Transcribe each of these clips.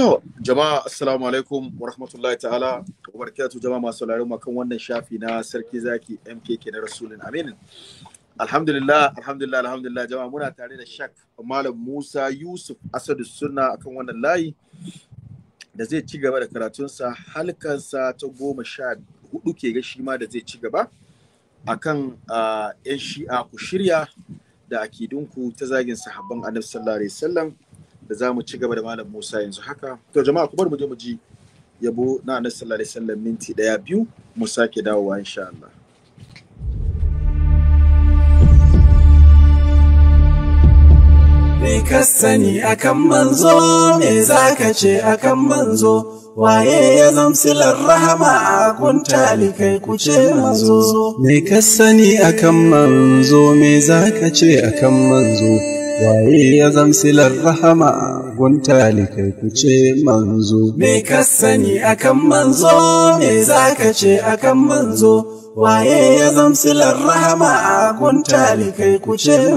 To, jama'a assalamu alaikum wa rahmatullahi ta'ala wa barakatu jama'a masu sauraron kan wannan shafi na sarki zaki MKK na Rasulun Aminin. Alhamdulillah, alhamdulillah, alhamdulillah jama'a muna tare da Shak Malam Musa Yusuf Asadu Sunna akan wannan layi da zai ci gaba da karatunsa halkansa ta goma sha hudu ke ga shi ma da zai ci gaba akan yan shi'a ku shirya da akidunku ta zagin sahabban Annabi sallallahu alaihi wasallam da za mu ci gaba da malam Musa yanzu haka to jama'a ku bar mu je mu ji yabo na annabi sallallahu alaihi wasallam minti daya biyu mu sake dawowa insha Allah Me ka sani akan manzo, me za ka ce akan manzo, waye ya silar rahama a tali kai kuce manzo. Me ka sani akan manzo, me za ce akan manzo, waye ya zamsilar rahama gunta kai ku manzo me ka sani akan manzo me zaka ce akan manzo waye ya zamsilar rahama gunta kai ku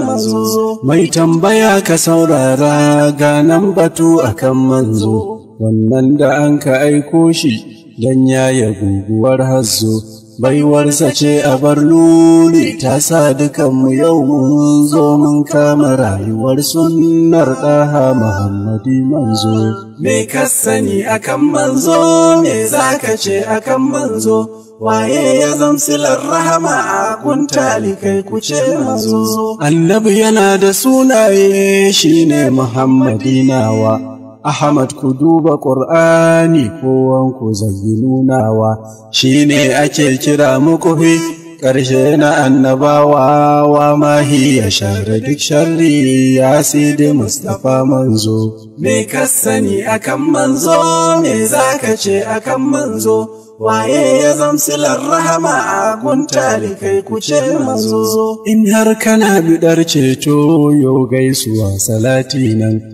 manzo mai tambaya ka saurara ga nan batu akan manzo wannan da an ka aiko shi dan yi guguwar hazo baiwarsa ce a bar luli ta sa dukanmu yau mun zo mun kama rayuwar sunnar ɗaha muhammadi manzo me ka sani akan manzo me za ka ce akan manzo waye ya silar rahama a kun talikai kai ce manzo annabi yana da sunaye shine muhammadi nawa Ahmad ku duba ƙur'ani kowanku zayyinunawa shi ne ake kira mukufi ƙarshe na annabawa wa mahi ya share duk sharri ya sidi Mustapha manzo. Me ka sani akan manzo, me za ka ce akan manzo, waye ya zamsilar rahama a kuntali kai kuce manzo. In har kana biɗar ceto yo gaisuwa salati nan.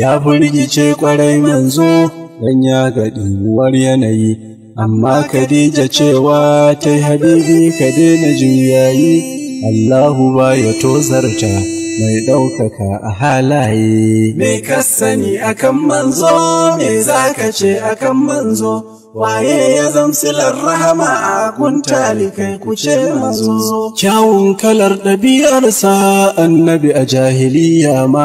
ya firgice kwarai manzo dan ya ga ɗinguwar yanayi amma Khadija cewa ta habibi ka daina juyayi Allahu ba ya tozarta mai ɗaukaka a halaye me ka sani akan manzo me za ka ce akan manzo waye ya zamsilar rahama a kuntali kai kuce manzo kyawun kalar ɗabi'arsa annabi a jahiliya ma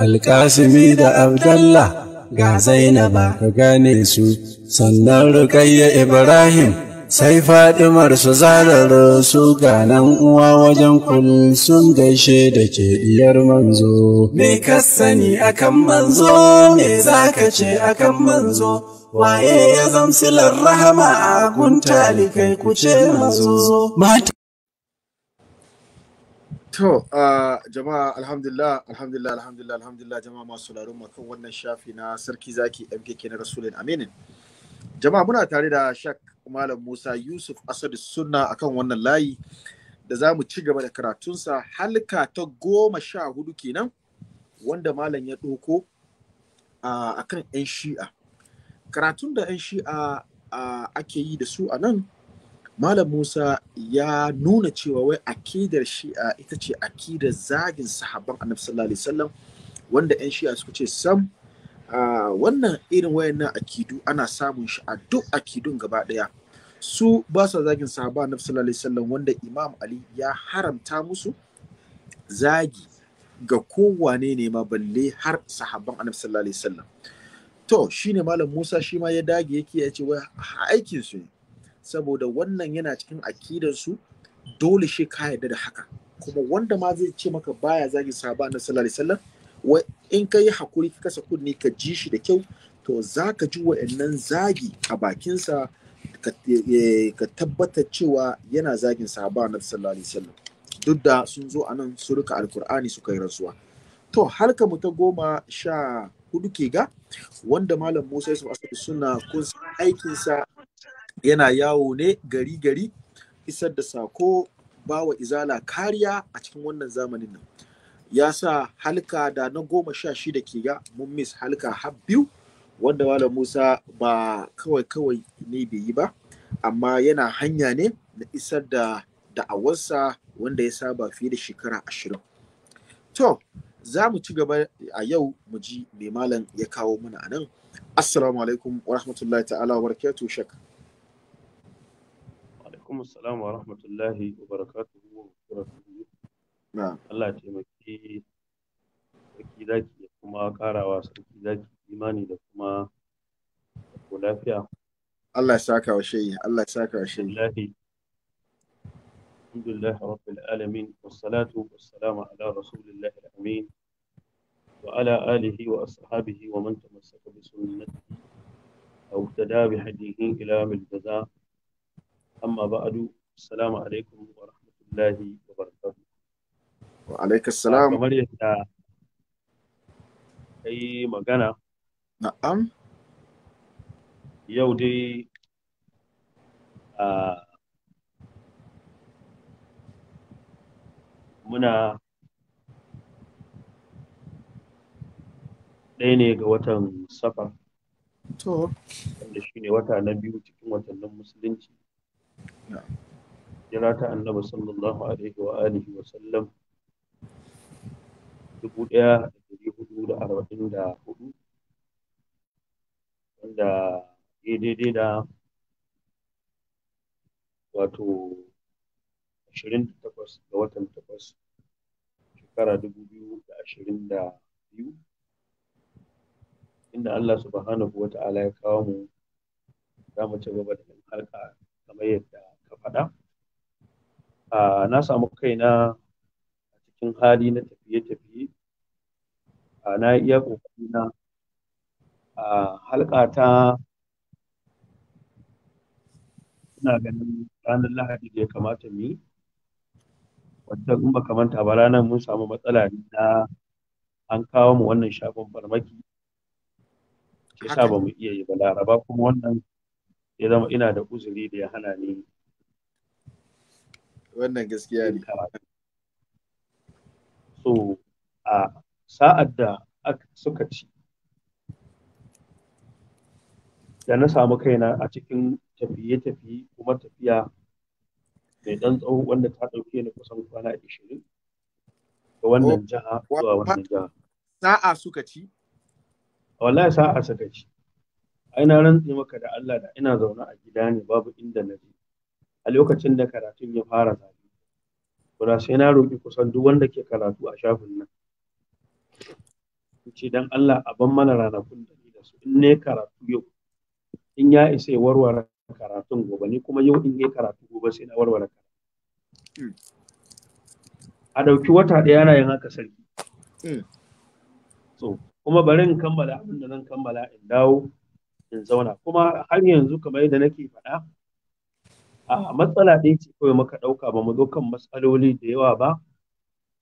alƙasimi da abdallah ga zainaba ka gane su sannan rukayya ibrahim sai fadimar su zararo su ga nan uwa wajen kullum sun gaishe da ke diyar manzo me ka sani akan manzo me za ka ce akan manzo waye ya zamsilar rahama a kun talikai kuce manzo To, uh, jama'a alhamdulillah, alhamdulillah, alhamdulillah, alhamdulillah, jama'a masu sauraron kan wannan shafi na Sarki Zaki MKK na Rasulun Aminin. Jama'a muna tare da Shak Malam Musa Yusuf Asadu Sunna akan wannan layi da za mu ci gaba da karatunsa halka ta goma sha hudu kenan wanda Malam ya ɗauko uh, akan 'yan shi'a. Karatun da 'yan shi'a uh, ake yi da su a nan Malam Musa ya nuna cewa wai akidar shi'a ita ce akidar zagin sahabban annabi sallallahu alaihi wasallam wanda 'yan shi'a suka ce sam wannan irin wayannan akidu ana samun shi a duk akidun gaba daya su ba sa zagin sahabban annabi sallallahu alaihi wanda imam ali ya haramta musu zagi ga kowane ne ma balle har sahabban annabi sallallahu alaihi wasallam to shine malam musa shi ma ya dage yake ya ce wai aikin su ne saboda wannan yana cikin akidansu dole shi ka yarda da haka kuma wanda ma zai ce maka baya zagin sahaba na sallallahu alaihi wasallam wai in ka hakuri ka kasa kunni ka ji shi da kyau to za ka ji wa'annan zagi a bakinsa ka tabbatar cewa yana zagin sahaba na sallallahu alaihi wasallam duk da sun zo a nan su rika alkur'ani suka yi rasuwa, to har mu ta goma sha hudu ke ga wanda malam musa yusuf asadu suna kun aikinsa yana yawo ne gari gari isar da sako bawa izala kariya a cikin wannan zamanin nan ya sa halka da na goma sha shida ke ga mun miss halka har biyu wanda malam musa ba kawai kawai ne bai yi ba amma yana hanya ne na isar da da'awarsa wanda ya saba fiye da shekara ashirin to za mu ci gaba a yau mu ji mai malam ya kawo mana a nan assalamu alaikum wa rahmatullahi ta'ala wa barakatuh shakka alaikum assalam wa rahmatullahi wa barakatuhu wa barakatuhu Allah taimaki sarki zaki ya kuma karawa sarki zaki imani da kuma ko lafiya Allah ya saka wa shayi Allah ya saka wa shayi الحمد لله رب العالمين والصلاة والسلام على wa الله الأمين وعلى آله وأصحابه ومن تمسك بسنته أو اهتدى بهديه إلى يوم الجزاء amma ba'adu assalamu alaikum wa rahmatullahi wa barakatuh wa alaikum salam kamar yadda kai magana na'am yau dai a muna ɗaya ne ga watan safar to wanda shi ne wata na biyu cikin watannin musulunci jira ta annabi sallallahu alaihi wa alihi wa sallam dubu ɗaya da ɗari hudu da arba'in da hudu wanda ya wato ashirin da takwas ga watan takwas shekara dubu biyu da ashirin da biyu inda Allah subhanahu ta'ala ya kawo mu za mu ci gaba halka kamar yadda ka faɗa ah, na samu kaina a cikin hali na tafiye-tafiye ah, na iya ƙoƙari na ah, halka ta ina ganin ranar lahadi da ya kamata mu yi wadda in baka manta ba ranar mun samu matsala ne na an kawo mu wannan shagon farmaki shi sa ba mu iya yi ba laraba kuma wannan ya zama ina da uzuri da ya hana ni wannan gaskiya ne so a sa'ad da suka ci da na samu kaina a cikin tafiye-tafiye kuma tafiya mai ɗan tsawo wanda ta ɗauke ni kusan kwana 20 ga wannan oh, jiha zuwa wannan jiha. Sa'a suka ci? Wallahi sa'a suka ci. Ai na maka da Allah da ina zaune a gida ne babu inda na je. a lokacin da karatun ya fara zafi kuna sai na roƙi kusan duk wanda ke karatu a shafin nan ce dan Allah a ban mana ranakun da ni da su in ne karatu yau in ya isa warware karatun gobe ni kuma yau in yi karatu gobe sai na warware karatu a ɗauki wata ɗaya na yin haka sarki so hmm. kuma bari in kammala abin da zan kammala in dawo in zauna kuma har yanzu kamar yadda nake faɗa A'a, matsala ɗaya ce kawai muka ɗauka ba mu zo kan matsaloli da yawa ba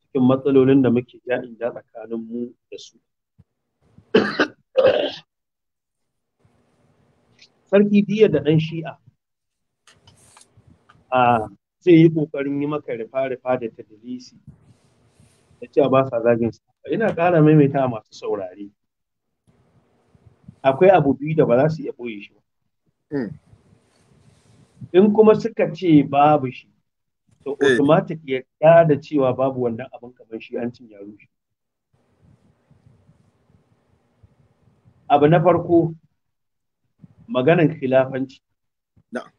cikin matsalolin da muke ja in tsakanin mu da su sarki diya da ɗan shi'a a zai yi ƙoƙarin yi maka rifa-rifa da tadilisi da cewa ba sa zagin Ba ina ƙara maimaita masu saurare akwai abu biyu da ba za su iya ɓoye shi ba hmm. in kuma suka ce babu shi to eh. automatic ya da cewa babu wannan abin kamar shi an cinye ya abu na farko maganin khilafanci na'am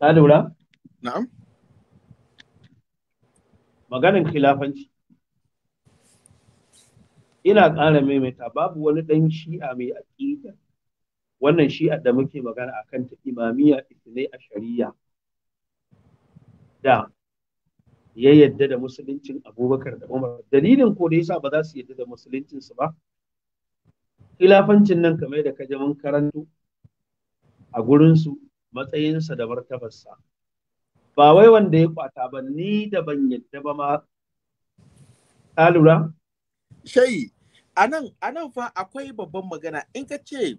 ta lura na'am Maganin khilafanci ina ƙara maimaita babu wani ɗan shi'a mai aƙida wannan shi da muke magana a kan ta imamiyya isnai a shari'a da ya yadda da musuluncin abubakar da umar dalilin ko da yasa ba za su yadda da musuluncinsu ba khilafancin nan kamar da kaje mun karantu a gurinsu matsayinsa da martabarsa ba wai wanda ya kwata ba ni da ban yadda ba ma ka shayi anan anan fa akwai babban magana in ka ce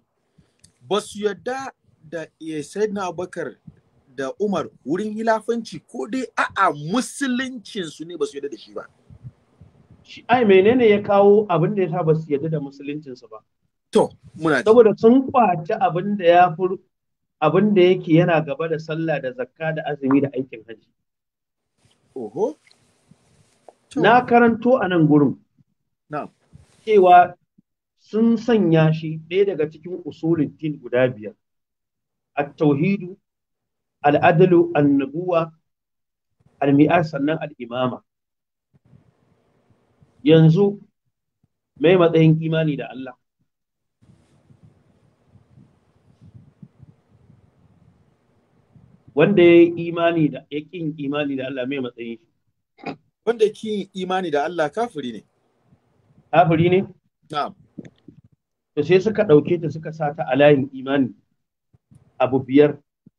ba su yadda da eh, na Bakar da umar wurin hilafanci ko dai a'a musuluncinsu ne ba su yadda da shi ba ai menene ya kawo abin da ya sa ba su yadda da musuluncinsu ba to muna saboda sun kwaci abin da ya fur abin da yake yana gaba da sallah da zakka da azumi da aikin hajji oho na karanto a nan gurin cewa sun sanya shi ɗaya daga cikin usulin din guda biyar at-tauhidu al-adlu an-nubuwa al-mi'ar sannan al-imama yanzu mai matsayin imani da Allah wanda ya imani da ya kin imani da Allah mai matsayin shi wanda ya imani da Allah kafiri ne kafiri ne na'am to sai suka ɗauke ta suka sa ta a layin imani abu biyar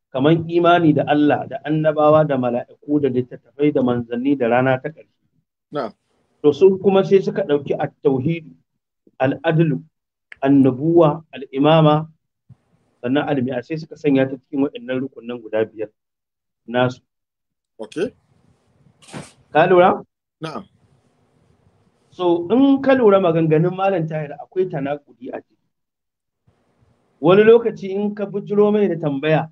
kaman imani da Allah da annabawa da mala'iku da littattafai da manzanni da rana ta ƙarshe. To sun kuma sai suka ɗauki a tauhidu al'adlu, annabuwa, al'imama, sannan almi'a sai suka sanya ta cikin waɗannan rukunan guda biyar nasu. Okay. Ka lura? Na'am. So in ka lura maganganun Malam Tahir akwai tanakudi a ciki. Wani lokaci in ka bujiro mai da tambaya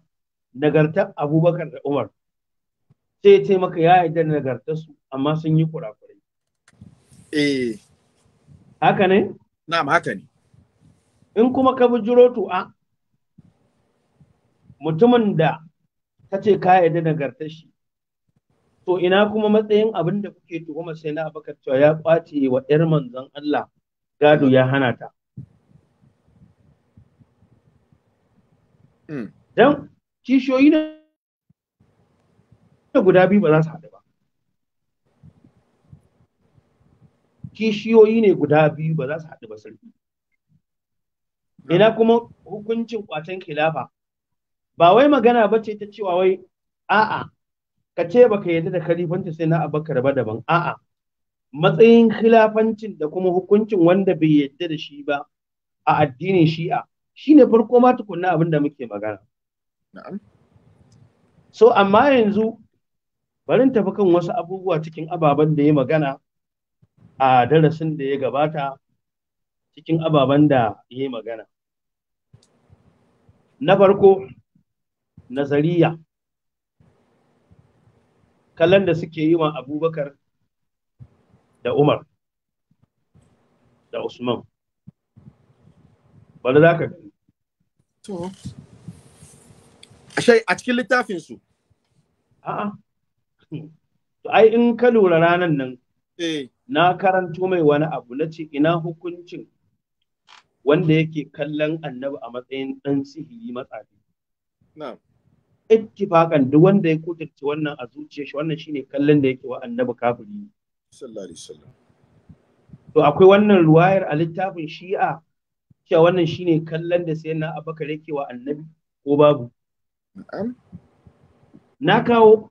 nagartar Abubakar da Umar sai ya maka ya yarda da nagartarsu amma sun yi kurakurai. Eh. Haka ne? Na'am haka ne. In kuma ka bujiro to a mutumin da ka ce ka yarda nagartar shi to ina kuma matsayin abin da kuke tuhuma sai na abakar cewa ya kwace wa ‘yar manzon Allah gado ya hana ta. Hmm. Dan kishiyoyi na guda biyu ba za su haɗu ba. Kishiyoyi ne guda biyu ba za su haɗu ba sarki. Ina kuma hukuncin kwacen khilafa ba wai magana ba ce ta cewa wai a'a ka ce ba ka yadda da khalifanci sai na abakar ba daban a'a matsayin khilafancin da kuma hukuncin wanda bai yadda da shi ba a addinin shi'a shine farko ma tukunna abin da muke magana so amma yanzu barin tafi kan wasu abubuwa cikin ababen da ya magana a darasin da ya gabata cikin ababen da ya magana na farko nazariya kallon da suke yi wa abubakar da umar da usman wanda za ka gani a cikin littafin su a'a to ai in ka lura ranar nan eh. na karanto mai wani abu na ce ina hukuncin wanda yake kallon annabi a matsayin ɗan sihiri matsafi ittifakan duk wanda ya kudurci wannan a zuciya shi wannan shine kallon da yake wa annabi kafiri sallallahu alaihi wasallam to akwai wannan ruwayar a littafin shi'a cewa wannan shine kallon da sai na abakar yake wa annabi ko babu na kawo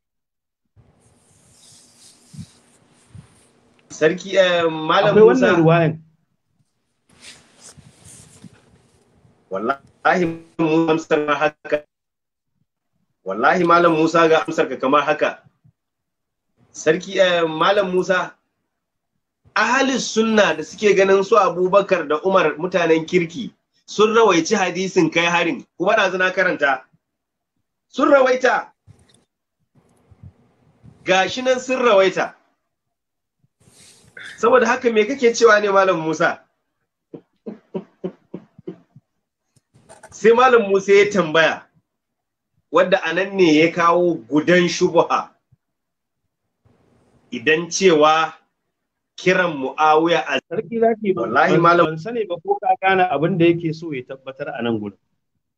sarki eh, malam akwai wannan ruwayar wallahi mun san haka wallahi malam Musa ga amsar ka kamar haka sarki eh, malam Musa ahalis sunna da suke ganin su Abubakar da Umar mutanen kirki sun rawaici hadisin kai harin kuma da zina karanta sun rawaita gashi nan sun rawaita saboda haka me kake cewa ne malam Musa sai malam Musa ya tambaya wadda anan ne ya kawo gudan shubuha idan cewa kiran mu'awiya a sarki zaki wallahi malam ban sani ba ko ka gane abin da yake so ya tabbatar a nan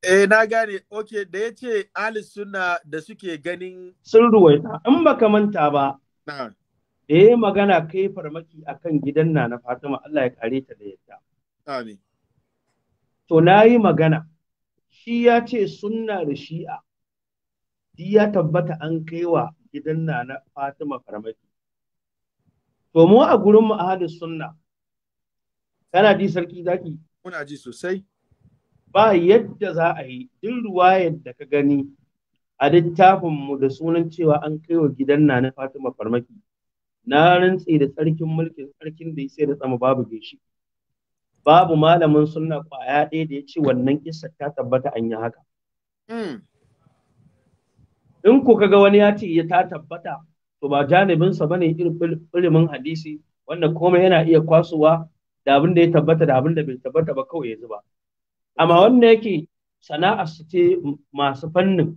eh na gane okay da yace ahli sunna da suke ganin sun ruwaita in baka manta ba Eh magana kai farmaki akan gidan na na Fatima Allah ya kare ta da yadda amin to nayi magana shi ya ce sunna da shi'a ya tabbata an kai wa gidan na na Fatima farmaki. To mu a gurin mu ahlus sunna kana ji sarki zaki muna ji sosai ba yadda za a yi duk ruwayar da ka gani a littafin mu da sunan cewa an kai wa gidan na Fatima farmaki na rantse da tsarkin mulkin tsarkin da ya sai da tsama babu gaishi babu malamin sunna kwaya ɗaya da ya ce wannan kissa ta tabbata an yi haka hmm. in ku kaga wani ya ce ya ta tabbata to ba janibinsa bane irin ilimin hadisi wanda komai yana iya kwasuwa da abin da ya tabbata da abin da bai tabbata ba kawai ya zuba amma wanda yake sana'a su ce masu fannin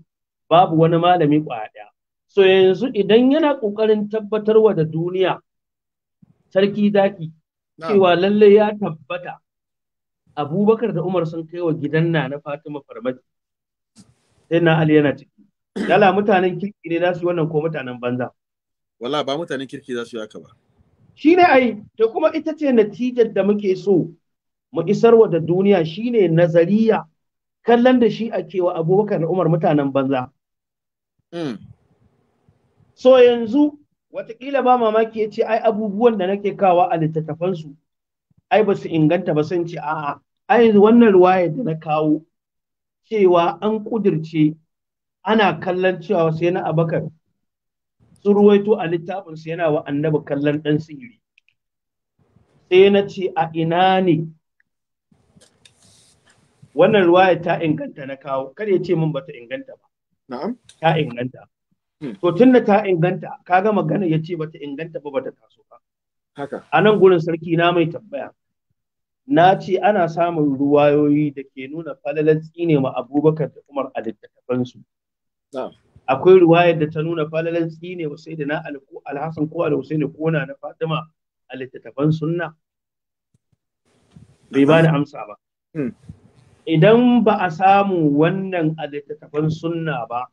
babu wani malami kwaya ɗaya so yanzu idan yana ƙoƙarin tabbatarwa da duniya sarki zaki cewa lalle ya tabbata abubakar da umar sun kai wa gidan na na fatima farmaki sai na ali yana ciki Yala mutanen kirki ne za su yi wannan ko mutanen banza. Wala ba mutanen kirki za su yi haka ba. Shi ne ai, da kuma ita ce natijar da muke so mu isar wa da duniya shi ne nazariya kallon da shi ake wa abubakar da umar mutanen banza. Hmm. So yanzu watakila ba mamaki ya ce ai abubuwan da nake kawa a littattafansu ai ba su inganta ba sun ce a'a ai wannan ruwaya da na kawo cewa an kudirce ana kallon cewa sai na abakar sun ruwaito a littafin yana wa annabi kallon ɗan sihiri sai na ce a ina ne wannan ruwaya ta inganta na kawo kada ya ce min bata inganta ba na'am ta inganta hmm. to tunda ta inganta kaga magana ya ce bata inganta ba bata taso ba haka a nan gurin sarki na mai tambaya na ce ana samun ruwayoyi da ke nuna falalan tsine ma abubakar da umar a littattafansu akwai ruwayar da ta nuna falalan tsine wa sai da na alhassan ko alhussaini ko na na fatima a littattafan sunna bai ba da amsa ba hmm. idan ba a samu wannan a littattafan sunna ba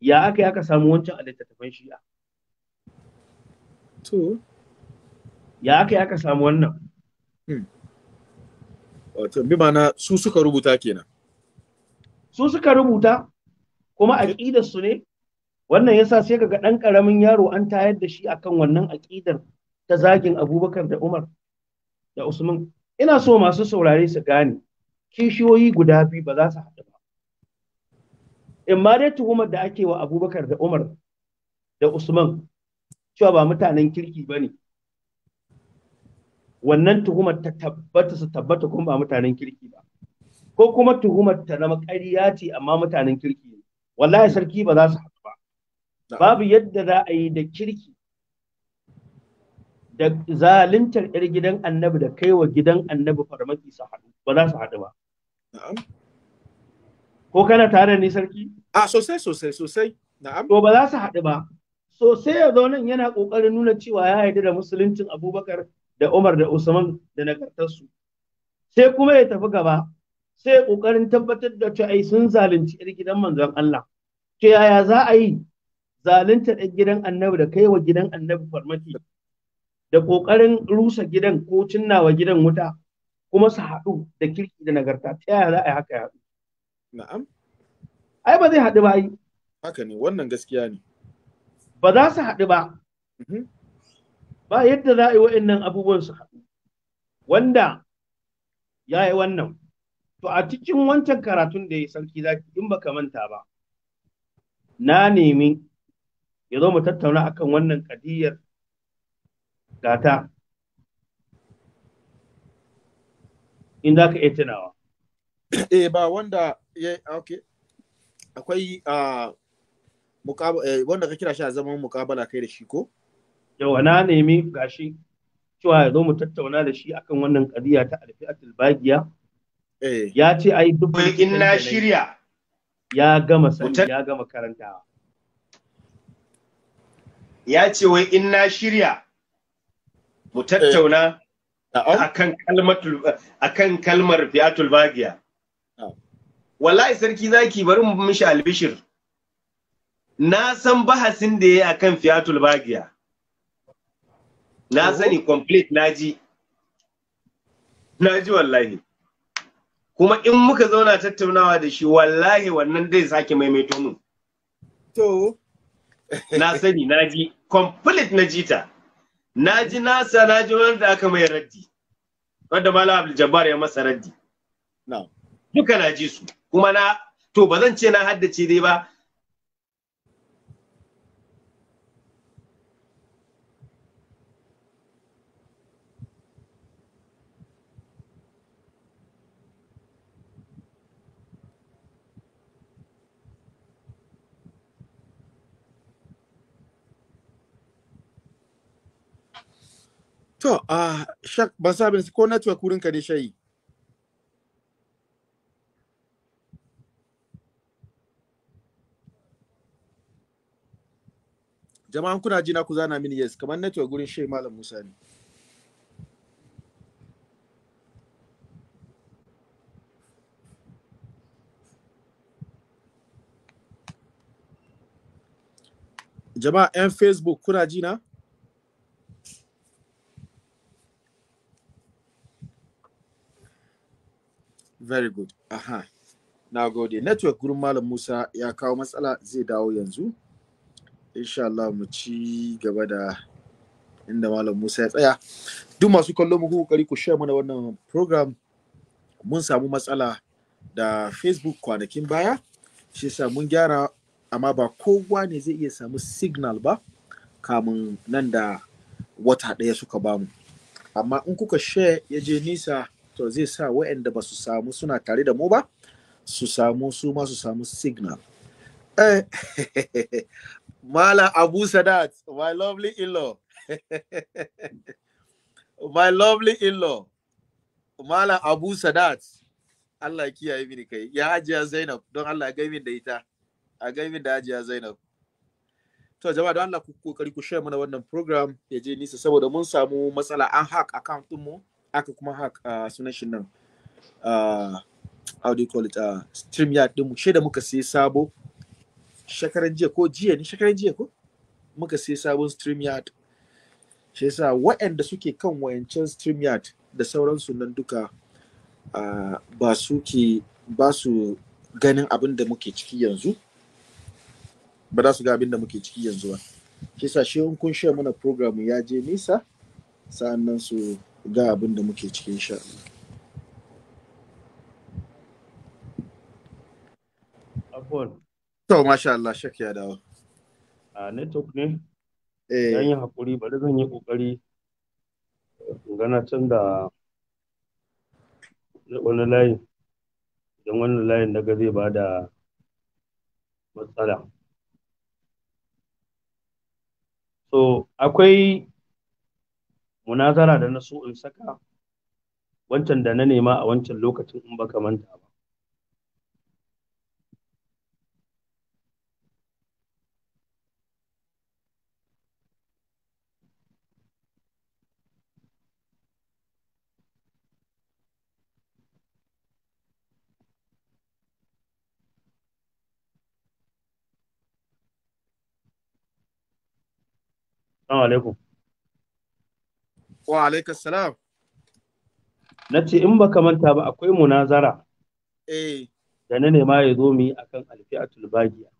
ya aka yi aka samu wancan a littattafan shi'a to ya aka yi aka samu wannan hmm. wato bi mana su suka rubuta kenan su suka rubuta kuma aƙidar su ne wannan yasa sai kaga ɗan ƙaramin yaro an tayar da shi akan wannan aƙidar ta zagin Abubakar da Umar da Usman ina so masu saurare su gane kishiyoyi guda biyu ba za su haɗu ba in ma dai tuhumar da ake wa Abubakar da Umar da Usman cewa ba mutanen kirki ba ne wannan tuhumar ta tabbata su tabbata kuma ba mutanen kirki ba ko kuma tuhumar ta na ƙarya ce amma mutanen kirki wallahi hmm. sarki ba za su haɗu ba babu yadda za a yi da kirki da zaluntar yar gidan annabi da kaiwa gidan annabi farmaki su haɗu ba za su haɗu ba ko kana tare ne sarki a sosai sosai sosai na'am to ba za su haɗu ba sosai ya zo nan yana ƙoƙarin nuna cewa ya haɗu da musuluncin abubakar da umar da usman da nagartarsu sai kuma ya tafi gaba sai ƙoƙarin tabbatar da cewa sun zalunci yar gidan manzon Allah to yaya za a yi zalunta ɗan gidan annabi da kai wa gidan annabi farmaki da ƙoƙarin rusa gidan ko cinnawa gidan wuta kuma su haɗu da kirki da nagarta ta yaya za a yi haka ya haɗu na'am ai ba zai haɗu ba yi. haka ne wannan gaskiya ne ba za su haɗu ba mm-hmm. ba yadda za a yi wa'annan abubuwan su haɗu wanda ya yi wannan to a cikin wancan karatun da ya sarki zaki in ka manta ba na nemi ya zo mu tattauna akan wannan kadiyar gata in za ka iya tunawa eh ba wanda ya okay akwai a eh, wanda ka kira shi a zaman mukabala kai da shi ko yawa na nemi gashi cewa ya zo mu tattauna da shi akan wannan kadiya ta alfi'atul bagiya eh. ya ce ai duk in na shirya ya gama sani ya gama karantawa ya ce wai in na shirya mu tattauna eh, akan kalmatul akan kalmar fiatul bagiya wallahi sarki zaki bari mu mishi albishir na san bahasin da yayi akan fiatul bagiya na sani complete naji naji wallahi kuma in muka zauna tattaunawa da shi wallahi wannan zai sake maimaito mu to na sani na ji complete na jita na ji nasa na ji wanda aka mai raddi wanda malam abdul jabbar ya masa raddi duka na ji su kuma na to ba zan ce na haddace dai ba To, a shak ban sabin ko network ka ne shayi. jama'an kuna ji na ku zana mini yes kamar network gurin shayi malam Musa ne jama'a 'yan facebook kuna ji na very good aha na gode network gurin malam musa ya kawo matsala zai dawo yanzu insha Allah mu ci gaba da inda malam musa ya tsaya duk masu kallo mu kokari ku share mana wannan program mun samu matsala da facebook kwanakin baya shi yasa mun gyara amma ba kowa ne zai iya samu signal ba kamun nan da wata ɗaya suka bamu amma in kuka share ya je nisa to zai sa waɗanda ba su samu suna tare da mu ba su samu su ma su samu signal eh, Mala Abu Sadat, my lovely in-law. my lovely in-law. Mala Abu Sadat. Allah kiyaye mini kai. Ya ajiya Zainab, don Allah ga min da ita. A gaimin da ajiya Zainab. To jama'a don Allah ku kokari ku share mana wannan program ya je nisa saboda mun samu matsala an hack account mu. aka kuma hak a ah, sunan shi nan ah, how do you call it a ah, stream yard din mu da muka sai sabo shekaran jiya ko jiya ne shekaran jiya ko muka sai sabon stream yard shi yasa waɗanda suke kan wayancin stream yard da sauransu nan duka ba su ke ba su ganin abin da muke ciki yanzu ba za su ga abin da muke ciki yanzu ba shi yasa shi in kun share mana program ya je nisa sa'annan su ga abin da muke cikin sha Abuwan. To, masha Allah, shak ya dawo. A network ne? Eh. Dan yi haƙuri, bari zan yi ƙoƙari gana can da wani layin. Idan wannan layin daga zai ba da matsala. So, akwai munazara da na so in saka wancan da na nema a wancan lokacin in baka manta ba Assalamu alaikum. Wa alaikas salam. Na ce in baka manta ba akwai munazara. Eh. Da na nema ya zo mu yi kan alfiyatul bagiya.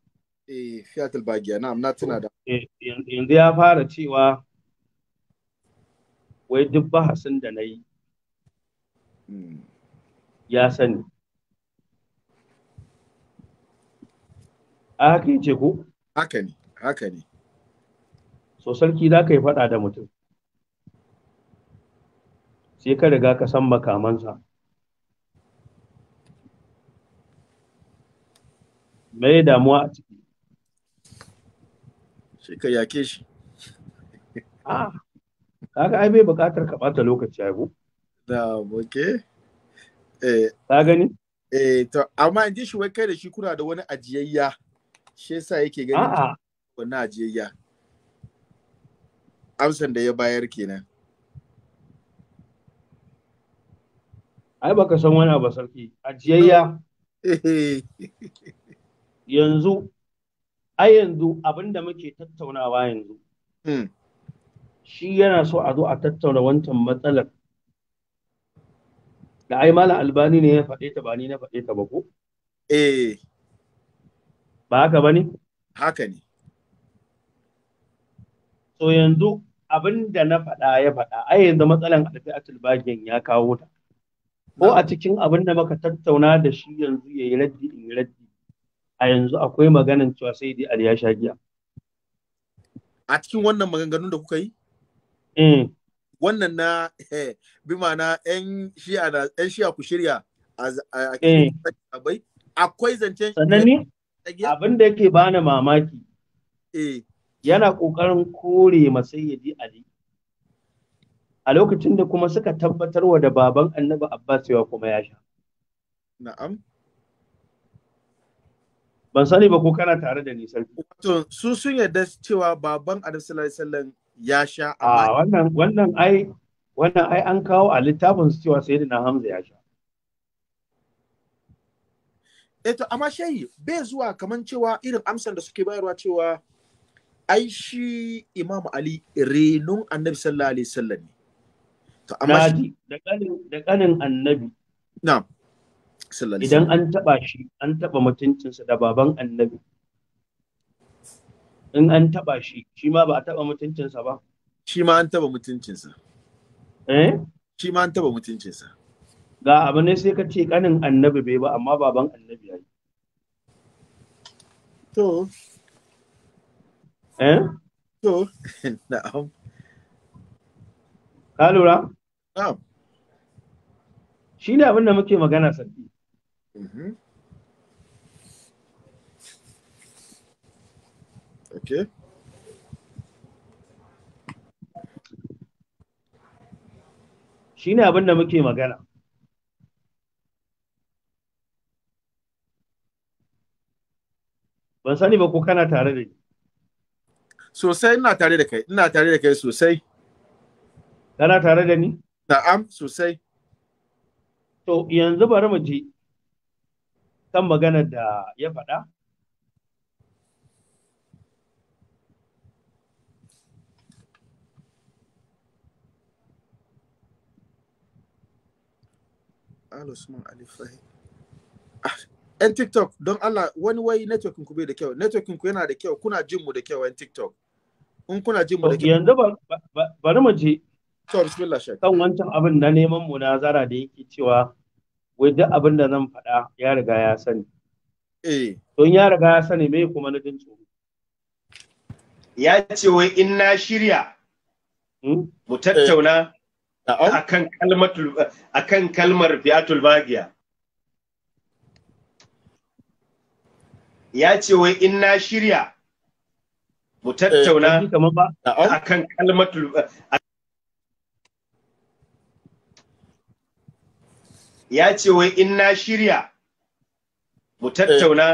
Eh, bagiya na amna tuna da. Eh, yanzu ya fara cewa wai duk bahasin da na yi. Hmm. Ya sani. A haka ce ko? Haka ne, haka ne. So sarki za ka yi faɗa da mutum. sai ka riga ka san makamansa mai damuwa a ciki sai ka yake shi a kaga ai bai buƙatar ka bata lokaci ai ko da oke eh gani eh to amma in ji shi wai kai da shi kuna da wani ajiyayya shi yasa yake gani wannan ajiyayya amsan da ya bayar kenan ai baka san wani abu sarki ajiyayya yanzu ai yanzu abinda muke tattaunawa yanzu hmm. shi yana so a zo a tattauna wancan matsalar da ai mala albani ne ya faɗe ta ba ni na faɗe ta ba ko eh ba haka ba ne haka ne so yanzu abinda na faɗa ya faɗa ai yanzu matsalan atul bagin ya kawo ta ko a cikin abin da muka tattauna da shi yanzu ya yi raddi in yi raddi a yanzu akwai maganin cewa sai dai Ali ya sha giya a cikin wannan maganganun da kuka yi eh. wannan na eh, bi ma'ana yan shi'a da yan shi'a ku shirya a eh. akwai akwai zance sannan ni abin da yake bani mamaki yana kokarin kore masayyadi Ali a lokacin da kuma suka tabbatar wa da baban annabi Abbas cewa kuma ya sha. Na'am. Ban sani ba ko kana tare da ni sarki. Wato su sun yarda cewa baban annabi sallallahu alaihi wasallam ya sha a wannan wannan ai wannan ai an kawo a littafin su cewa sayyidina Hamza ya sha. Eto eh, amma shayi bai zuwa kaman cewa irin amsan da suke bayarwa cewa ai shi Imam Ali renon annabi sallallahu alaihi wasallam ne. da kanin annabi idan an taba shi an taba mutuncinsa da baban annabi in an taba shi shi ma ba a taba mutuncinsa ba shi ma an taba mutuncinsa eh shi ma an taba mutuncinsa ga abu ne sai ka ce kanin annabi bai ba amma baban annabi ya yi. to eh to na'am ka lura shi ne abin da muke magana sarki mm-hmm. Okay. Shi ne abin da muke magana. Ban sani ba ko kana tare da ni. Sosai ina tare da kai, ina tare da kai sosai. Kana tare da ni? Na'am sosai. To yanzu bari mu je kan maganar da ya faɗa. Alo usman Ali ah, ‘Yan TikTok don Allah wani wai networking ku bai da kyau, networking ku yana da kyau, kuna jin mu da kyau ‘yan TikTok. In kuna jin mu da kyau. Yanzu bari mu je Kan wancan abin na neman mu munazara da yake cewa wai duk abin da zan faɗa ya riga ya sani. Eh. Don ya riga ya sani me kuma na jin tsoro. Ya ce wai in na shirya hmm? mu tattauna eh. akan kalmatul akan kalmar fiatul bagiya. Ya ce wai in na shirya mu tattauna eh, akan kalmatul ya ce wai in na shirya mu tattauna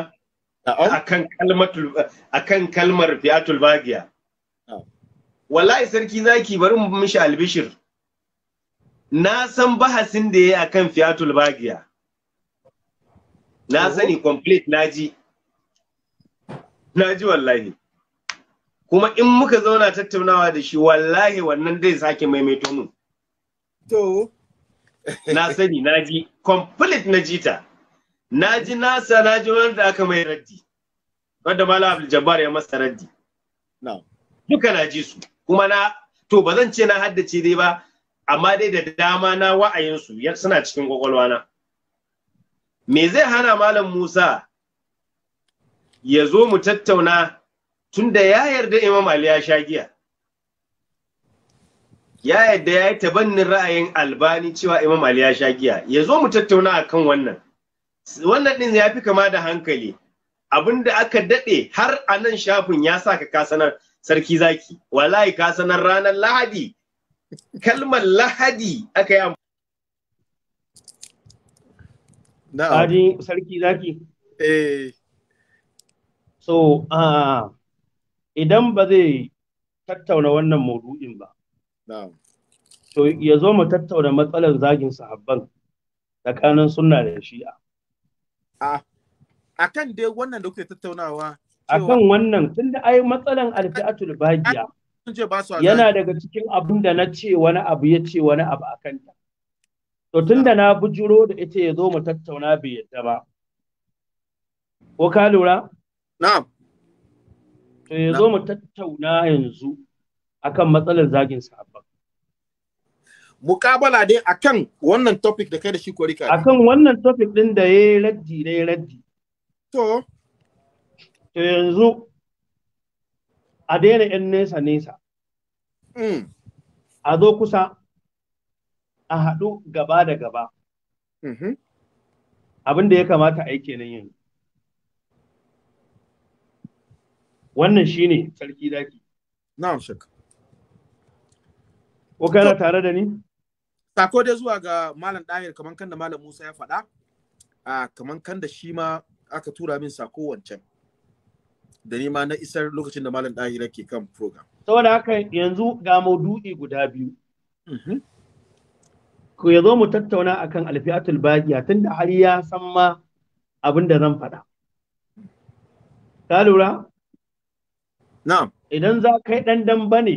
eh. akan kalmatul akan kalmar fiatul bagiya wallahi sarki zaki bari mu mishi albishir na san bahasin da yayi akan fiatul bagiya na oh. sani complete naji naji wallahi kuma in muka zauna tattaunawa da shi wallahi wannan zai sake maimaito mu to na sani na ji complete na jita na ji nasa na ji wanda aka mai raddi wanda malam abdul jabbar ya masa raddi duka na ji su kuma na to ba zan ce na haddace dai ba amma dai da dama na wa'ayinsu suna cikin na. me zai hana malam musa ya zo mu tattauna tunda ya yarda imam ali ya sha giya ya yadda ya yi tabannin ra'ayin albani cewa imam ali ya sha giya ya zo mu tattauna a kan wannan wannan ɗin ya fi kama da hankali abinda aka daɗe har a nan shafin ya sa ka kasanar sarki zaki wallahi kasanar ranar lahadi kalmar lahadi aka yi amfani sarki zaki eh. so ah, idan ba zai tattauna wannan maudu'in ba To ya zo mu tattauna matsalar zagin sahabban tsakanin sunna da shi'a. A kan dai wannan da kuke tattaunawa. A kan wannan tun da ai matsalan alfi'atul bagiya. Yana daga cikin abin da na ce wani abu ya ce wani abu a kanta. To tun da na bujiro da ita ya zo mu tattauna bai yadda ba. Ko ka lura? Na'am. To ya zo mu tattauna yanzu akan matsalar zagin sahabban. mukabala dai akan wannan topic da kai da shi ko rika akan wannan topic din da yayi raddi da yayi raddi to to yanzu a daina yan nesa nesa mm. a zo kusa a haɗu gaba da gaba mm-hmm. abin da ya kamata a yi kenan yanzu wannan shine sarki daki na'am shakka ko kana tare da ni sako dai zuwa ga malam Damir kamar kan da malam Musa ya faɗa a kamar kan da shi ma aka tura min sako wancan da ni ma na isar lokacin da malam Damir ke kan program saboda haka yanzu ga maudu'i guda biyu mhm. ko ya zo mu tattauna akan alfi'atul baqiya tunda har ya san ma abin da zan faɗa ka lura na'am idan za kai dan dambe ne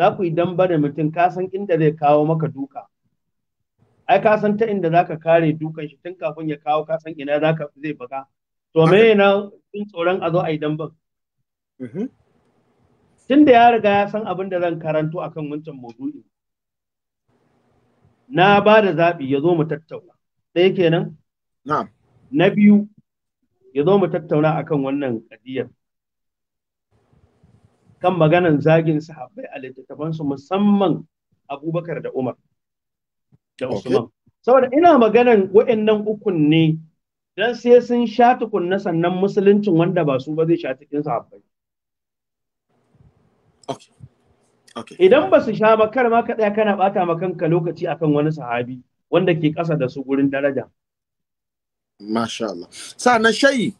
za ku yi damba da mutum ka san inda zai kawo maka duka ai ka san ta inda zaka kare dukan shi tun kafin ya kawo ka san ina zaka zai baka to me yana tun tsoron a zo a yi damban mm-hmm. tun da ya riga ya san abin da zan karanto akan wancan maudu'i na ba da zaɓi ya zo mu tattauna ɗaya kenan na biyu ya zo mu tattauna akan wannan ƙadiyar kan maganan zagin sahabbai a littattafansu musamman abubakar da umar da Usman. Saboda ina maganan wa'annan ukun ne dan sai sun sha na sannan musuluncin wanda ba su ba zai sha cikin sahabbai. Idan ba su sha ba kar ma ka tsaya kana bata ma kanka lokaci akan wani sahabi wanda ke ƙasa da su gurin daraja. Masha Allah. Sa'annan shayi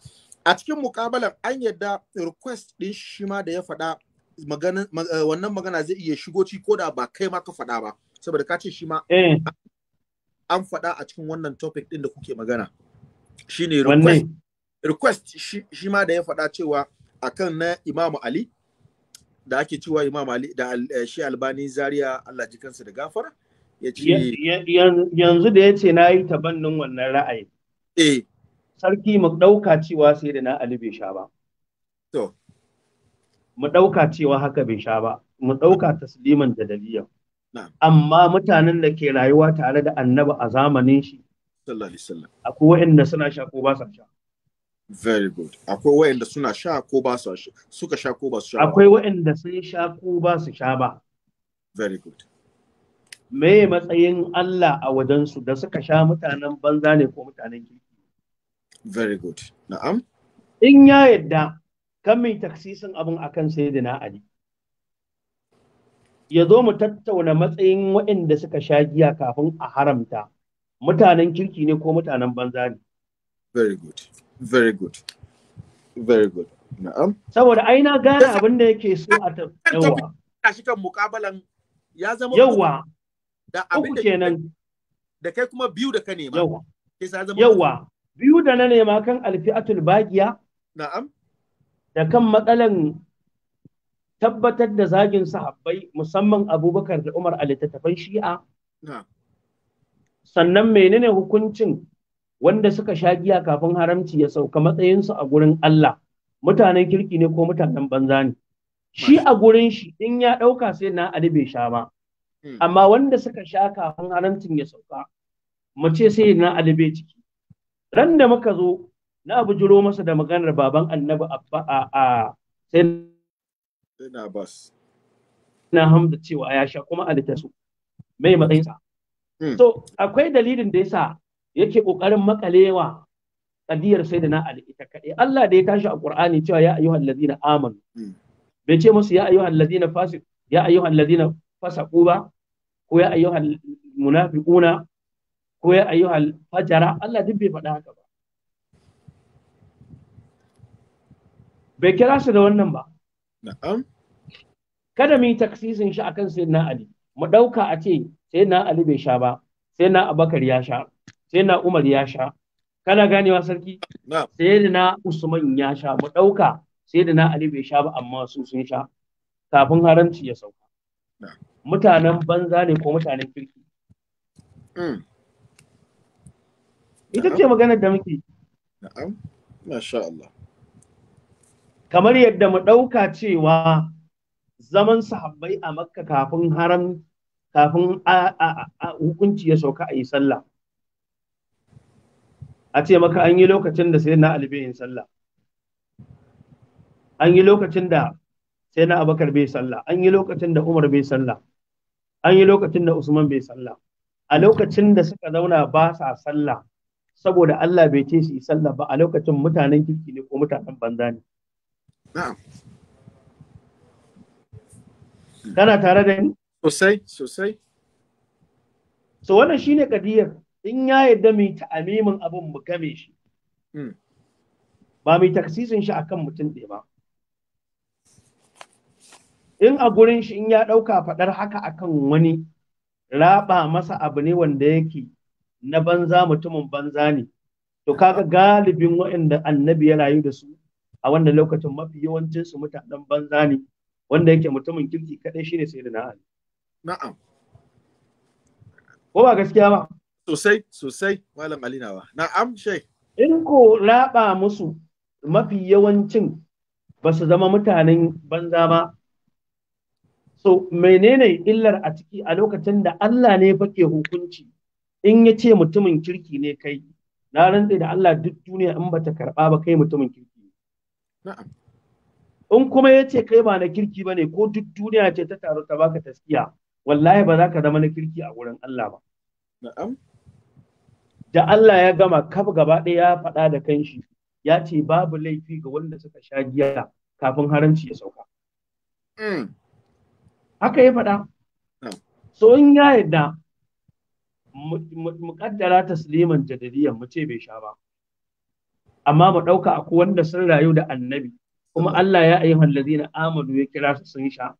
a cikin mukabalan an yadda request din shi ma da ya faɗa eh, wannan magana zai iya shigo ci ko da ba kai ma ka faɗa ba saboda ka ce shi ma eh. an faɗa a cikin wannan topic ɗin da kuke magana shine request request shi ma da ya faɗa cewa akan na Imam Ali da ake cewa Imam Ali da eh, shi Albani Zaria Allah ji kansa da gafara ya ce yanzu da ya ce na yi tabannin wannan ra'ayi eh sarki mu ɗauka cewa sai da na Ali bai sha ba to mu ɗauka cewa haka bai sha ba mu ɗauka tasliman da dalilin amma mutanen da ke rayuwa tare da annabi a zamanin shi akwai wa'anda suna sha ko ba sa sha very good akwai wa'anda suna sha ko ba su sha suka sha ko ba su sha akwai wa'anda sun sha ko ba su sha ba very good me matsayin Allah a wajen su da suka sha mutanen banza ne ko mutanen kirki very good na'am in ya yadda kan mai taksisin abin akan sayyidina Ali ya zo mu tattauna matsayin waɗanda suka sha giya kafin a haramta mutanen kirki ne ko mutanen banza ne very good very good very good na'am saboda ai na gane abin da yake so a ta yawa shi kan mukabalan ya zama yawa da abin kenan da kai kuma biyu da ka nema yawa yawa biyu da na nema kan alfi'atul bagiya na'am da kan matsalan tabbatar da zagin sahabbai musamman abubakar da umar a littattafan shi'a sannan menene hukuncin wanda suka sha giya kafin haramci ya sauka matsayinsu a gurin Allah mutanen kirki ne ko mutanen banza ne shi a gurin shi in ya ɗauka sai na Ali bai sha ba hmm. amma wanda suka sha kafin haramcin ya sauka mu ce sai na Ali bai ciki ran da muka zo na bujiro masa da maganar baban annabi a sai Sayyidina Abbas na hamza cewa ya sha kuma a littasu mai matsayinsa hmm. so akwai dalilin da yasa yake kokarin makalewa kadiyar sayyidina Ali ita kaɗai Allah da ya tashi a Qur'ani cewa ya ayyuhal ladina amanu hmm. bai ce musu ya ayyuhal ladina fasik ya ayyuhal ladina fasaqu ba ko ya ayyuhal munafiquna ko ya ayyuhal fajara Allah duk bai faɗa haka ba bai kira su da wannan ba Na'am. Kada mu yi taksisin shi akan na Ali. Mu ɗauka a ce "Sai na Ali bai sha ba, Sai na Abubakar ya sha, Sai na Umar ya sha. Kana ganewa sarki? Na'am. na Usman ya sha. Mu ɗauka na Ali bai sha ba amma su sun sha kafin haramci ya sauka. Mutanen banza ne ko mutanen kirki. Hmm. Ita ce maganar da muke. Na'am. Masha Allah. kamar yadda mu ɗauka cewa zaman sahabbai a makka kafin haram kafin hukunci ya sauka a yi sallah a ce maka an yi lokacin da sai na ali yin sallah an yi lokacin da sai na abakar bai sallah an yi lokacin da umar bai sallah an yi lokacin da usman bai sallah a lokacin da suka zauna ba sa sallah saboda Allah bai ce su yi sallah ba a lokacin mutanen kirki ne ko mutanen banza ne kana tare da ni sosai sosai so wannan shine kadiyar in ya yadda mai ta'amimin abin mu game shi hmm. ba mai taksisin shi akan mutum ɗaya ba in a gurin shi in ya ɗauka faɗar haka akan wani raba masa abu ne wanda yake na banza mutumin banza ne to kaga galibin waɗanda annabi ya rayu da su a wannan lokacin mafi yawancin su mutanen banza ne wanda yake mutumin kirki kadai shine sayyidina ali na'am ko ba gaskiya ba sosai sosai malam ali nawa na'am sheikh in ko raba musu mafi yawancin ba su zama mutanen banza ba so menene illar a ciki a lokacin da Allah ne fake hukunci in ya ce mutumin kirki ne kai na rantse da Allah duk duniya in bata karba ba kai mutumin kirki in kuma ya ce kai ba na kirki ba ne ko duk duniya ce ta taru ta baka taskiya wallahi ba za ka zama na kirki a wurin Allah ba da Allah ya gama kaf gaba ɗaya ya faɗa da kanshi ya ce babu laifi ga wanda suka sha giya kafin haranci ya sauka mm. haka ya faɗa so in ya yadda muƙaddara tasliman jadadiyan mu ce bai sha ba amma mu ɗauka akwai wanda sun rayu da annabi kuma Allah ya ayyuhan ladina amadu ya kira su sun sha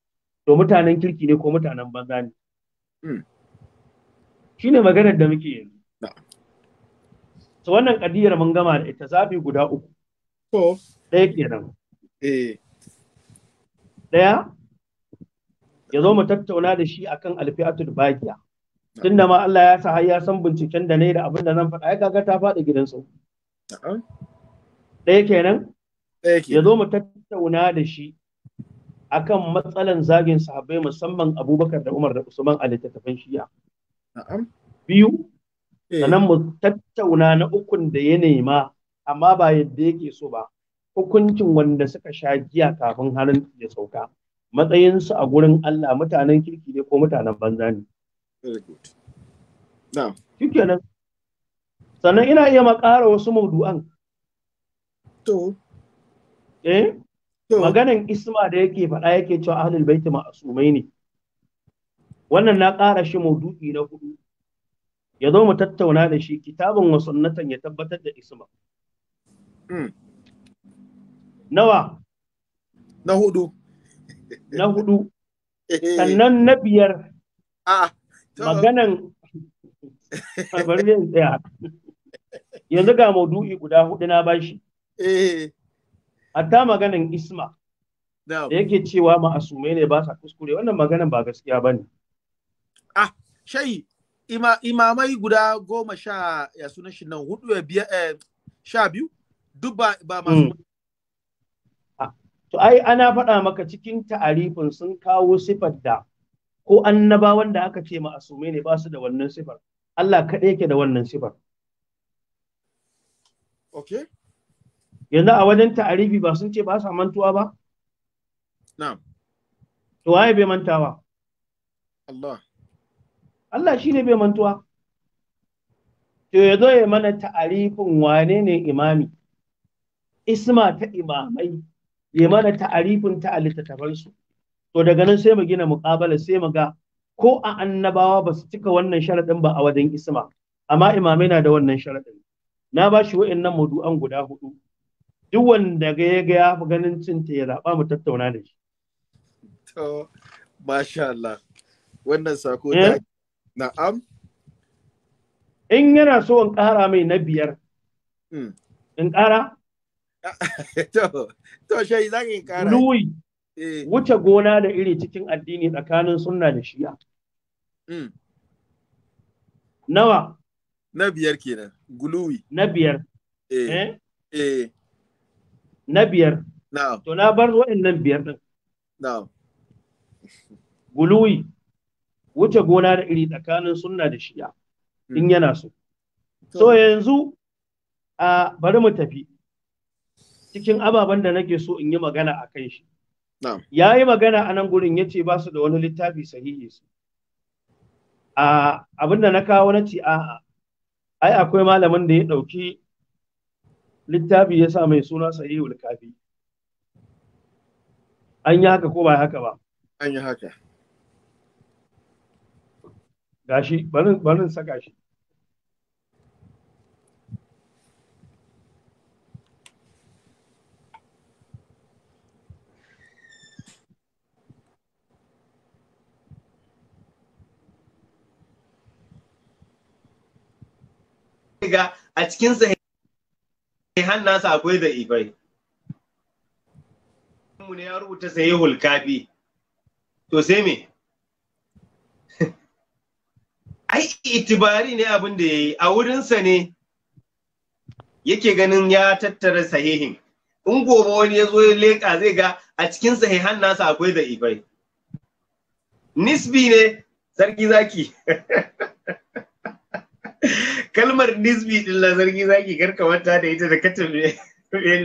to mutanen kirki ne ko mutanen banza ne hmm. shine maganar da muke yanzu to wannan kadiyar mun gama da ita zafi guda uku to ɗaya kenan eh. ɗaya ya zo mu tattauna da shi akan alfi'atul bagiya tun da ma Allah ya sa har ya san binciken da ne da abin da zan faɗa ya kaga ta faɗi gidansu. ɗaya kenan ya zo mu tattauna da shi akan matsalan zagin sahabbai musamman abubakar da umar da usman a littattafan shiya biyu eh. sannan mu tattauna na ukun da ya nema amma ba yadda yake so ba hukuncin wanda suka sha giya kafin halin ya sauka matsayinsu a gurin Allah mutanen kirki ne ko mutanen banza ne. kenan, Sannan ina iya makara wasu maudu'an To. Eh? Maganan isma da yake faɗa yake cewa ahlul baiti ma'asumai ne. Wannan na ƙara shi maudu'i na hudu. Ya zo mu tattauna da shi kitabun wa sunnatan ya tabbatar da isma. Hmm. Nawa? Na hudu. Na hudu. Eh. Sannan na biyar. Maganan Yanzu ga maudu'i guda hudu na bashi. Eh. hatta maganin isma da yake cewa ma'asumai ne ba sa kuskure wannan maganan ba gaskiya ba ne ah shayi imamai guda goma sha ya sunan shi nan hudu eh, ya eh, sha biyu duk ba ba masu hmm. ah, to ai ana faɗa maka cikin ta'arifin sun kawo sifar da ko annaba wanda aka ce ma'asumai ne ba su da wannan sifar Allah kaɗai yake da wannan sifar okay yanzu a wajen ta'arifi ba sun ce ba sa mantuwa ba na'am to waye bai mantawa Allah Allah ne bai mantuwa to ya zo ya mana ta'arifin wane ne imami isma ta imamai ya mana ta'arifin ta littattafansu to daga nan sai mu gina muƙabala sai mu ga ko a annabawa ba su cika wannan sharaɗin ba a wajen isma amma imamai na da wannan sharaɗin na ba shi wa'annan maudu'an guda hudu duk wanda ga ya ga ya fi ganin cinta ya zaɓa mu tattauna da shi. To, masha Allah, wannan sako eh? da na'am? In yana so in ƙara mai na biyar, hmm. in ƙara? To, shai za ki ƙara. Luwi, eh. wuce gona da iri cikin addini tsakanin sunna da shi'a. Hmm. Nawa? Na biyar kenan, Gluwi. Na biyar. Eh. Eh. eh. na biyar to na bar waɗannan biyar ɗin guluwi wuce gona da iri tsakanin sunna da shi'a hmm. in yana so so yanzu a bari mu tafi cikin ababen da nake so in yi magana a kan shi ya yi magana a nan gurin ya ce ba su da wani littafi sahihi su abin da na kawo na ce a'a ai akwai malamin da ya ɗauki littafi ya sa mai suna sahihul kafi an yi haka ko ba haka ba an yi haka gashi barin barin saka shi ga a cikin sa Eh, sahihan akwai da mu ne ya rubuta sahihul hulkafi. to sai me ai itibari ne abin da yayi a wurinsa ne yake ganin ya tattara sahihin in gobe wani ya zo ya leƙa zai ga a cikin sahihan nasa akwai da ifai nisbi ne sarki zaki kalmar nisbi din la sarki zaki karkamata da ita da katin me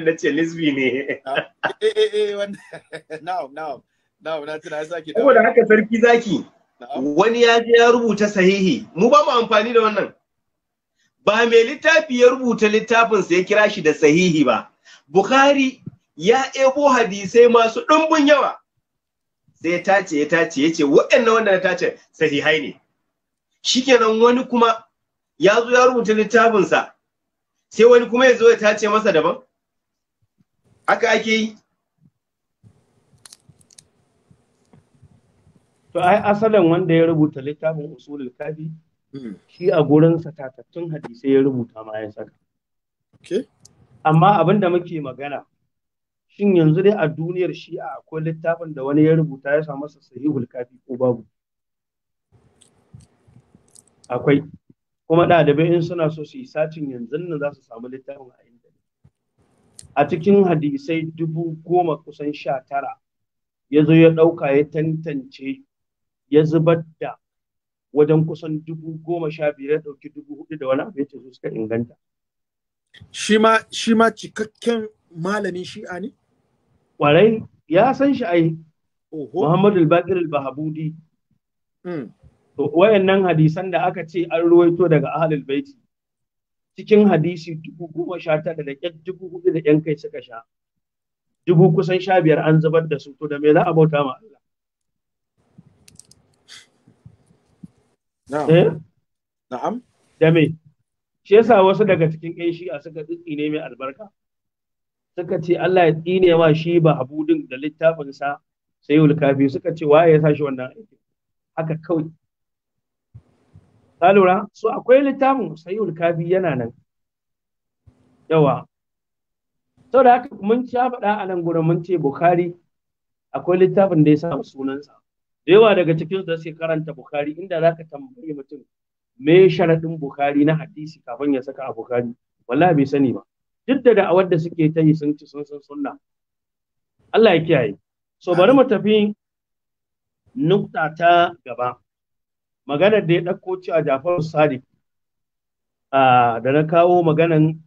na ce nisbi ne eh eh eh now now now na tuna zaki ko da haka sarki zaki wani ya je ya rubuta sahihi mu ba mu amfani da wannan ba mai littafi ya rubuta littafinsa ya kira shi da sahihi ba bukhari ya ebo hadisai masu ɗumbin yawa sai ya tace ya tace ya ce waɗannan wanda na tace sahihai ne shikenan wani kuma ya zo ya rubuta littafinsa sai wani kuma ya zo ya tace masa daban haka ake yi to ai asalin wanda ya rubuta littafin usulul kafi hmm. shi a gurinsa takatun hadisai ya rubuta ma ya saka amma abin da muke magana shin yanzu dai a duniyar shi'a akwai littafin da wani ya rubuta ya samu sa sahihul kafi ko babu akwai kuma ɗalibai in suna so su yi sacin yanzu nan za su samu littafin a intanet a cikin hadisai dubu goma kusan sha tara ya zo ya ɗauka ya tantance ya zubar da wajen kusan dubu goma sha biyar ya ɗauki dubu hudu da wani abu ya ce suka inganta. Shi ma cikakken malamin shi'a ne? Ƙwarai ya san shi ai. Muhammadu Bakir al-Bahabudi. Hmm. to wayannan hadisan da aka ce an ruwaito daga ahlul baiti cikin hadisi dubu goma sha tara da ƙyar dubu hudu da ƴan kai suka sha dubu kusan sha biyar an zubar da su to da me za a bauta ma Allah na'am eh? na'am da me shi yasa wasu daga cikin ƴan shi'a suka tsitsi ne mai albarka suka ce Allah ya tsine wa shi ba habudin da littafinsa sai kafi suka ce waye ya sa shi wannan aiki haka kawai ka lura so akwai littafin sayyul kafi yana nan yawa da haka mun ci faɗa a nan gurin mun ce bukhari akwai littafin da ya samu sunansa da yawa daga cikin da suke karanta bukhari inda zaka tambayi mutum me sharadin bukhari na hadisi kafin ya saka a bukhari wallahi bai sani ba duk da da'awar da suke ta yi sun ci sun san sunna Allah ya kiyaye so bari mu tafi nukta ta gaba maganar da ya ɗauko ci a Jafaru Sadiq da na kawo maganan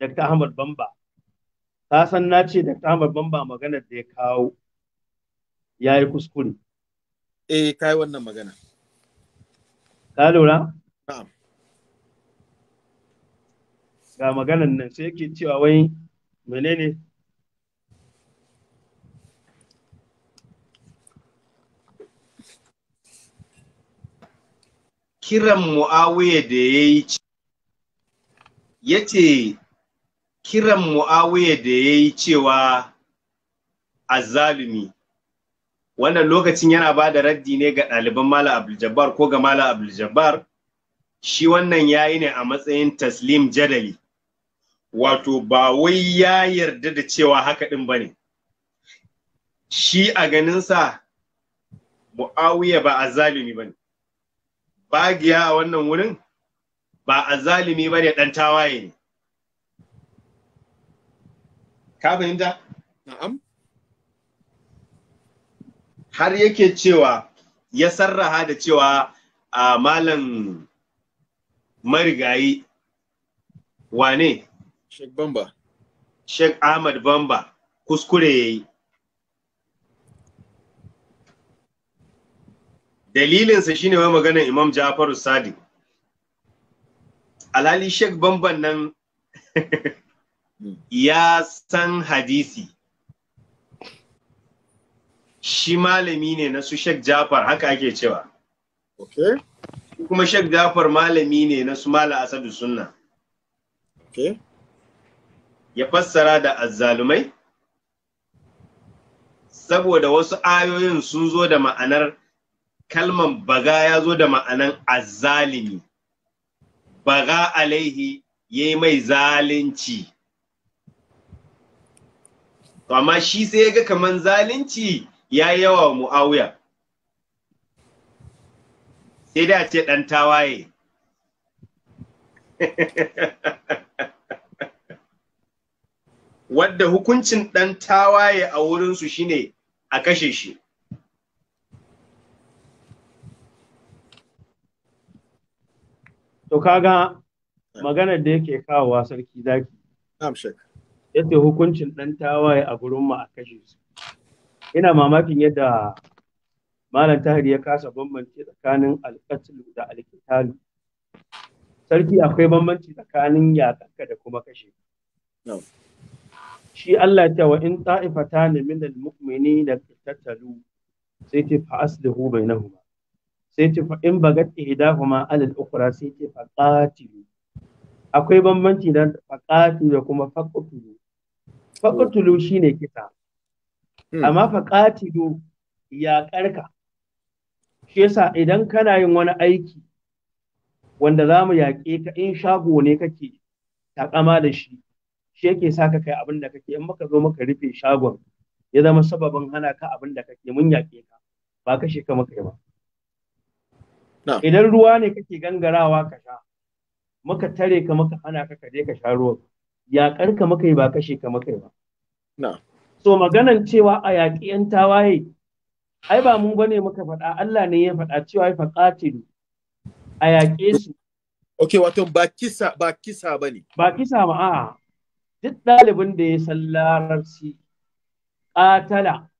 Dr. Ahmad Bamba ka san na ce Dr. Ahmad Bamba maganar da ya kawo ya yi kuskure eh kai wannan magana ka lura na'am ga maganan nan sai yake cewa wai menene kiran da ya yi ya ce kiran mu'awiyar da ya yi cewa azalumi wannan lokacin yana ba da raddi ne ga ɗaliban mala abdul ko ga mala abdul shi wannan ya yi ne a matsayin taslim jadali wato ba wai ya yarda da cewa haka ɗin ba ne shi a ganinsa mu'awiyar ba azalumi ba ne bagiya a wannan wurin ba a zalimi ba ne ɗan tawaye ne. Ka fahimta? Na'am. Har yake cewa ya sarraha da cewa a malam marigayi wane? Sheikh Bamba. Sheikh Ahmad Bamba kuskure ya yi. dalilinsa shine wai maganar imam ja'faru Sadi. alhali shek bamban nan ya san hadisi shi malami ne na su shek jafar haka ake cewa okay. kuma shek jafar malami ne na su mala asadu sunna okay. ya fassara da azzalumai saboda wasu ayoyin sun zo da ma'anar kalman baga ya zo da ma'anan azalimi baga alaihi ya yi mai zalunci amma shi sai ya ga kaman zalunci ya yawa mu'awiya sai da ce ɗan tawaye wadda hukuncin ɗan tawaye a wurinsu shine a kashe shi to kaga maganar da yake kawowa sarki zaki yace hukuncin ɗan tawaye a gurin mu a kashe su ina mamakin yadda malam tahir ya kasa bambance tsakanin alƙatlu da alƙitalu sarki akwai bambanci tsakanin yaƙanka da kuma kashe shi Allah ta wa in ta'ifata ne mumini da tattalu sai ce bai na bainahuma sai ce in bagat kuma alal ukura sai ce faqatilu akwai bambanci da faqatilu da kuma faqtulu hmm. shi ne kisa hmm. amma faqatilu ya karka shi yasa idan kana yin wani aiki wanda za mu yaƙe ka in shago ne kake takama da shi shi yake sa ka kai abin da kake in muka zo maka rufe shagon ya zama sababin hana ka abin da kake mun yaƙe ka ba kashe ka maka yi ba idan ruwa ne kake gangarawa ka sha muka tare ka muka hana ka ka je ka sha ruwa, yaƙar ka muka yi ba kashe ka muka yi ba so maganan cewa a yaƙi yan tawaye ai ba mun bane muka faɗa Allah ne ya faɗa cewa fa qatilu a yaƙe su okay wato ba kisa ba kisa bane ba kisa ba a'a duk ɗalibin da ya san larabci ƙatala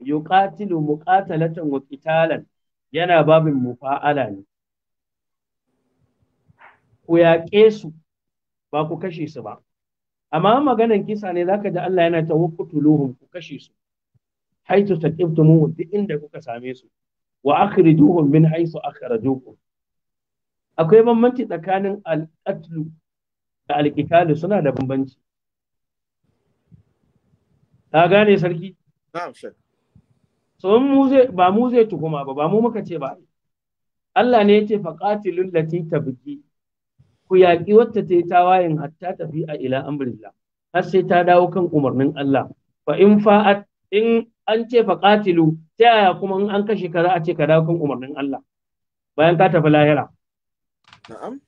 yuqatilu muqatalatan wa qitalan yana babin mufa'ala ne ku yaƙe su ba ku kashe su ba amma maganan kisa ne za ka ji Allah yana ta waqtuluhum ku kashe su haitu taqibtumuhum duk inda kuka same su wa duhun min haythu duhun. akwai bambanci tsakanin al'atlu da alƙitali suna da bambanci Ta gane sarki na'am shek so mu zai ba mu zai tuhuma ba ba mu muka ce ba Allah ne yace faqatilul lati tabqi ku yaƙi wacce ta yi tawayin hatta tafi a ila amrillah har sai ta dawo kan umarnin Allah fa in fa'at in an ce faqatilu ta yaya kuma in an kashe kaza a ce ka dawo kan umarnin Allah bayan ka tafi lahira na'am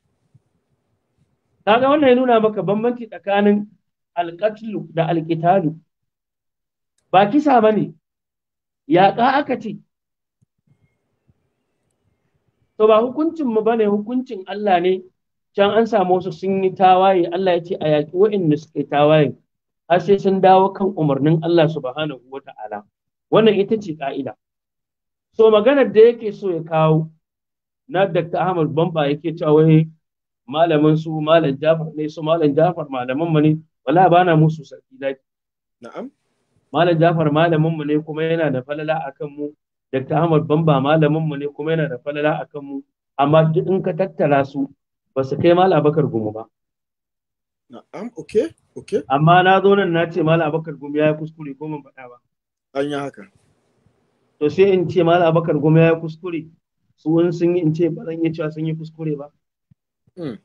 kaga wannan ya nuna maka bambanci tsakanin alqatlu da alqitalu ba kisa ba ne Ya ka aka ce to ba hukuncin mu bane hukuncin Allah ne can an samu Su sun yi tawaye Allah ya ce a yaƙi wa'inda suke tawaye har sai sun dawo kan umarnin Allah subhanahu wata'ala ta'ala wannan ita ce ka'ida so maganar da yake so ya kawo na Dr. Ahmad Bamba yake cewa wai malamin su malam Jafar ne su malam Jafar malaman mu ne wala bana musu sarki zaki na'am malam jafar malamin mu ne kuma yana da falala akan mu dr ahmad bamba malamin mu ne kuma yana da falala akan mu amma duk in ka tattara su ba su kai malam abakar gumu ba na'am okay okay amma na zo nan na ce malam abakar gumu ya kuskure ko mun faɗa ba an yi haka to sai in ce malam abakar gumu ya kuskure su in sun yi in ce ba zan iya cewa sun yi kuskure ba hmm.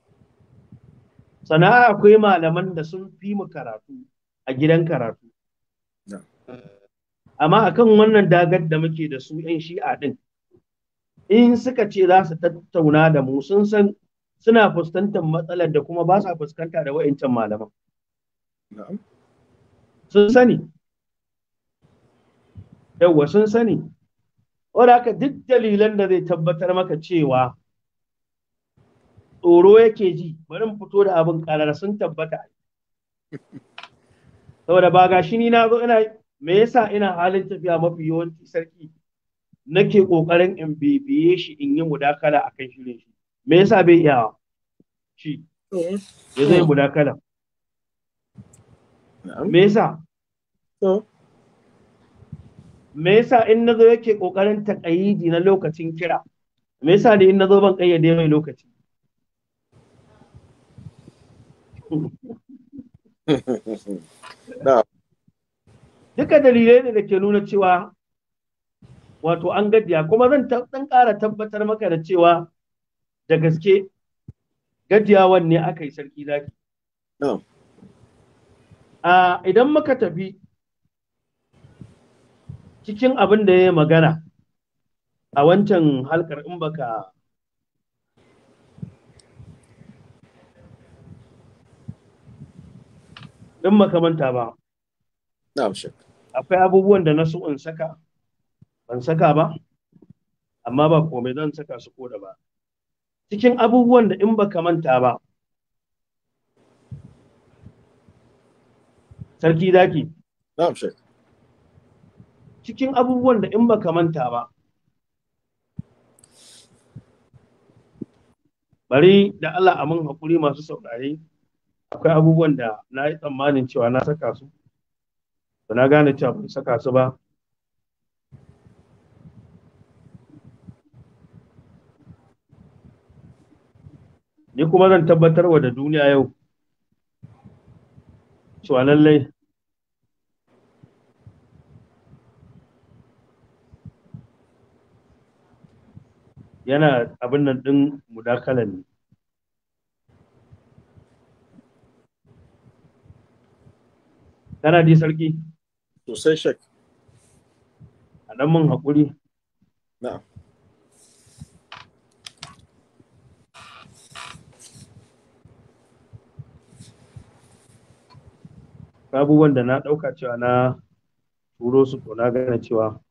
sana'a akwai malaman da sun fi mu karatu a gidan karatu amma akan wannan dagar da muke da su 'yan shi'a din in suka ce za su tattauna da mu sun san suna fuskantar matsalar da kuma ba sa fuskanta da wa'incan malaman sun sani yawwa sun sani wadda haka duk dalilan da zai tabbatar maka cewa tsoro yake ji barin fito da abin karar sun tabbata saboda ba gashi shi ni na zo ina me yasa ina halin tafiya mafi yawanci sarki nake kokarin in bibiye shi in yi mudakala akan shirin shi me yasa bai iya shi ya zai mudakala me yasa me yasa in nazo yake kokarin takayidi na lokacin kira me yasa da in nazo ban kayyade mai lokaci na'am duka dalilai ne da ke nuna cewa wato an gaddiya kuma zan dan ƙara tabbatar maka da cewa da gaske gadiyawan ne aka yi sarki zaki a idan muka tafi cikin abin da ya magana a wancan halkar in baka in makamanta ba. Na shakka. akwai abubuwan da na so in saka ban saka ba amma ba komai zan saka su ko da ba cikin abubuwan da in baka manta ba sarki zaki na'am cikin abubuwan da in baka manta ba bari da Allah amin hakuri masu saurare akwai abubuwan da na yi tsammanin cewa na saka su to na gane cewa ban saka su ba ni kuma zan tabbatar wa da duniya yau cewa lallai yana abin nan ɗin mudakala ne kana di sarki sosai shek a nan mun haƙuri na'am abubuwan da na ɗauka cewa na turo su ko na gane cewa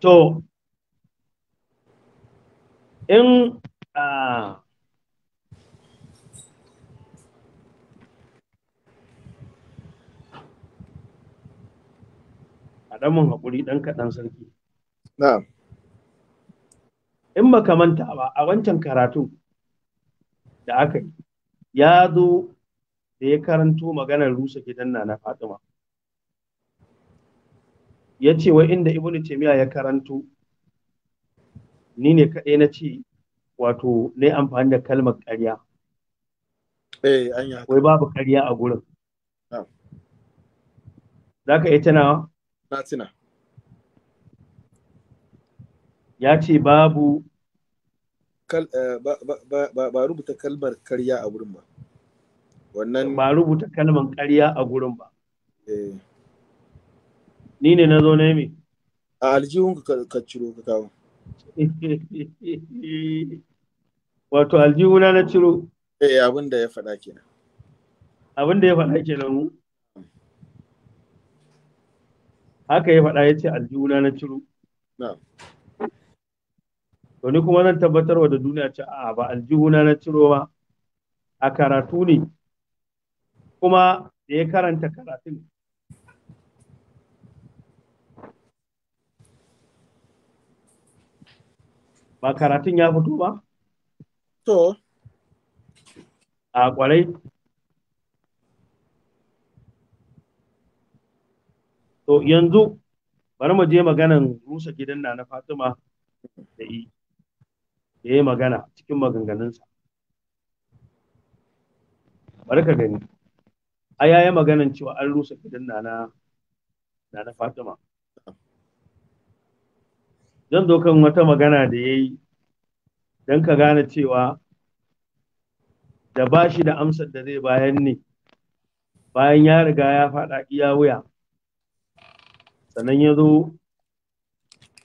to in uh, a mun haƙuri ɗan kaɗan sarki. In baka manta ba a wancan karatu da aka yi ya zo da ya karanto maganar rusa gidan na na Fatima. Ya ce wa inda Ibn Taymiyyah ya karanto ni ne kaɗai na ci wato na amfani da kalmar ƙarya. Eh, Wai babu ƙarya a gurin. Ah. Za ka yi tunawa? Na tuna. Ya ce babu eh, ba rubuta kalmar karya a gurin ba. Wannan ba rubuta kalmar karya a gurin ba. Eh. Ni ne na zo ne me? A aljihun ka ciro ka kawo. wato aljihuna na ciro eh abin da ya faɗa kenan abin da ya faɗa kenan mu haka ya faɗa ya ce aljihuna na ciro to ni kuma zan tabbatar wa da duniya ce a ba aljihuna na ciro ba a karatu ne kuma da ya karanta karatun ba karatun ya fito ba? To. A kwarai. To yanzu bari mu je maganan rusa gidan na na Fatima da yi. Da yi magana cikin maganganunsa. Bari ka gani. A yaya maganan cewa an rusa gidan na na Fatima. zan zo kan wata magana da ya yi don ka gane cewa da ba shi da amsar da zai bayan ne bayan ya riga ya faɗa iya wuya sannan ya zo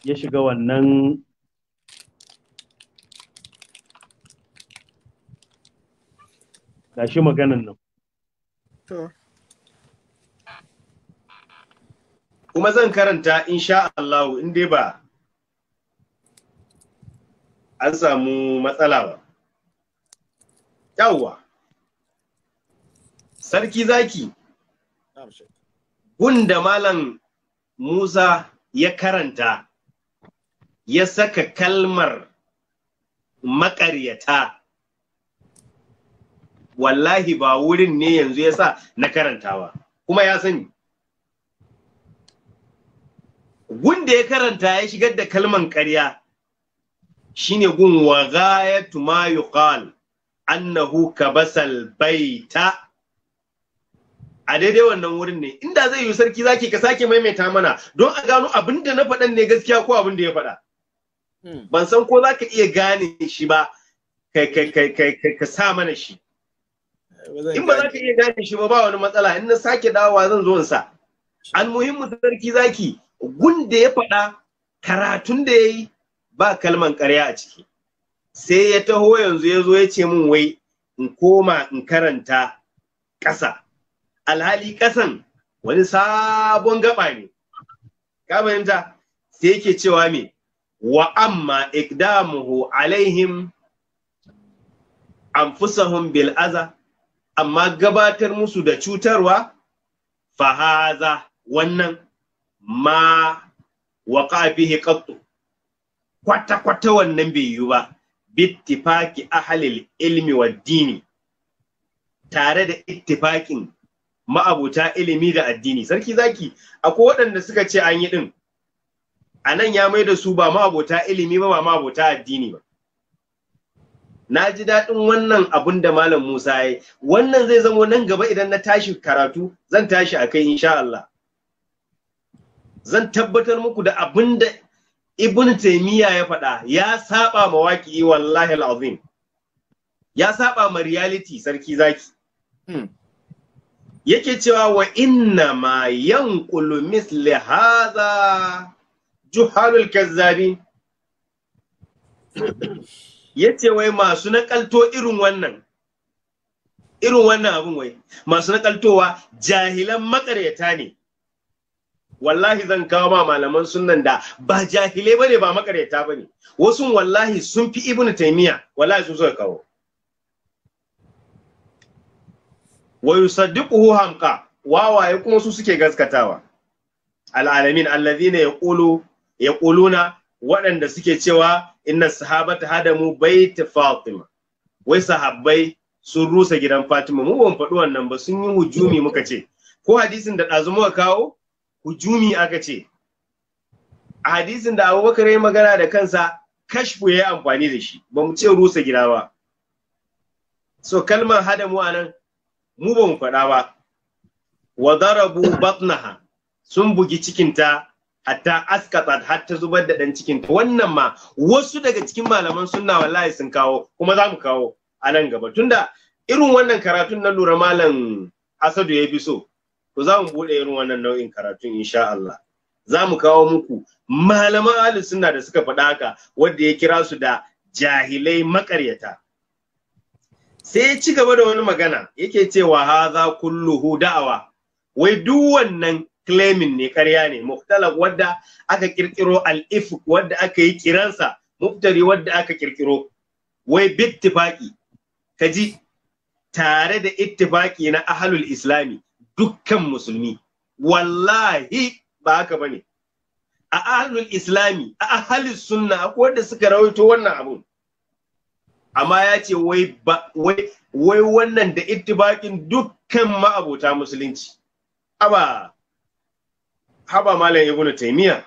ya shiga wannan gashi maganan nan kuma zan karanta insha Allah in dai ba an samu matsala ba yawwa sarki zaki gunda malam musa ya karanta ya saka kalmar maƙaryata wallahi ba wurin ne yanzu ya sa na karantawa kuma ya sani Gunda ya karanta ya shigar da kalman ƙarya shine gun wa ghayatu ma yuqal annahu kabasal baita a daidai wannan wurin ne inda zai yi sarki zaki ka sake maimaita mana don a gano abin da na faɗan ne gaskiya ko abin da ya faɗa hmm. ban san ko zaka iya gane shi ba ka sa mana shi eh, in ba za ka iya gane shi ba ba wani matsala in na sake dawowa zan zo in sa an muhimmu sarki zaki gun da ya faɗa karatun da ya yi ba kalman ƙarya a ciki sai ya taho yanzu ya zo ya ce min wai in koma in karanta ƙasa alhali ƙasan wani sabon gaba ne ka fahimta sai yake cewa mai, wa amma ikdamuhu alaihim anfusahum bil aza amma gabatar musu da cutarwa fahaza wannan ma wa bihi qattu kwata-kwata wannan bai yiwu ba bittifaki ahalil ilmi wa dini tare da ittifakin ma'abuta ilimi da addini sarki zaki akwai waɗanda suka ce an yi ɗin a nan ya mai da su ba ma'abuta ilimi ba ba ma'abuta addini ba na ji daɗin wannan abun da malam musa ya yi. wannan zai zamo nan gaba idan na tashi karatu zan tashi a kai insha Allah zan tabbatar muku da abin ibn taymiya ya faɗa ya saba ma waƙi wallahi alazim ya saba ma reality sarki zaki hmm. yake cewa wa inna ma yanqulu misli hadha juhalul kazzabi yace wai masu nakalto irin wannan irin wannan abin wai masu nakaltowa jahilan makaryata ne wallahi zan kawo ma malaman sunan da ba jahilai bane ba makaryata bane wasu wallahi sun fi ibnu taymiya wallahi sun suka kawo wa yusaddiquhu hamqa wawaye kuma su suke gaskatawa al'alamin alladhina yaqulu yaquluna waɗanda suke cewa inna sahabata hadamu bait fatima wai sahabbai sun rusa gidan fatima mu ban faɗi wannan ba sun yi hujumi muka ce ko hadisin da ɗazu muka kawo hujumi aka ce a hadisin da abubakar ya yi magana da kansa kashfu ya yi amfani da shi ba mu ce rusa gida ba so kalmar hada mu anan mu ba mu faɗa ba wa darabu batnaha sun bugi cikinta hatta askatat har zubar da ɗan cikinta wannan ma wasu daga cikin malaman sunna wallahi sun kawo kuma za mu kawo a nan gaba tunda irin wannan karatun na lura malam asadu ya fi so to za mu bude irin wannan nau'in karatun insha Allah za mu kawo muku malaman ahlus sunna da suka faɗa haka wanda ya kira su da jahilai maƙaryata. sai ya ci gaba da wani magana yake cewa haza kulluhu da'awa wai duk wannan claiming ne ƙarya ne muftalak wadda aka kirkiro al'if wadda aka yi kiransa muftari wadda aka kirkiro wai bittifaki kaji tare da ittifaki na ahlul islami dukkan musulmi wallahi ba haka bane a ahlul islami a ahlis sunna akwai wanda suka rawaito wannan abu. amma ya ce wai wai wannan da ittibakin dukkan ma'abota musulunci aba haba malam ibn taymiya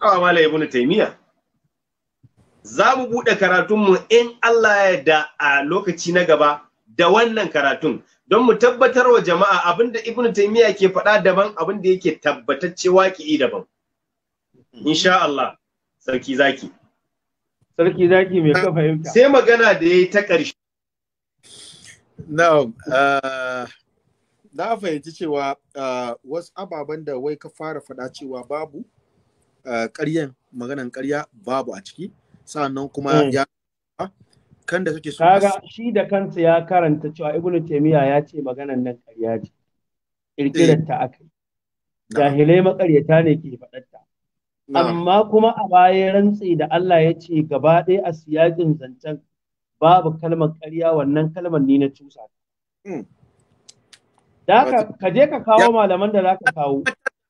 haba malam ibn taymiya za mu buɗe karatunmu in Allah ya da a lokaci na gaba da wannan karatun don mu tabbatar wa jama'a abinda ibnu taymiya ke faɗa daban abinda yake tabbatacce waƙi daban hmm. insha Allah sarki zaki sarki zaki mai ka fahimta sai magana da yayi ta ƙarshe now uh, ah, na fahimci cewa ah, wasu ababen da wai ka fara faɗa cewa babu uh, ƙaryan maganan ƙarya babu a ciki sannan kuma mm. ya kan da suke so kaga shi da kansa ya karanta cewa ibnu taymiya ya ce maganan nan ƙarya ce kirkirar ta akai eh, jahilai makaryata ne ke faɗarta amma kuma a baya rantsi da Allah ya ce gaba ɗaya a siyakin zancen babu kalmar ƙarya wannan kalmar ni na cusa hmm. da ka je ka kawo malaman da za ka kawo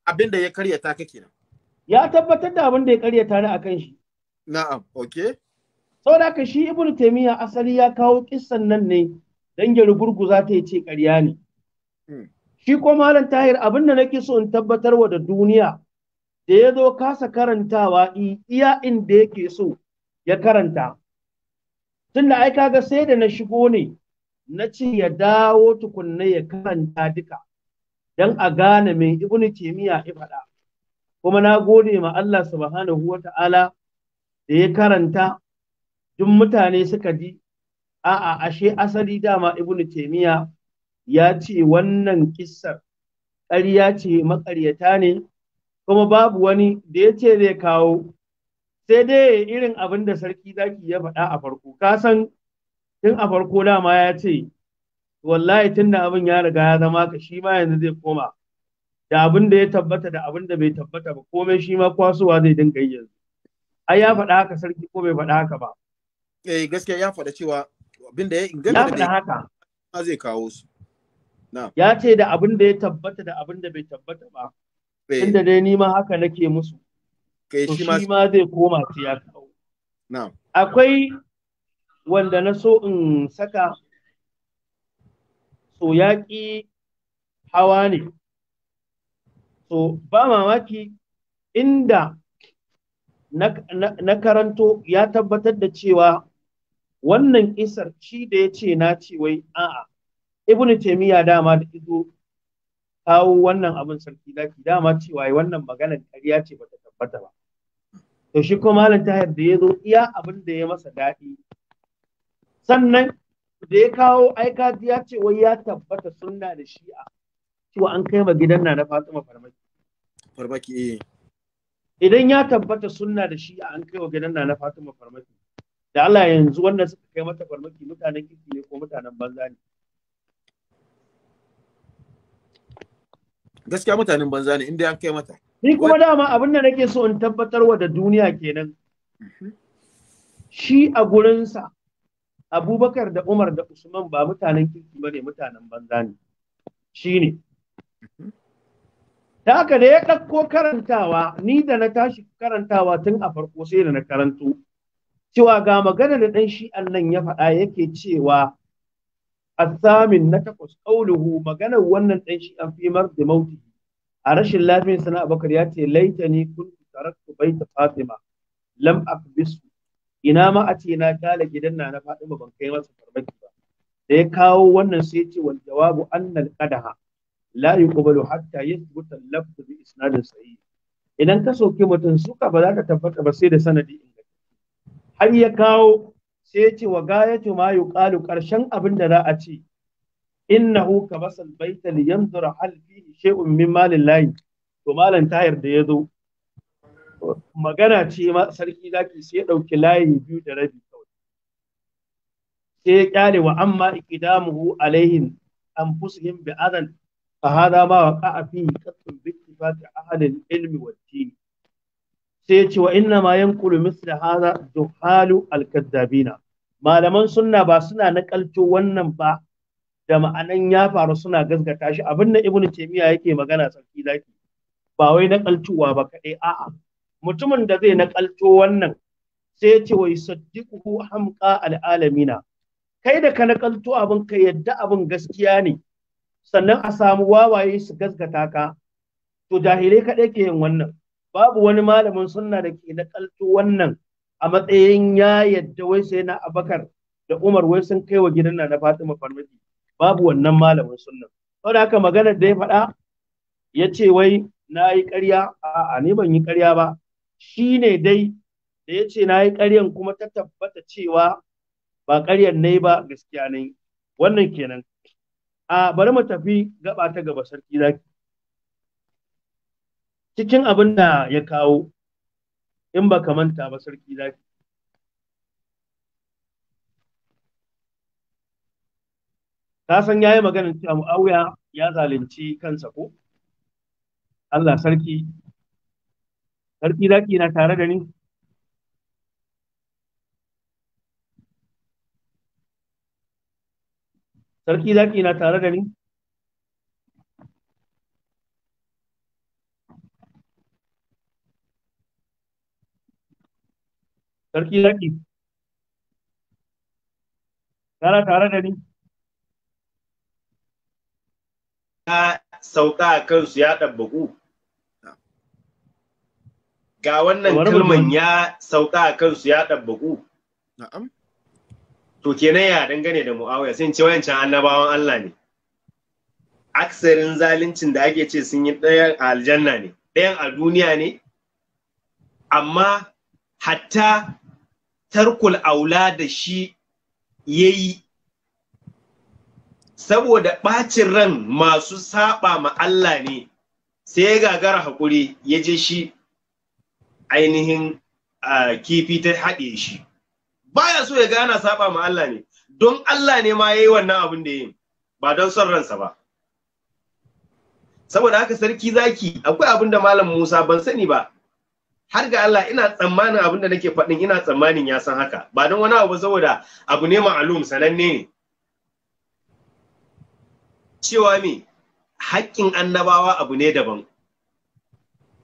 abin da ya karyata kake nan ya tabbatar da abin da ya karyata ne akan shi na'am okay saboda haka shi ibn taymiya asali ya kawo kissan nan ne dan ya rugurguza ta ce ƙarya ne hmm. shi ko malam tahir abin da nake so in tabbatar wa da duniya da ya zo kasa karantawa iya inda yake so ya karanta tun da ai ga sai da na shigo ne na ce ya dawo tukunna ya karanta duka don a gane mai ibnu taymiya ya faɗa kuma na gode ma Allah subhanahu ta'ala da ya karanta duk mutane suka ji a'a ashe asali dama ibn taimiya ya ce wannan kissar ƙarya ce maƙaryata ne kuma babu wani da ya ce zai kawo sai dai irin abin da sarki zaki ya faɗa a farko ka san tun a farko dama ya ce wallahi tun da abin ya riga ya zama ka shi ma yanzu zai koma da abin da ya tabbata da abin da bai tabbata ba komai shi ma kwasowa zai dinga yanzu ai ya faɗa haka sarki ko bai faɗa haka ba eh gaskiya ya faɗa cewa abin da ya inganta da haka ma zai kawo su ya ce da abin da ya tabbata da abin da bai tabbata ba inda eh. dai ni ma haka nake musu to shi ma zai koma su ya kawo akwai wanda na so in saka so yaƙi hawa ne so ba mamaki inda na karanto ya tabbatar da cewa wannan isar shi da ya ce na ce wai a'a ibn taymiya dama da izo kawo wannan abin sarki zaki dama cewa wannan maganar ƙarya ce bata tabbata ba to shi kuma malam tahir da ya zo iya abin da ya masa daɗi sannan da ya kawo aika ya ce wai ya tabbata sunna da shi'a cewa an kai ma gidan na na fatima farmaki farmaki eh idan ya tabbata sunna da shi'a an kai wa gidan na na fatima farmaki da Allah yanzu wannan suka kai mata farmaki mutanen kirki ne ko mutanen banza ne gaskiya mutanen banza ne inda an kai mata ni kuma dama abin da nake so in tabbatar wa da duniya kenan mhm. shi a gurinsa abubakar da umar da usman ba mutanen kirki ba ne mutanen banza ne shi ne mhm. da haka da ya ɗauko karantawa ni da na tashi karantawa tun a farko sai da na karanto cewa ga magana da ɗan shi nan ya faɗa yake cewa asamin na takwas ƙauluhu maganar wannan ɗan shi an fi mar da mauti a rashin lafiyar sana abakar ya ce laita laitani kuntu bai ta fatima lam akbisu ina ma a ce na tala gidan na na fatima ban kai masa farmaki ba da ya kawo wannan sai ce wal jawabu annal qadaha la yuqbalu hatta yathbuta al-lafz bi isnadin sahih idan ka soke mutum suka ba za ka tabbata ba sai da sanadi har ya kawo sai ya ce wa gayatu ma yuqalu karshen abin da za a ce innahu kabasal baita li yanzura hal fihi shay'un min malillahi to malam tayar da ya zo magana ce ma sarki zaki sai ya dauki layi biyu da rabi sai ya kyale wa amma iqdamuhu alaihim anfusihim bi adan fa hada ma waqa'a fihi qatl bi ittifaqi ahli al-ilmi wad-din sai ya ce wa inna ma yankulu misli Haza duhalu al malaman sunna ba suna nakalto wannan ba da ma'anan ya faru suna gaskata shi abin da ibnu taymiya yake magana sarki zaki ba wai nakaltuwa ba kaɗai. a'a mutumin da zai nakalto wannan sai ya ce wa yusaddiquhu hamqa alalamina kai da ka nakalto abin ka yadda abin gaskiya ne sannan a samu wawaye su gaskata ka to jahilai kaɗai ke yin wannan babu wani malamin sunna da ke nakalto wannan a matsayin ya yadda wai sai na abakar da umar wai sun kai wa gidan na fatima farmaki babu wannan malamin sunna saboda haka maganar da ya faɗa ya ce wai na yi ƙarya a'a ni ban yi ƙarya ba shi ne dai da ya ce na yi ƙaryan kuma ta tabbata cewa ba ƙaryan ne ba gaskiya ne wannan kenan a bari mu tafi gaba ta gaba sarki zaki cikin abin da ya kawo in ba ka manta ba sarki zaki ka san yayi maganin cewa Muawiya ya zalunci kansa ko Allah sarki sarki zaki na tare da ni sarki zaki na tare da ni sarki zaki kana tare da ni ya sauka a kansu ya ɗabbaku ga wannan kalman ya sauka a kansu ya ɗabbaku to kenan ya dangane da mu'awiya sun ce wayancan annabawan Allah ne aksarin zaluncin da ake ce sun yi ɗayan a aljanna ne ɗayan a duniya ne amma hatta tarkul aula da shi yayi saboda ɓacin ran masu saɓa ma Allah ne sai ya gagara hakuri, ya je shi ainihin kifi ta haɗe shi baya so ya gana saɓa ma Allah ne don Allah ne ma ya yi wannan abin da yin ba don son ransa ba saboda haka sarki zaki akwai abin da malam Musa ban sani ba har ga Allah ina tsammanin abin da nake faɗin ina tsammanin ya san haka ba don wani abu saboda abu ne ma'alum sananne ne cewa me haƙƙin annabawa abu ne daban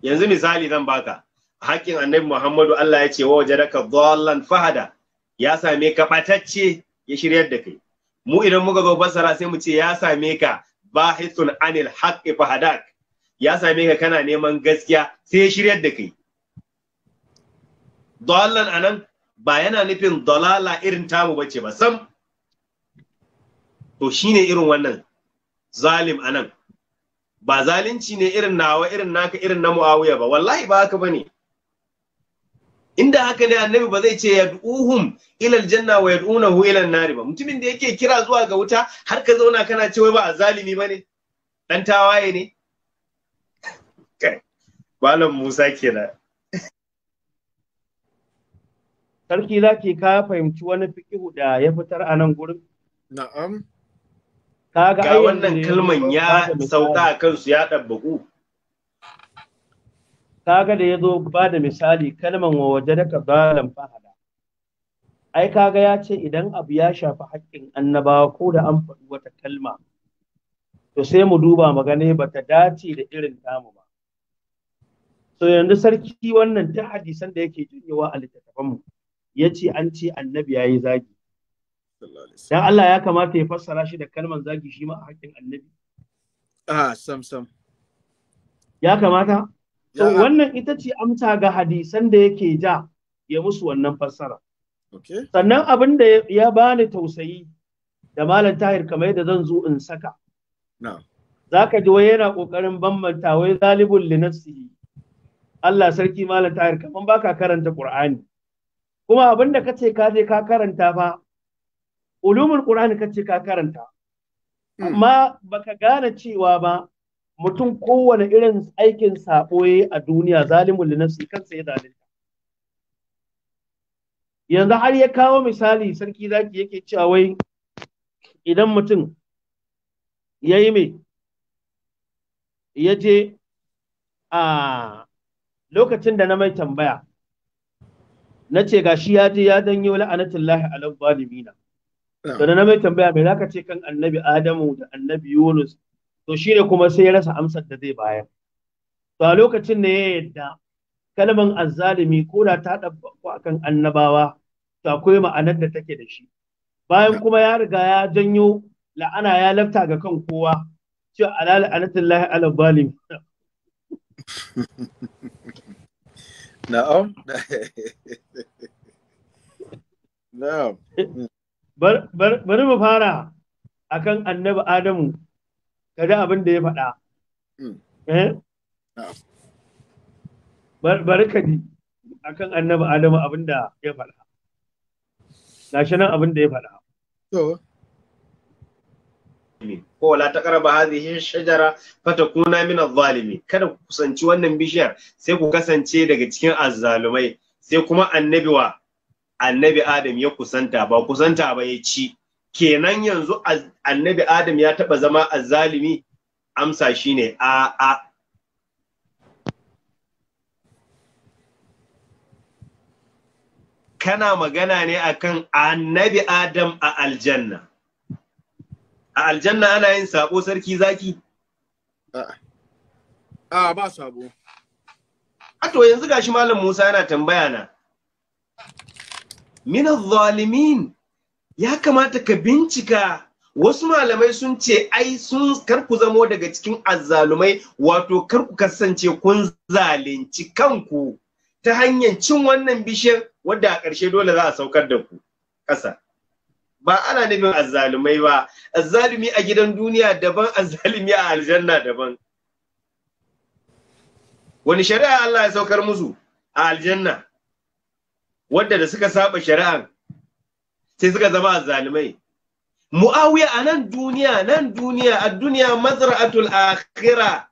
yanzu misali zan baka haƙƙin annabi Muhammadu Allah ya ce wa wajadaka dhallan fahada ya same ka batacce ya shiryar da kai mu idan muka zo basara sai mu ce ya same ka bahithun anil haqqi fahadak ya same ka kana neman gaskiya sai ya shiryar da kai dalan anan ba yana nufin dalala irin tamu bace ba sam to shine irin wannan zalim anan ba zalunci ne irin nawa irin naka irin na muawiya ba wallahi ba haka bane inda haka ne annabi ba zai ce yad'uhum ila aljanna wa yad'unahu ila an-nar ba mutumin da yake kira zuwa ga wuta har ka zauna kana cewa ba zalimi bane dan tawaye ne malam Musa kenan sarki zaki ka fahimci wani fikihu da ya fitar a nan gurin na'am kaga ga wannan kalman ya sauka a kansu ya ɗabbaku kaga da ya zo ba da misali kalman wa waje ka zalan fahada ai kaga ya ce idan abu ya shafi haƙƙin annabawa ko da an faɗi wata kalma to sai mu duba magane ba ta dace da irin tamu ba to yanzu sarki wannan ta hadisan da yake janyewa a littattafanmu ya ce an ce annabi ya yi zagi. Dan Allah ya kamata ya fassara shi da kalmar zagi shi ma a haƙƙin annabi. Ah, sam sam. Ya kamata? To wannan ita ce amsa ga hadisan da yake ja ya musu wannan fassara. Sannan abin da ya bani tausayi da Malam Tahir kamar yadda zan zo in saka. Za ka ji wai yana ƙoƙarin bambanta wai zalibun linafsihi. Allah sarki Malam Tahir kamar baka karanta Qur'ani. kuma abin da kace ka je ka karanta ba ulumul qur'ani kace ka karanta amma baka gane cewa ba mutum kowane irin aikin sabo a duniya zalimul nafsi kan sai zalunta yanzu har ya kawo misali sarki zaki yake cewa wai idan mutum ya yi me ya je a lokacin da na mai tambaya na ce ga shi ya je ya danyo lahi ala zalimina to na mai tambaya me zaka ce kan annabi adamu da annabi yunus to shi ne kuma sai ya rasa amsar da zai bayar to a lokacin ne ya yadda kalman azzalimi ko da ta dabbaku akan annabawa to akwai ma'anar da take da shi bayan kuma ya riga ya janyo la'ana ya lafta ga kan kowa ce ala lahi ala zalimina na'am Bari mu fara a kan annabi Adamu, da abin da ya faɗa. Hmm. Eh? Bari ka ji a kan annabi Adamu abin da ya faɗa. shi nan abin da ya faɗa. ko la taqrabu hadhihi shajara kuna min adh kada ku kusanci wannan bishiyar sai ku kasance daga cikin azzalumai sai kuma annabi wa annabi adam ya kusanta ba kusanta ba ya ci kenan yanzu annabi adam ya taba zama azzalimi amsa shine a a kana magana ne akan annabi adam a aljanna a aljanna ana yin sabo sarki zaki a ba sabo ato yanzu gashi malam Musa yana tambaya na min zalimin ya kamata ka bincika wasu malamai sun ce ai sun kar ku zamo daga cikin azzalumai wato kar ku kasance kun zalunci kanku ta hanyar cin wannan bishiyar wadda a ƙarshe dole za a saukar da ku ƙasa ba ana nufin azzalumai ba azzalumi a gidan duniya daban azzalumi a aljanna daban wani shari'a Allah ya saukar musu a aljanna wadda da suka saba shari'an sai suka zama zalimai muawiya a nan duniya nan duniya a duniya mazra'atul akhira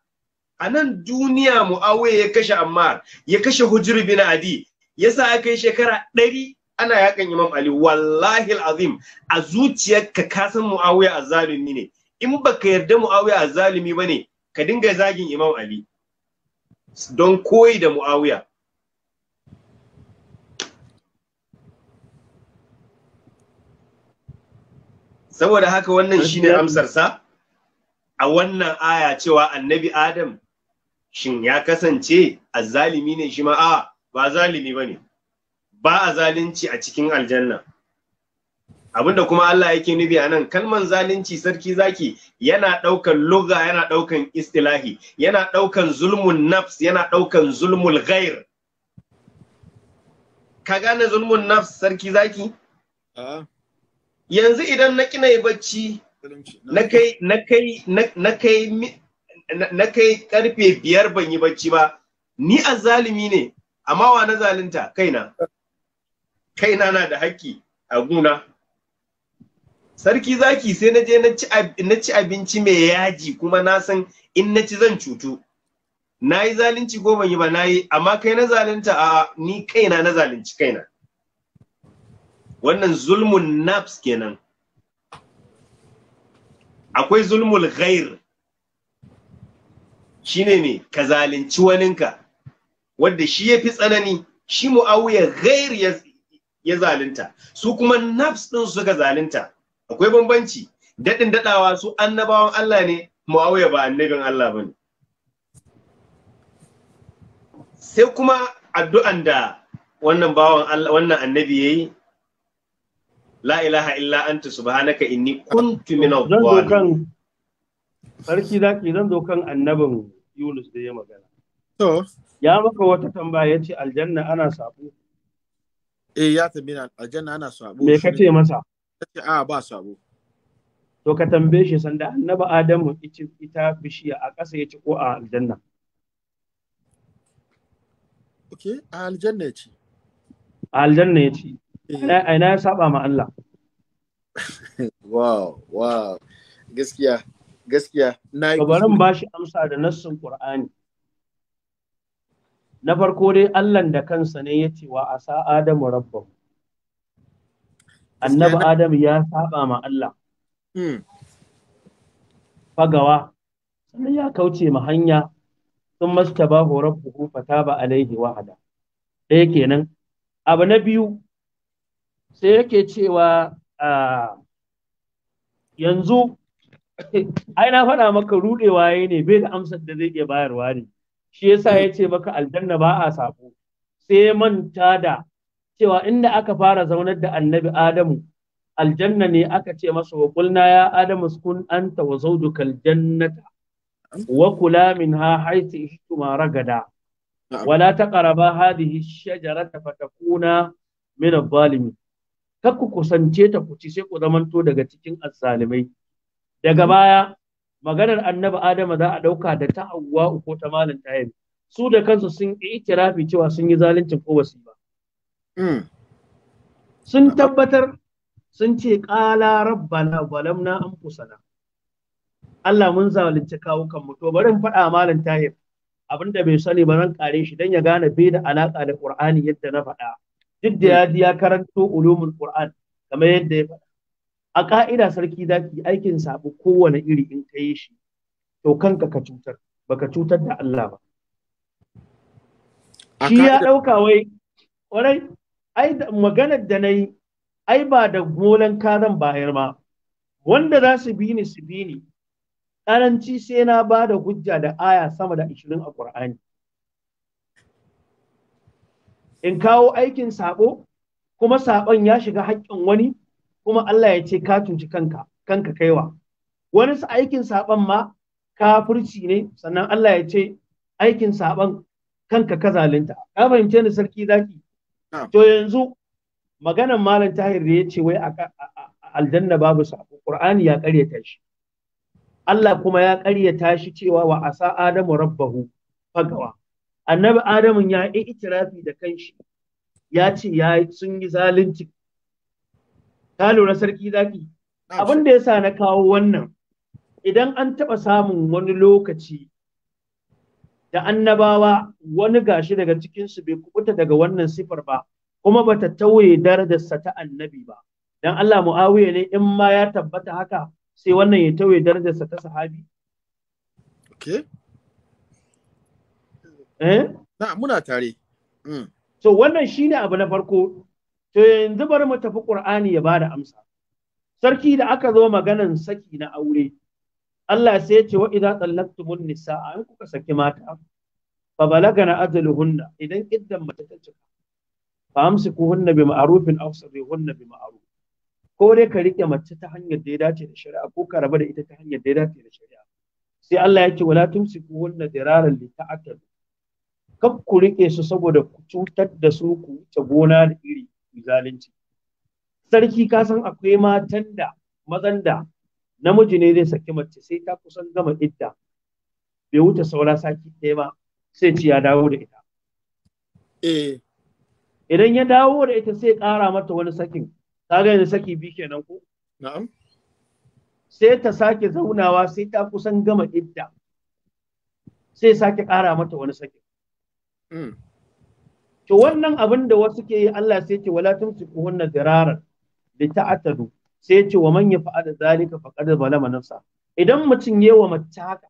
a nan duniya muawiya ya kashe ammar ya kashe hujri bin adi yasa aka yi shekara ɗari ana yakan imam ali wallahi azim a zuciyarka ka san muawiya azzalumi ne in baka yarda muawiya azzalumi bane ka dinga zagin imam ali don koyi da muawiya saboda haka wannan shine sa, a wannan aya cewa annabi adam shin ya kasance azzalimi ne shi ma a ba zalimi bane ba a zalunci a cikin aljanna abinda kuma Allah yake nufi anan kalman zalunci sarki zaki yana ɗaukan lugha yana ɗaukan istilahi yana ɗaukan zulmun nafs yana ɗaukan zulmul ghair ka gane zulmun nafs sarki zaki yanzu idan na kina yi bacci na kai na kai na kai na kai karfe biyar ban yi bacci ba ni azzalimi ne amma wa na zalunta kaina kaina na da haƙƙi a guna sarki zaki sai na je na ci abinci mai yaji kuma na san in na ci zan cutu na yi zalunci ko ban yi ba na yi amma kai na zalunta a ni kaina na zalunci kaina wannan zulmun nafs kenan akwai zulmul ghair shine me ka zalunci waninka wanda shi ya fi tsanani shi mu'awiya ghair ya zalunta su kuma nafs din suka zalunta akwai bambanci daɗin daɗawa su annabawan Allah ne Muawiya ba annabin Allah bane sai kuma addu'an da wannan bawan Allah wannan annabi yayi la ilaha illa anta subhanaka inni kuntu minadh zalimin sarki zaki zan zo kan annabin Yunus da ya magana to ya maka wata tambaya yace aljanna ana sabo eh ya tambina aljanna ana sabo me kace masa ce a ba sabo to ka tambaye shi sanda annaba adamu ita bishiya a ƙasa ya ci ko a aljanna ok a aljanna ya ci a aljanna ya ci eh. a ina ya saba ma Allah wow wow gaskiya gaskiya na ba shi amsa da nassin qur'ani na farko dai Allah da kansa ne ya ce wa asa adamu rabbahu annabi adam ya saba ma Allah hmm. fagawa sannan ya kauce ma hanya sun masta ba horar buhu fata ba alaihi wahada ɗaya kenan abu na biyu sai yake cewa yanzu ai na faɗa maka rudewa ya ne bai da amsar da zai iya bayarwa ne shi yasa ya ce maka aljanna ba a sabo sai manta da cewa inda aka fara zaunar da annabi Adamu aljanna ne aka ce masa wa kulna ya Adamu sukun anta wa zawjuka aljannata wa kula min minha haythu ishtuma ragada wala taqraba hadhihi ash-shajarata fatakuna min adh-dhalimin kar ku kusance ta ku ci sai ku zamanto daga cikin azzalimai daga mm. baya maganar annabi Adamu za a ɗauka da ta Hawwa'u ko ta malam Tahir su da kansu sun yi itirafi cewa sun yi zaluncin ko ba ba Hmm. sun tabbatar sun ce ƙala rabbana zalamna anfusana Allah mun zalunci kan mu to bari in faɗa malam tahir abinda bai sani ba zan kare shi dan ya gane bai da alaka da Qur'ani yadda na faɗa duk da ya ya karanto ulumul Qur'an kamar yadda ya faɗa a ka'ida sarki zaki aikin sabu kowane iri in ka shi to kanka ka cutar baka cutar da Allah ba shi ya ɗauka wai wai ai maganar da na yi ai ba da golan karan bayar ba wanda za su bi ni su bi ni ƙaranci sai na ba da hujja da aya sama da ashirin a ƙur'ani in kawo aikin sabo kuma sabon ya shiga haƙƙin wani kuma Allah ya ce ka tunci kanka kanka kaiwa wani aikin sabon ma kafirci ne sannan Allah ya ce aikin sabon kanka ka zalunta ka fahimce ni sarki zaki To yanzu maganan Malam Tahir da ya ce wai a aljanna babu sabo Qur'ani ya ƙaryata shi. Allah kuma ya ƙaryata shi cewa wa asa Adamu rabbahu fagawa. Annabi Adamu ya yi itirafi da kanshi ya ce ya sun yi zalunci. Ta lura sarki zaki. Abin da sa na kawo wannan idan an taɓa samun wani lokaci da annabawa wani gashi daga cikinsu bai kubuta daga wannan sifar ba kuma ba ta tauye darajarsa ta annabi ba dan Allah Muawiya ne in ma ya tabbata haka sai wannan ya tauye darajarsa ta sahabi okay eh na muna tare mm. so wannan shine abu na farko to yanzu bari mu tafi Qur'ani ya bada amsa sarki da aka zo maganan saki na aure Allah sai ya ce wa idza tallaqtumun nisaa in kuka saki mata fa balagana ajaluhunna idan iddan mace ta cika fa amsikuhunna bi ma'rufin aw sarrihunna bi ma'ruf ko dai ka rike mace ta hanyar da ya dace da shari'a ko ka raba da ita ta hanyar da ya dace da shari'a sai Allah ya ce wala tumsikuhunna diraran li ta'tadu kab ku rike su saboda ku cutar da su ku wuce gona da iri zalunci sarki ka san akwai matan da mazan da namiji ne zai saki mace sai ta kusan gama idda bai wuce saura saki ɗaya ba sai ci ya dawo da ita eh. idan ya dawo da ita sai ƙara mata wani sakin ga yanzu saki bi kenan ko na'am sai ta sake zaunawa sai ta kusan gama idda sai sake ƙara mata wani sakin hmm. to wannan abin da wasu ke yi Allah sai ce wala tumsiku hunna da ta ta'tadu sai ya ce wa man yafa'al zalika faqad zalama nafsa idan mutum yayi wa mace haka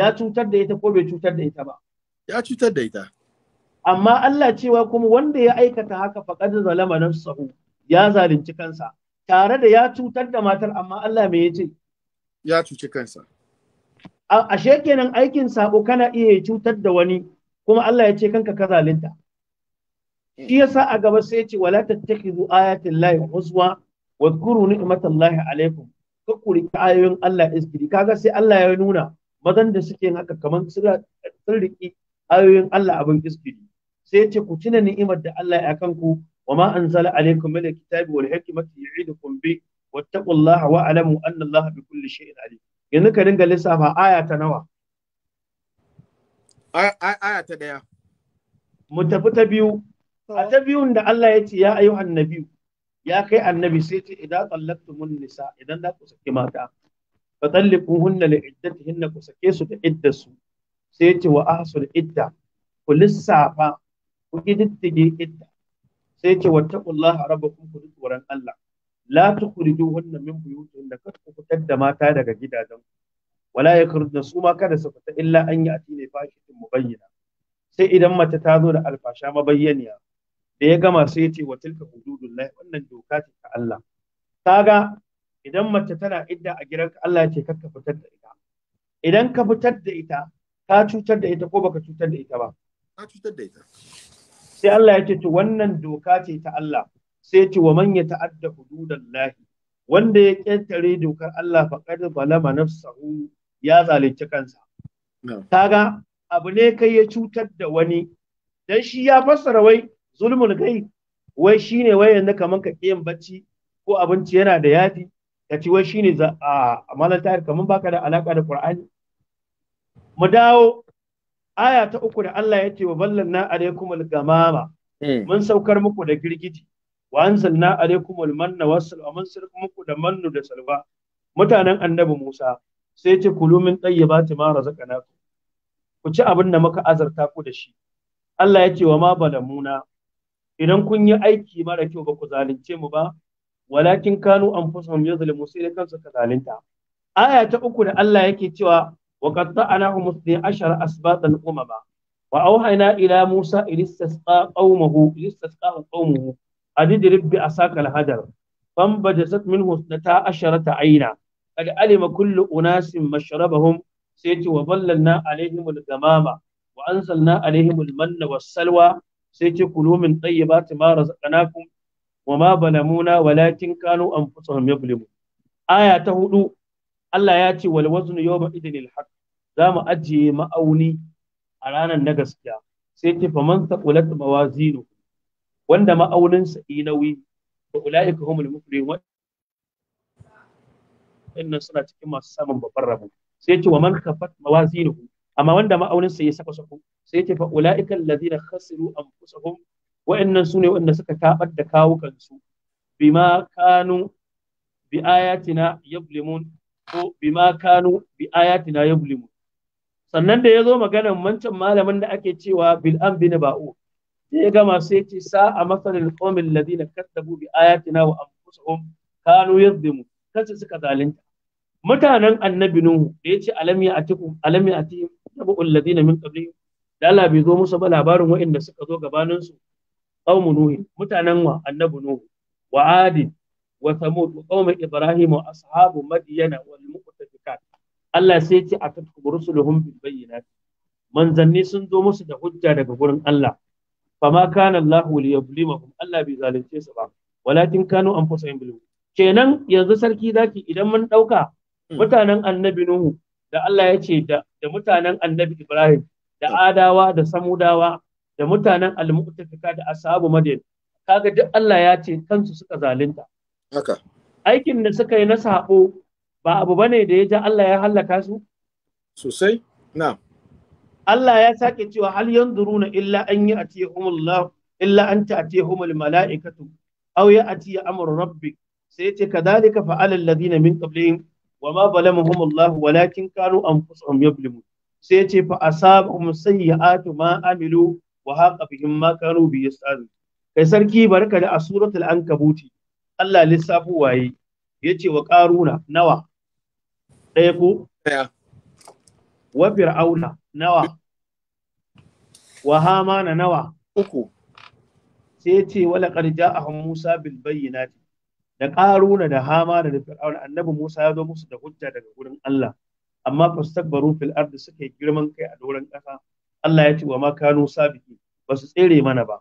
ya cutar da ita ko bai cutar da ita ba ya cutar da ita amma Allah cewa kuma wanda ya aikata haka faqad zalama nafsa ya zalunci kansa tare da ya cutar da matar amma Allah me yace ya cuci kansa ashe kenan aikin sako kana iya cutar da wani kuma Allah ya ce kanka ka zalunta shi yasa a gaba sai ya ce wala tattakhidhu ayatin lahi huswa wadkuru lahi alaikum kakku ayoyin Allah iskiri kaga sai Allah ya nuna mazan da suke haka kaman sun riki ayoyin Allah abin iskiri sai ce ku tuna ni'imar da Allah ya kanku wa ma anzala alaikum min alkitabi wal hikmati yu'idukum bi wattaqullaha wa alamu anna Allah bi kulli shay'in alim yanzu ka dinga lissafa aya ta nawa aya ta daya mu tafi ta biyu a ta biyun da Allah ya ce ya ayyuhan nabiyyu ya kai annabi sai ce idan tallaqtumun nisa idan za ku saki mata fa talliquhunna li iddatihinna ku sake su da iddarsu sai ce wa ahsul idda ku lissafa ku iddige idda sai ce wa taqullaha rabbakum ku tsoron Allah la tukhrijuhunna min buyutihinna kar ku fitar da mata daga gidajen wala yakrudna su ma kada su fita illa an yi atine fashitin mubayyana sai idan mace ta zo da alfasha mabayyaniya da ya gama sai ya ce wa tilka hududullahi wannan doka ce ta Allah kaga idan mace tana idda a gidanka Allah ya ce kar ka fitar da ita idan ka fitar da ita ka cutar da ita ko baka cutar da ita ba ka cutar da ita sai Allah ya ce to wannan doka ce ta Allah sai ce wa man yata'adda ta'adda hududallahi wanda ya ƙetare dokar Allah faqad zalama nafsahu ya zalunci kansa kaga abu ne kai ya cutar da wani dan shi ya fassara wai zulmul gai wai shine wai yanda kaman ka kiyan bacci ko abinci yana da yadi ka ci wai shine za a malanta kaman baka da alaka da qur'ani mu dawo aya ta uku da Allah ya ce wa ballanna alaikumul gamama eh. mun saukar muku da girgiji wa anzalna alaikumul manna wassalwa mun saukar muku da mannu da salwa mutanen annabi Musa sai ce kulu min tayyibati ma razaqnakum ku ci abin da muka azarta ku da shi Allah ya ce wa ma balamuna idan kun yi aiki mara kyau ba ku zalunce mu ba walakin kanu an fusa mu yanzu limu sai kansu ka zalunta aya ta uku da Allah yake cewa wa qad ta'ana humu sni ashara asbatan umama wa auhayna ila musa ilistasqa qaumahu ilistasqa qaumuhu adidrib bi asaqal hadar fam bajasat minhu sata ashara ta'ina kada alima kullu unasin mashrabahum sai ta wa ballanna alaihim al-gamama wa ansalna alaihim al-manna was-salwa sai ce kulu min tayyibati ma razaqnakum wa ma balamuna walakin kanu anfusahum yablimun aya ta hudu Allah ya ce wal waznu yawma idinil haqq za mu ajiye ma'auni a ranar na gaskiya sai ce fa faman taqulat mawazinu wanda ma'aunin sa inawi fa ulaika humul muflihun innan suna cikin masu samun babbar rabo sai ce wa man kafat mawazinu amma wanda ma'aunin sa ya saka sako sai yake fa ulaika alladhina khasiru anfusahum wa'annan sune wanda suka tabar da kawukan su bima kanu bi ayatina yablimun ko bima kanu bi ayatina yablimun sannan da ya zo maganar mancan malamin da ake cewa bil'an bin ba'u sai ya gama sai ce sa'a masalil qawmin ladina kadzabu bi ayatina wa anfusahum kanu yadhimu kansu suka zalunta mutanen annabi nuhu da yace alam ya'tikum alam ya'tihim tabu'ul ladina min qablihim da Allah bai zo musu ba labarin waɗanda suka zo gabanin su qaumu nuhi mutanen wa annabi nuhu wa adi wa thamud wa qaumu ibrahim wa ashabu madyana wal muqtafikat Allah sai ya ce atatkum rusuluhum bil bayyinat manzanni sun zo musu da hujja daga gurin Allah fama kana Allah liyablimahum Allah bai zalunce su ba walakin kanu anfusahum bil kenan yanzu sarki zaki idan mun dauka hmm. mutanen annabi nuhu da Allah ya ce da mutanen annabi Ibrahim da adawa da samudawa da mutanen almu'tafika da Asabu madin kaga duk Allah ya ce kansu suka zalunta haka aikin da suka yi na sabo ba abu bane da ya ja Allah ya halaka su sosai na'am Allah ya sake cewa hal yanzuruna illa an ya'tihumullah illa an ta'tihumul mala'ikatu aw ya'ti Amur, rabbik sai ya ce kadhalika fa'ala alladhina min qablihim wa ma zalamahum Allah walakin kanu anfusuhum yablimun sai yace fa asabahum sayyi'atu ma amilu wa haqa bihim ma kanu bi yas'alu kai sarki barka da asuratul ankabuti Allah lissafu waye yace wa qaruna nawa ɗaya ko wa fir'auna nawa wa hamana nawa uku sai yace ce wala ƙarja a musa bil bayyinati da ƙaruna da hama da fir'aun annabi musa ya zo musu da hujja daga gurin allah amma fastakbaru fil ardi suka yi girman kai a doron ƙasa allah ya ce wa ma kanu sabiki ba su tsere mana ba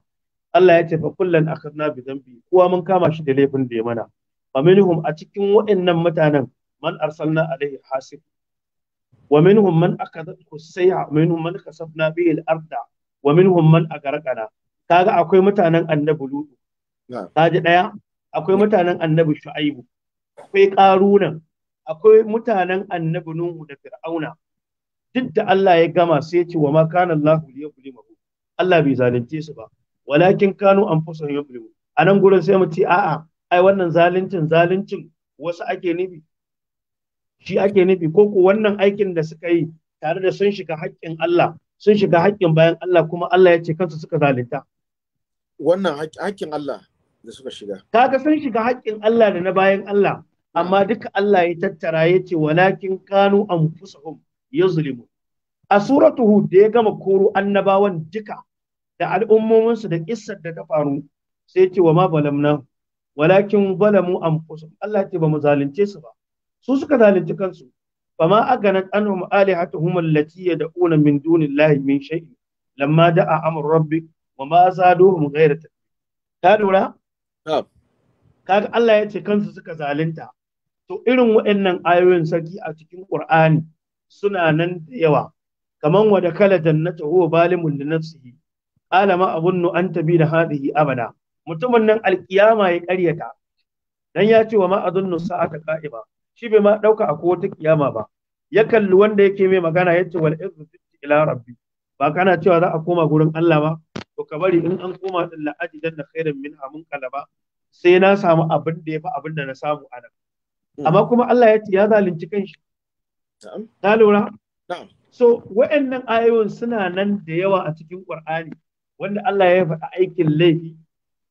allah ya ce fa kullan akhadna bi dhanbi kowa mun kama shi da laifin da ya mana fa minhum a cikin waɗannan mutanen man arsalna alaihi hasib wa minhum man akadathu sayha minhum man kasabna bihi al arda wa minhum man agarqana kaga akwai mutanen annabi lutu ji daya akwai mutanen annabi shu'aibu akwai ƙarunan akwai mutanen annabi nuhu da fir'auna duk da Allah ya gama sai ya ce wa ma kana Allah liyuzlimahu Allah bai zalunce su ba walakin kanu anfusahum yuzlimun a nan gurin sai mu ce a'a ai wannan zaluncin zaluncin wasu ake nufi shi ake nufi ko ko wannan aikin da suka yi tare da sun shiga haƙƙin Allah sun shiga haƙƙin bayan Allah kuma Allah ya ce kansu suka zalunta wannan haƙƙin Allah da suka shiga kaga sun shiga haƙƙin Allah da na bayan Allah amma duka Allah ya tattara ya ce walakin kanu ya yazlimu a suratu hud da ya gama koro annabawan duka da al'ummominsu da kissar da ta faru sai ce wa ma balamna walakin balamu anfusahum Allah ce ba mu zalunce su ba su suka zalunci kansu فما أغنت عنهم آلهتهم التي يدعون من min الله من شيء لما دعا أمر ربك وما زادوهم غير تتبيع كانوا kaga Allah ya ce kansu suka zalunta to irin waɗannan ayoyin sarki a cikin Qur'ani suna nan da yawa kaman wa da kala jannata huwa balimun li nafsihi qala ma abunnu an tabi da hadhihi abada mutumin nan alkiyama ya ƙaryata dan ya ce wa ma adunnu sa'ata qa'iba shi bai ma dauka a ko wata kiyama ba ya kalli wanda yake mai magana yace wal izzu ila rabbi ba kana cewa za a koma gurin Allah ba to ka bari in an koma din ajidan na khairan min amun kalaba sai na samu abin da ya abin da na samu a nan hmm. amma kuma Allah ya ce ya zalunci kanshi na lura so wa'annan ayoyin suna nan da yawa a cikin Qur'ani wanda Allah ya faɗa aikin laifi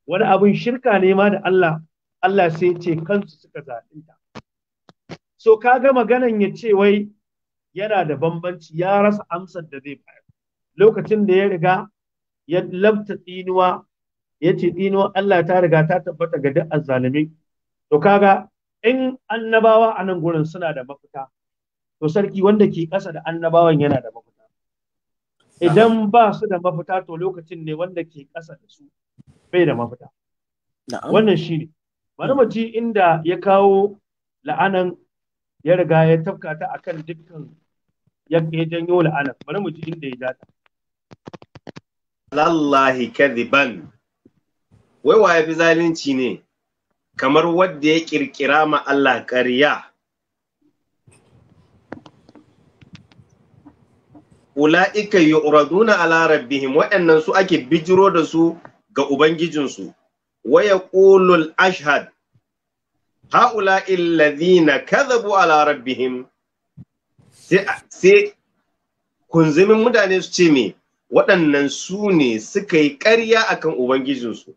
wani abin shirka ne ma da Allah Allah sai ce kansu suka zalunta so ka ga maganan ya ce wai yana da bambanci ya rasa amsar da zai bayar lokacin da ya riga ya labta tsinuwa ya ce tsinuwa Allah ta riga ta tabbata ga duk zalimi to kaga in annabawa a nan gurin suna da mafita to sarki wanda ke ƙasa da annabawan yana da mafita idan ba su da mafita to lokacin ne wanda ke ƙasa da su bai da mafita wannan shi ne bari mu ji inda ya kawo la'anan ya riga ya tafka ta akan dukkan ya janyo la'anan bari mu ji inda ya data lallahi kadhiban wai wa yafi zalunci ne kamar wadda ya kirkira ma Allah ƙarya ula'ika yu'raduna ala rabbihim waɗannan su ake bijiro da su ga ubangijinsu wa yaqulul ashhad haula alladhina kadhabu ala rabbihim sai kunzumin mutane su ce me waɗannan su ne suka yi ƙarya akan ubangijinsu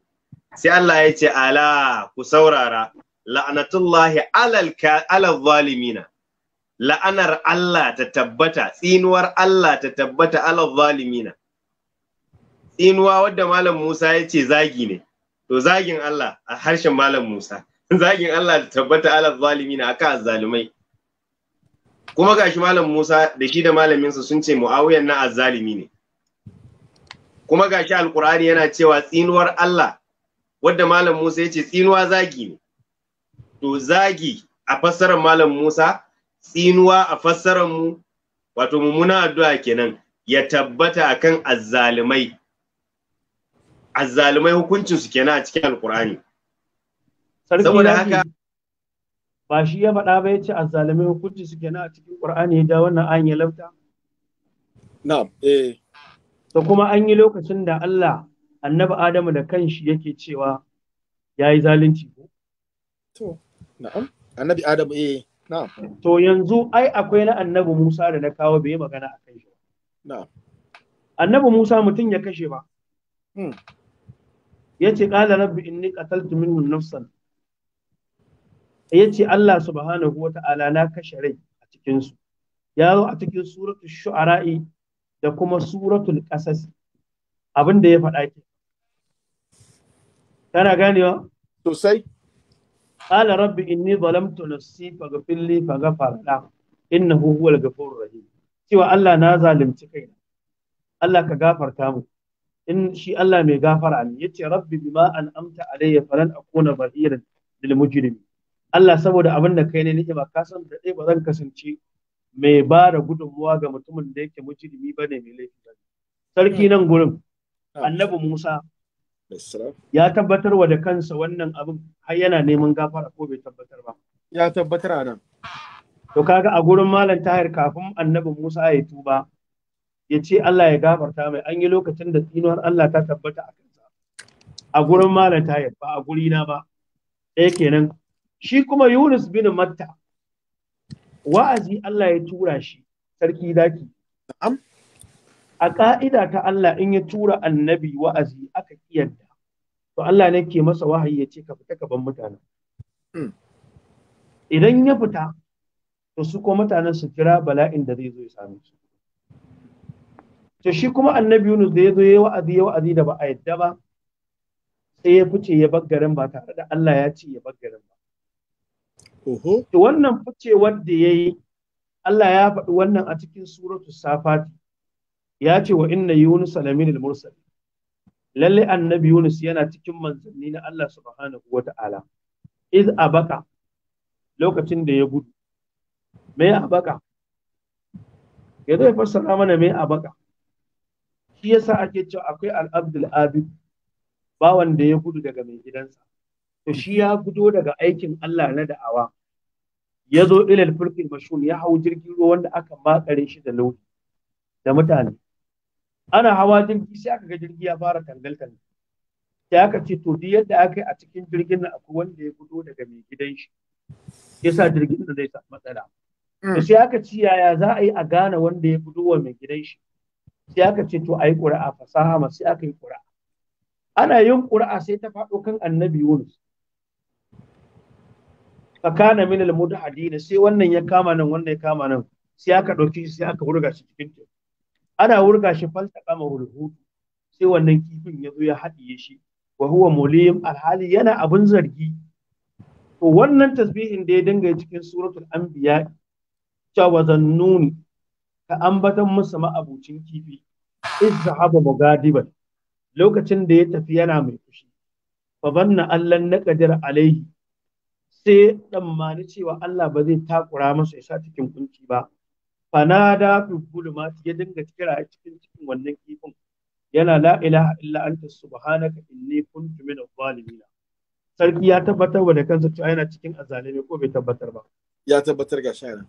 sai Allah ya ce ala ku saurara la'anatullahi alal alal zalimina la'anar Allah ta tabbata tsinuwar Allah ta tabbata alal zalimina tsinuwa wadda malam Musa ya ce zagi ne to zagin Allah a harshen malam Musa zagin Allah ta tabbata alal zalimina kan zalimai. kuma gashi malam Musa da shi da malaminsa sun ce Muawiyan na azzalimi ne kuma gashi alkur'ani yana cewa tsinuwar Allah wadda malam Musa ya ce tsinuwa zagi ne to zagi a fassarar malam Musa tsinuwa a fassarar mu wato mummuna addu'a kenan ya tabbata akan azzalumai azzalumai hukuncin su kenan a cikin alkur'ani saboda haka ba shi ya faɗa ba ya ce azzalumai hukuncin su kenan a cikin qur'ani da wannan an ya lafta na'am eh da kuma an yi lokacin da Allah annabi Adamu da kanshi yake cewa ya yi zalunci ko? To, na'am, annabi Adamu eh, na'am. To yanzu ai akwai na annabi Musa da na kawo bai magana a kai shi. Na'am. Annabi Musa mutum ya kashe ba. Hmm. Ya ce ƙala rabbi inni qataltu minhu nafsan. Ya ce Allah subhanahu wa ta'ala na kashe rai a cikinsu. Ya zo a cikin suratu shu'ara'i da kuma suratul qasas abin da ya faɗa ke kana ganewa sosai qala rabbi inni zalamtu nafsi faghfir li faghfar la innahu huwal ghafurur rahim cewa Allah na zalunci kaina Allah ka gafarta mu in shi Allah mai gafara ne yace rabbi bima amta alayya falan akuna zahiran lil mujrimin Allah saboda abin da kai ne ni'ima ka san da ba zan kasance mai ba da gudunmuwa ga mutumin da yake ba ne mai laifin sarki hmm. nan gurin ah. annabi Musa ya tabbatar wa da kansa wannan abin har yana neman gafara ko bai tabbatar ba ya tabbatar a nan to kaga a gurin malam tahir kafin annabi Musa ya tuba ya ce Allah ya gafarta mai an yi lokacin da tsinuwar Allah ta tabbata a kansa a gurin malam tahir ba a gurina ba ɗaya kenan shi kuma Yunus bin Matta wa'azi Allah ya tura shi sarki daki a ƙa'ida ta Allah in ya tura annabi wa'azi aka kiyarda to Allah ne ke masa wahayi ya ce ka fita ka ban mutanen hmm. idan ya fita to su ko mutanen su kira bala'in da zai zo ya same su to shi kuma annabi Yunus da ya zo ya wa'azi ya wa'azi da ba a yadda ba sai ya fice ya bar garin ba tare da Allah ya ce ya bar ba. To wannan fice da ya yi, Allah ya faɗi wannan a cikin suratu safati ya ce wa inna Yunus alamin al-mursal. Lalle annabi Yunus yana cikin manzanni na Allah subhanahu wa ta'ala. Iz abaka lokacin da ya gudu. Me abaka? Ya zai fassara mana me abaka? Shi yasa ake cewa akwai al-abdul abid bawan ya gudu daga mai gidansa. To shi ya gudo daga aikin Allah na da'awa. ya zo ilal firkin mashhur ya hau jirgin ruwa wanda aka makare shi da launi da mutane ana hawa jirgi sai aka ga jirgi ya fara tangal tangal sai aka ce to duk yadda aka yi a cikin jirgin nan akwai wanda ya fito daga mai gidan shi yasa jirgin nan zai samu matsala mm. sai aka ce yaya za a yi a gane wanda ya fito wa mai gidan shi sai aka ce to a yi ƙura'a fasaha sai aka yi ƙura'a ana yin ƙura'a sai ta faɗo kan annabi Yunus fakana min al mudhadin sai wannan ya kama nan wannan ya kama nan sai aka dauki sai aka wurga shi cikin ana wurga shi falta kama hulhudu sai wannan kifin ya zo ya haɗiye shi wa huwa mulim alhali yana abun zargi to wannan tasbihin da ya dinga cikin suratul anbiya cewa zannuni ka ambatan musu ma'abucin kifi izhaba mugadiban lokacin da ya tafi yana mai fushi fa banna allan naqdir alaihi sai tsammani cewa Allah ba zai takura masa ya sa cikin kunci ba fanada fi ma ya dinga kira a cikin cikin wannan kifin yana la ilaha illa anta subhanaka inni kuntu min zalimin sarki ya tabbatar wa da kansa cewa yana cikin azalimi ko bai tabbatar ba ya tabbatar ga shayar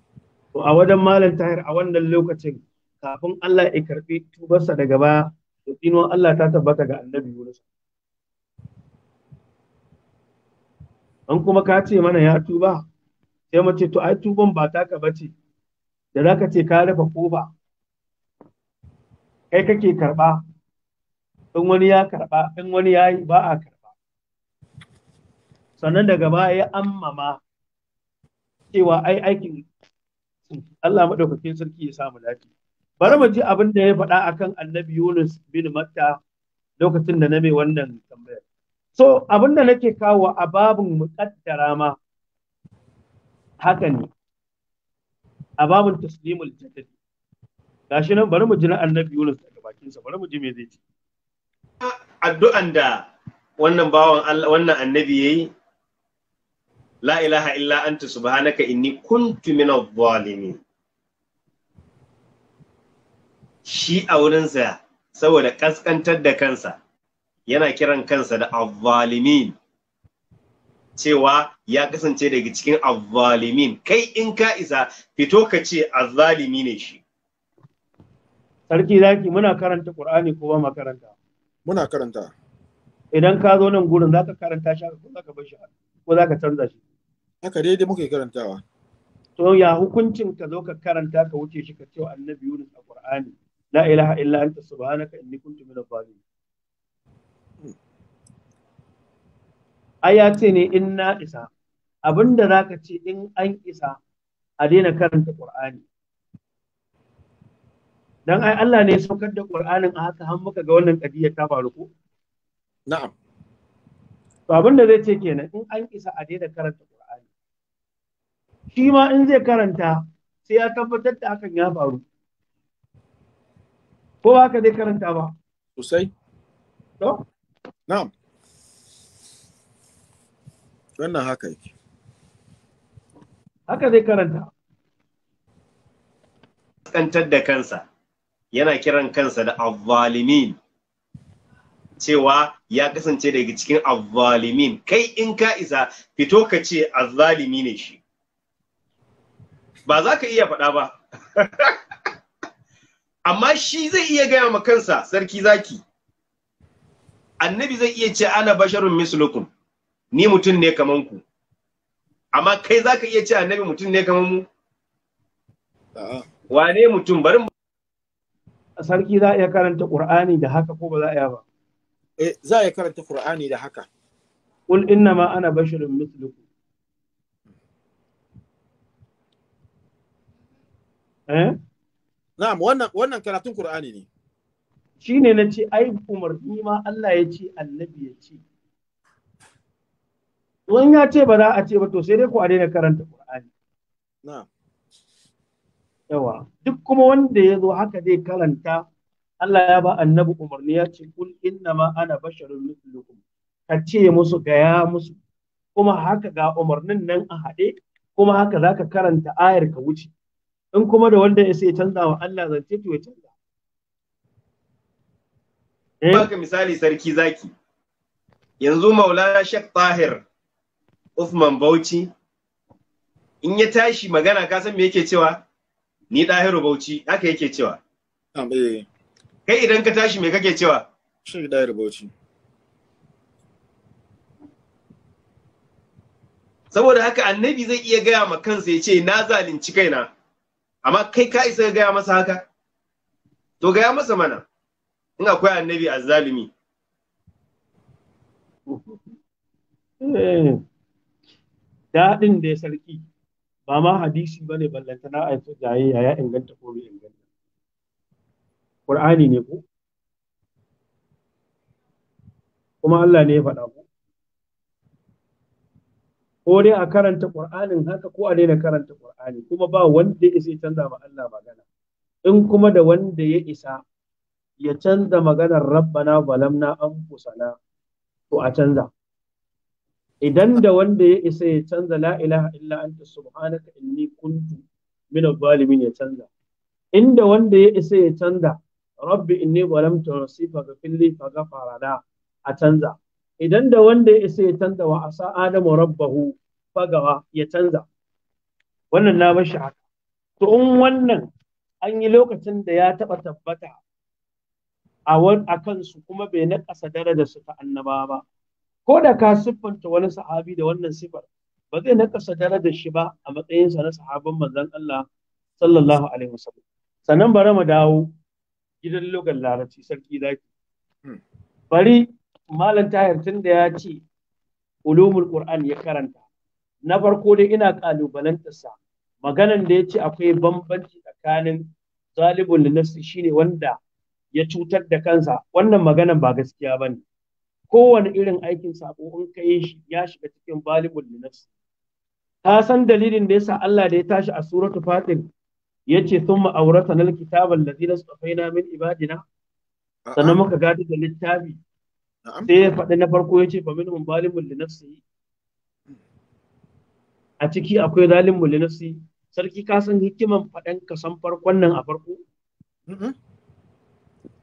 to a wajen malam tahir a wannan lokacin kafin Allah ya karbi tubarsa daga baya to Allah ta tabbata ga annabi Yunus An kuma ka ce mana ya tuba sai mu to ai tuban ba taka bace da zaka ce ka rufe kofa kai kake karba in wani ya karba in wani ya yi ba a karba sannan daga baya ya ammama cewa ai aikin Allah maɗaukakin sarki ya samu lafiya bari mu ji abin da ya faɗa akan annabi Yunus bin Matta lokacin da na mai wannan tambayar so abin da nake kawo a babin muƙaddara ma haka ne a babin taslimul jadali gashi nan bari mu ji na annabi Yunus daga bakinsa bari mu ji me zai ce addu'an da wannan bawan Allah wannan annabi yayi la ilaha illa anta subhanaka inni kuntu minadh zalimin shi a wurinsa saboda kaskantar da kansa yana kiran kansa da azzalimin cewa ya kasance daga cikin azzalimin kai in ka isa fito ka ce azzalimi ne shi sarki zaki muna karanta qur'ani ko ba ma karanta muna karanta idan ka zo nan gurin zaka karanta shi ko zaka bar shi ko zaka canza shi haka dai-dai daidai muke karantawa to ya hukuncin ka zo ka karanta ka wuce shi ka ce annabi Yunus a qur'ani la ilaha illa anta subhanaka inni kuntu minadh dhalimin ai ya ce ne in na isa abinda za ka ce in an isa a daina karanta ƙur'ani Don ai Allah ne ya saukar da ƙur'anin a haka har muka ga wannan ƙadiyya ta faru ko na'am to da zai ce kenan in an isa a daina karanta ƙur'ani shi ma in zai karanta sai ya tabbatar da hakan ya faru ko ba ka dai karanta ba sosai to na'am wannan haka yake haka zai karanta kantar da kansa yana kiran kansa da azzalimin cewa ya kasance daga cikin azzalimin kai in ka isa fito ka ce azzalimi ne shi ba za ka iya faɗa ba amma shi zai iya gaya ma kansa sarki zaki annabi zai iya ce ana basharun mislukum ni mutum ne kaman ku amma kai za ka iya ce annabi mutum ne kaman mu wane mutum barin sarki za a iya karanta qur'ani da haka ko ba za a iya ba eh za a iya karanta qur'ani da haka qul inna ma ana basharun mithlukum eh na'am wannan wannan karatun qur'ani ne shine na ce ai ni ma Allah ya ce annabi ya ce in ya ce ba za a ce ba to sai dai ku a daina karanta Qur'ani yawa duk kuma wanda ya zo haka zai karanta Allah ya ba annabi umarni ya ce kul inna ma ana basharun mislukum ka ce musu gaya musu kuma haka ga umarnin nan a haɗe kuma haka za ka karanta ayar ka wuce in kuma da wanda ya sai canza wa Allah zance to ya canza eh? baka misali sarki zaki yanzu maulana Sheikh Tahir Uthman Bauchi in ya tashi magana ka san me yake cewa ni Dahiru Bauchi haka yake cewa eh. kai idan ka tashi me kake cewa shi Dahiru Bauchi saboda haka annabi zai iya gaya ma kansa ya ce na zalunci kaina amma kai ka isa ga gaya masa haka to gaya masa mana in akwai annabi azzalimi eh. daɗin da ya sarki ba ma hadisi ba ne ballantana a yanzu jaye ya inganta ko bai inganta ƙur'ani ne ko kuma Allah ne ya faɗa ko ko dai a karanta ƙur'anin haka ko a daina karanta ƙur'ani kuma ba wanda ya isa ya canza ma Allah magana in kuma da wanda ya isa ya canza maganar rabbana balamna anfusana to a canza idan da wanda ya isa ya canza la ilaha illa anta subhanaka inni kuntu min zalimin ya canza inda wanda ya isa ya canza rabbi inni zalamtu nafsi faghfir li faghfara la a canza idan da wanda ya isa ya canza wa asa adamu rabbahu fagawa ya canza wannan na bashi haka to in wannan an yi lokacin da ya taɓa tabbata a kansu su kuma bai naƙasa daraja su ta annaba ba ko da ka siffanta wani sahabi da wannan sifar ba zai nakasa da shi ba a matsayinsa na sahabin manzon Allah sallallahu alaihi wasallam sannan bari mu dawo gidan lugan larabci sarki zaki hmm. bari malam tahir tunda ya ce ulumul qur'an ya karanta na farko dai ina kalubalantar sa maganan da ya ce akwai bambanci tsakanin zalibul nafsi shine wanda ya cutar da kansa wannan maganan ba gaskiya bane kowane irin aikin saƙo in ka yi shi ya shiga cikin balibul nafsi ta san dalilin da yasa Allah da ya tashi a suratu fatir yace thumma awratana alkitaba allazi nasfaina min ibadina sannan muka gadi da littafi sai ya faɗi na farko yace fa minhum zalimun li nafsi a ciki akwai zalimun li nafsihi sarki ka san hikiman faɗan ka san farkon nan a farko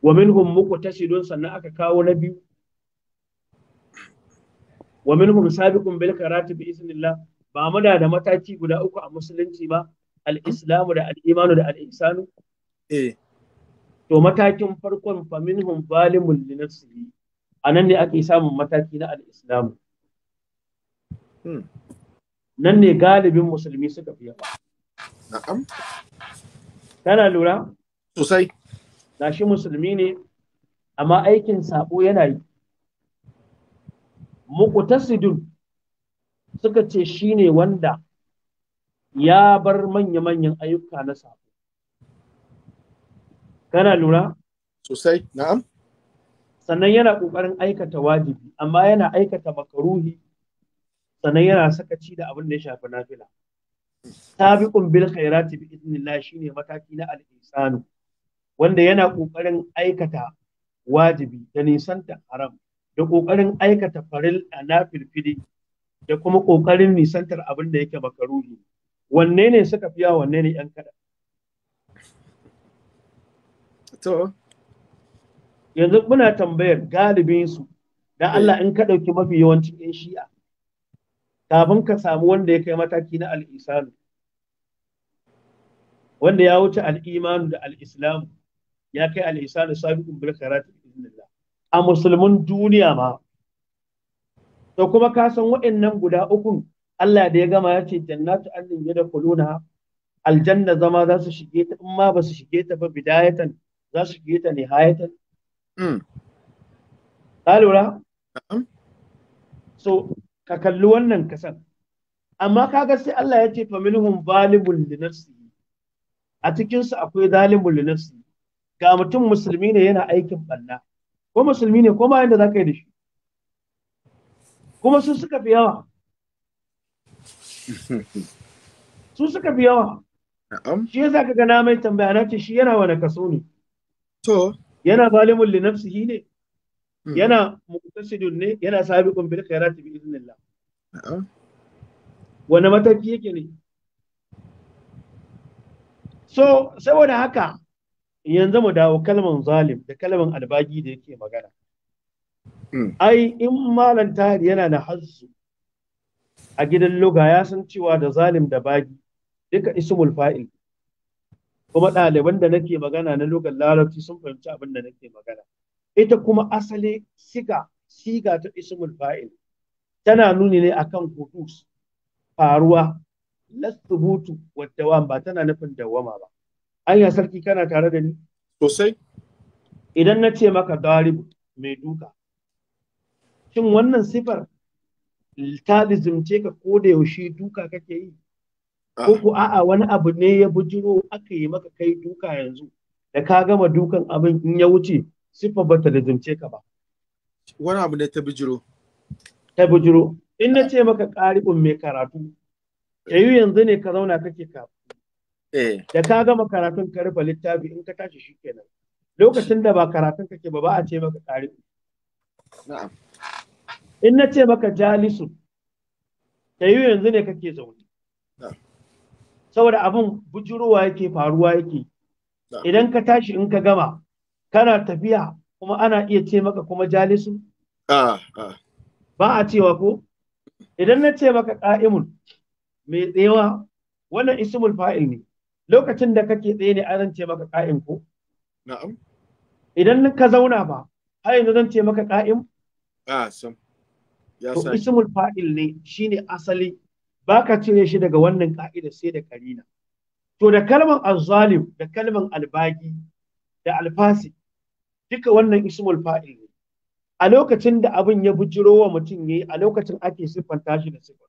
wa minhum muqtashidun sannan aka kawo na biyu wa minhum sabiqun bil karati bi iznillah ba mu da da mataki guda uku a musulunci ba al-islamu da al da al eh to matakin farkon fa minhum zalimun li nafsihi anan ne ake samun mataki na al hmm. nan ne galibin musulmi suka fiye na'am Tana lura sosai shi musulmi ne amma aikin sabo yana yi muqtasidun suka ce shi ne wanda ya bar manya-manyan ayyuka na sabo kana lura sosai na'am sannan yana ƙoƙarin aikata wajibi amma yana aikata makaruhi sannan yana sakaci da abin da ya shafi nafila bi ƙumbil khairati bi idnillah shine mataki na al’insanu, wanda yana ƙoƙarin aikata wajibi da nisanta haram da ƙoƙarin aikata faril a na nafilfili da kuma ƙoƙarin nisantar abin da yake makaruhi wanne ne suka fiya wanne ne yan kaɗan to yanzu muna tambayar galibin su da Allah in ka ɗauki mafi yawancin yan shi'a kafin ka samu wanda ya kai mataki na al'isanu wanda ya wuce al'imanu da al'islamu ya kai al'isanu sabiqun bil khairati bi a musulmin duniya ma to kuma ka san waɗannan guda ukun Allah da ya gama yace ce jannatu annin ya da kuluna aljanna zama za su shige ta in ma ba su shige ta ba bidayatan za su shige ta nihayatan hmm. ka lura so ka kalli wannan kasan amma kaga sai Allah ya ce fa minhum zalimun li nafsihi a cikin su akwai zalimun li nafsihi ga mutum musulmi ne yana aikin banna ko musulmi ne ko ma yadda za ka yi da shi kuma sun suka fi yawa Sun suka fi yawa shi yasa ka gana mai tambaya na ce shi yana wani kaso ne to yana zalimun li nafsihi ne hmm. yana muqtasidun ne yana sabiqun bil khairati bi idnillah wani mataki yake ne so sai wani haka yanzu mu dawo kalman zalim da kalman albagi da yake magana hmm. ai in malam tahir yana da hazzu a gidan luga ya san cewa da zalim da bagi duka ismul fa'il kuma ɗaliban da nake magana na lugar larabci sun fahimci abin da nake magana ita kuma asali siga siga ta ismul fa'il tana nuni ne akan kudus faruwa lastubutu wadda ba tana nufin dawama ba anya sarki kana tare da ni sosai idan na ce maka darib mai duka shin wannan sifar ta lizimce ka ko da yaushe duka kake yi ko ku a'a wani abu ne ya bujiro aka yi maka kai duka yanzu da ka gama dukan abin in ya wuce sifar ba ta lizimce ka ba wani abu ne ta bijiro ta bujiro. in na ce maka ƙari'un mai karatu yayu yanzu ne ka zauna kake karatu Eh. da ka gama karatun ka rufe littafi in ka tashi shi kenan lokacin da ba karatun kake ba ba a ce maka ƙari in na ce maka jalisu ta yi yanzu ne kake zaune saboda abin bujurowa yake faruwa yake idan ka tashi in ka gama kana tafiya kuma ana iya ce maka kuma jalisu ah, ah. ba a cewa ko idan na ce maka ƙa'imun mai tsewa wannan ismul fa'il ne lokacin da kake tsaye ne an ce maka ƙa'in ko na'am idan ka zauna ba har yanzu zan ce maka ƙa'in? a sam ya sa ismul fa'il ne shine asali baka cire shi daga wannan ƙa'idar sai da karina to da kalmar azzalim da kalmar albagi da alfasi duka wannan ismul fa'il ne a lokacin da abin ya bujiro wa mutum yayi a lokacin ake siffanta shi da siffar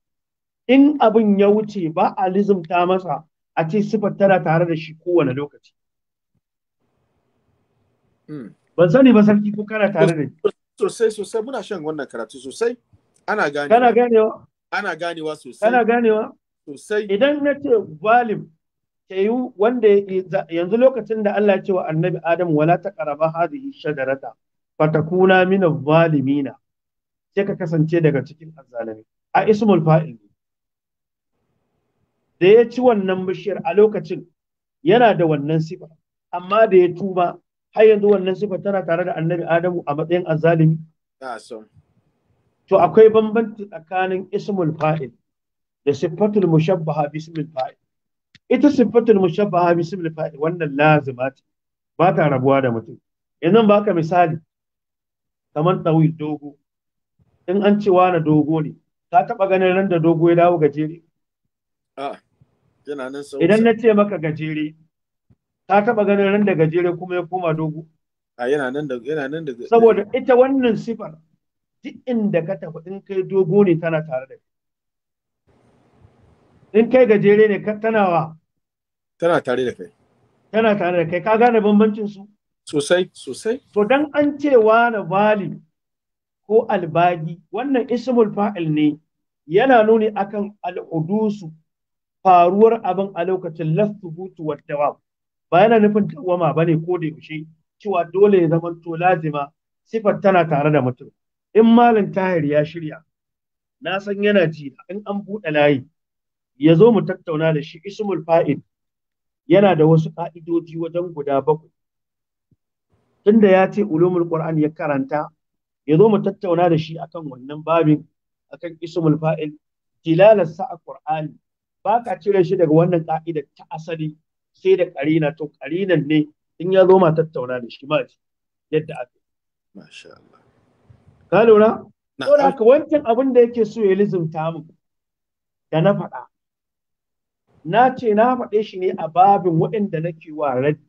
in abin ya wuce ba a lizumta masa a ce sifar tana tare da shi kowane lokaci hmm. ban sani ba sarki ko kana tare da shi. sosai sosai muna shan wannan karatu sosai ana ganewa kana ganewa ana ganewa sosai kana ganewa sosai idan na ce ta yi wanda yanzu lokacin da Allah ya ce wa annabi Adam wala taqraba hadhihi shajarata fatakuna mina zalimina sai ka kasance daga cikin azzalimi a ismul fa'il da ya ci wannan bishiyar a lokacin yana da wannan sifa amma da ya tuba har yanzu wannan sifa tana tare da annabi adamu a matsayin azalimi to akwai bambanci tsakanin ismul fa'il da siffatul mushabbaha bismil fa'il ita siffatul mushabbaha bismil fa'il wannan lazima ce ba ta rabuwa da mutum yanzu baka misali kamar tawil dogo in an ce wani dogo ne ka taɓa ganin ran da dogo ya dawo gajere a'a ah. Idan na ce maka gajere, ta taɓa ganin ran da gajere kuma ya koma dogo. A yana nan da yana nan da Saboda ita wannan sifar duk inda ka tafi in kai dogo ne tana tare da kai. In kai gajere ne tana wa? Tana tare da kai. Tana tare da kai, ka gane bambancin su? Sosai, sosai. To dan an ce wani bali ko albagi, wannan ismul fa'il ne yana nuni akan al'udusu faruwar abin a lokacin lasu hutu wa dawam ba yana nufin ba ne, ko da yaushe cewa dole ya zama to lazima sifar tana tare da mutum in malam tahir ya shirya na san yana ji in an buɗe layi ya zo mu tattauna da shi ismul fa'id yana da wasu ƙa'idoji wajen guda bakwai tunda ya ce ulumul qur'an ya karanta ya zo mu tattauna da shi akan wannan babin akan ismul fa'il tilalarsa a qur'ani ba ka cire shi daga wannan ka'ida ta asali sai da karina to karinan ne in ya zo ma tattauna da shi ma yadda aka masha Allah ka lura Ko wancan abin da yake so ya lizumta mu da na faɗa na ce na faɗe shi ne a babin waɗanda nake wa raddi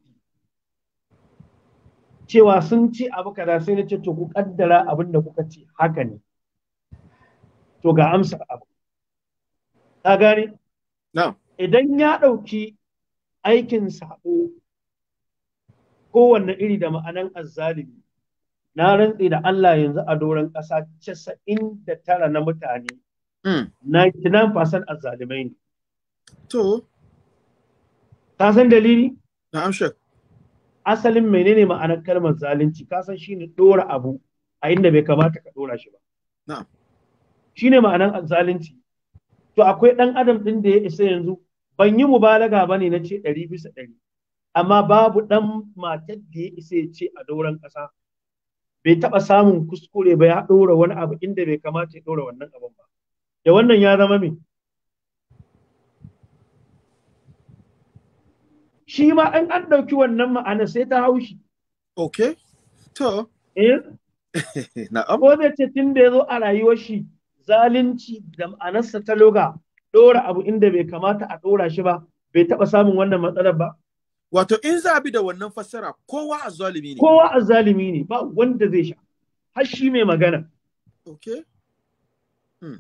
cewa sun ci abu kaza sai na ce to ku kaddara abin da kuka ce haka ne to ga amsar abu ka gane Idan ya ɗauki aikin saɓo kowanne iri da ma'anan azzalimi na rantse da Allah yanzu a doron ƙasa casa'in da tara na mutane fasan hmm. azzalimai ne. To. Ka san dalili? Na'am amshe. Asalin menene ma'anar kalmar zalunci ka san shine ɗora abu a inda bai kamata ka ɗora shi ba. Na'am. Shine ma'anar zalunci. to akwai ɗan adam ɗin da ya isa yanzu ban yi mubalaga ba ne na ce ɗari bisa ɗari amma babu ɗan matar da ya isa ya ce a doron ƙasa bai taɓa samun kuskure ba ya ɗora wani abu inda bai kamata ya ɗora wannan abin ba da wannan ya zama min. shi ma an an ɗauki wannan ma'ana sai ta haushi okay to eh na'am ko zai ce tun da ya zo a rayuwar shi zalunci da ma'anarsa ta loga ɗora abu inda bai kamata a ɗora shi ba bai taɓa samun wannan matsalar ba. Wato in za bi da wannan fassara kowa a zalimi ne. Kowa a zalimi ne ba wanda zai sha har shi mai magana. Okay. Hmm.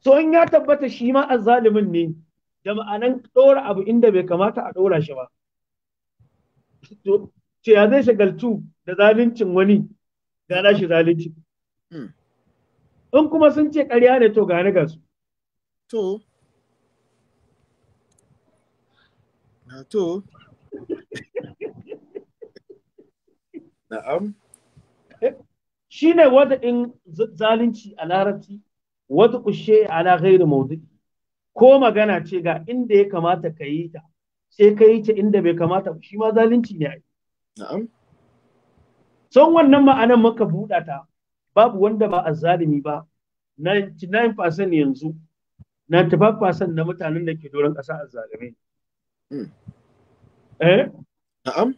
So in ya tabbata shi ma a zalimin ne da ma'anan ɗora abu inda bai kamata a ɗora shi ba. To, ce ya zai shagaltu da zaluncin wani gana shi zalunci. Hmm. in kuma sun ce ƙarya ne to gane ga su to to na'am shi ne wata in zalunci a larabci wata kushe ala ghairu maudu'i ko magana ce ga inda ya kamata ka yi ta sai ka yi ta inda bai kamata shi ma zalunci ne ai na'am son wannan ma'anan muka buɗa ta babu wanda ba a zalimi ba 99% yanzu 95% na mutanen da ke doron ƙasa azzalimi hmm. eh na'am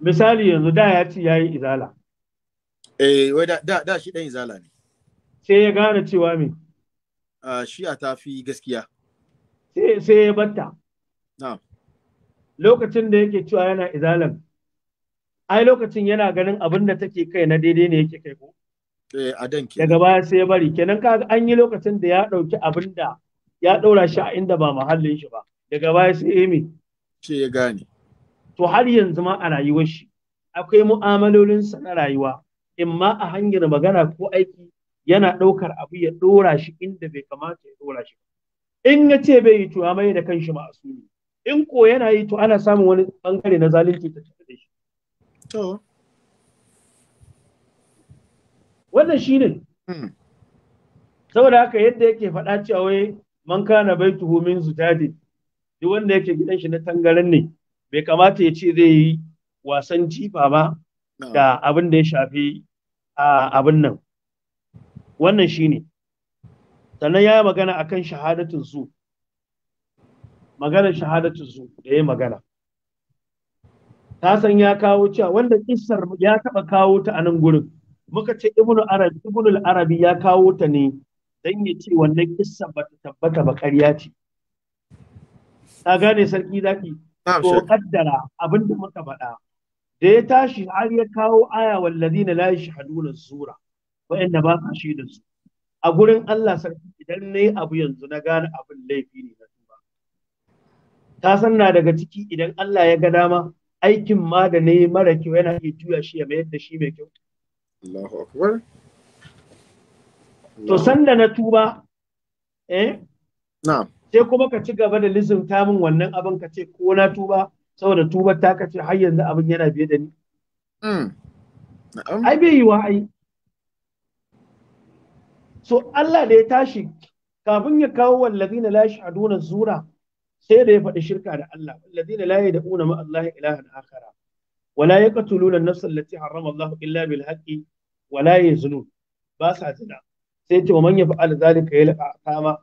misali yanzu da ya ci yayi izala eh wai da da shi dan izala ne sai ya gane cewa me shi'a ta fi gaskiya sai ya batta lokacin da yake cewa yana izalan ai lokacin yana ganin abin da take kai na daidai ne yake kai ko eh, daga baya sai ya bari kenan ka an yi lokacin da ya ɗauki abin da ya ɗora shi a inda ba muhallin shi ba daga baya sai ya me ce ya gane to har yanzu ma a rayuwar shi akwai mu'amalolin sa na rayuwa in ma a hanyar magana ko aiki yana ɗaukar abu ya ɗora shi inda bai kamata ya ɗora shi in ya ce bai yi to ya mai da kanshi asuni in ko yana yi to ana samun wani bangare na zalunci ta tafi da shi To. Wannan shi ne. Hmm. Saboda haka yadda yake faɗa cewa wai man kana bai min zujadi duk wanda yake gidan shi na tangaran ne bai kamata ya ce zai yi wasan jifa ba da abin da ya shafi a abin nan. Wannan shi ne. Sannan ya yi magana akan shahadatun su. Maganar shahadatun su da ya yi magana. Hassan ya kawo cewa wanda kissar ya taɓa kawo ta a nan gurin. Muka ce Ibn Arabi, Ibn Arabi ya kawo ta ne don ya ce wannan kissar ba ta tabbata ba ƙarya ce. Ta gane sarki zaki. To kaddara abin da muka faɗa. Da ya tashi har ya kawo aya wallazina la yashhaduna zura inna ba sa shaidar su. A gurin Allah sarki idan nayi abu yanzu na gane abin laifi ne na tuba. Ta san na daga ciki idan Allah ya ga dama aikin ma da ne mara kyau yana ke juya shi ya mayar da shi mai kyau Allahu akbar to sanda na tuba eh na'am sai kuma ka ci gaba da lizumta min wannan abin ka ce ko na tuba saboda tuba ta ce har yanzu abin yana biye da ni hmm. ai bai yi wa ai so Allah da ya tashi kafin ya kawo wallazina la yashhaduna zura sai da ya faɗi shirka da Allah alladhina la yad'una ma Allah ilahan akhara wala yaqtuluna an-nafs allati harrama Allah illa bil haqqi wala yaznun ba sa zina sai ce wa man yaf'al zalika yalqa asama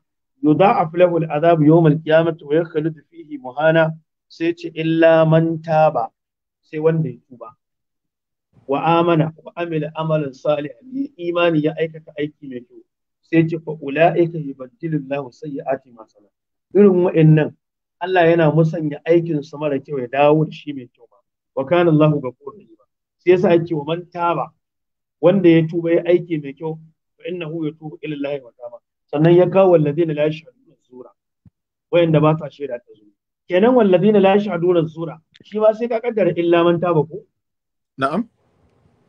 yudha'af lahu al-adhab yawm al-qiyamati wa yakhlud fihi muhana sai ce illa man taba sai wanda ya tuba wa amana wa amila amalan salihan yi imani ya aikata aiki mai kyau sai ce fa ula'ika yubaddilu Allahu sayyi'ati ma sana irin wa'annan Allah yana musanya aikin su mara kyau ya dawo da shi mai kyau ba wa kana Allahu ghafurur rahim sai yasa ake wa man taba wanda ya tuba ya aiki mai kyau fa innahu yatubu ila Allah wa taba sannan ya kawo walladina la yashhaduna zura wayanda ba sa shaida ta zura kenan walladina la yashhaduna zura shi ma sai ka kaddara illa man taba ko na'am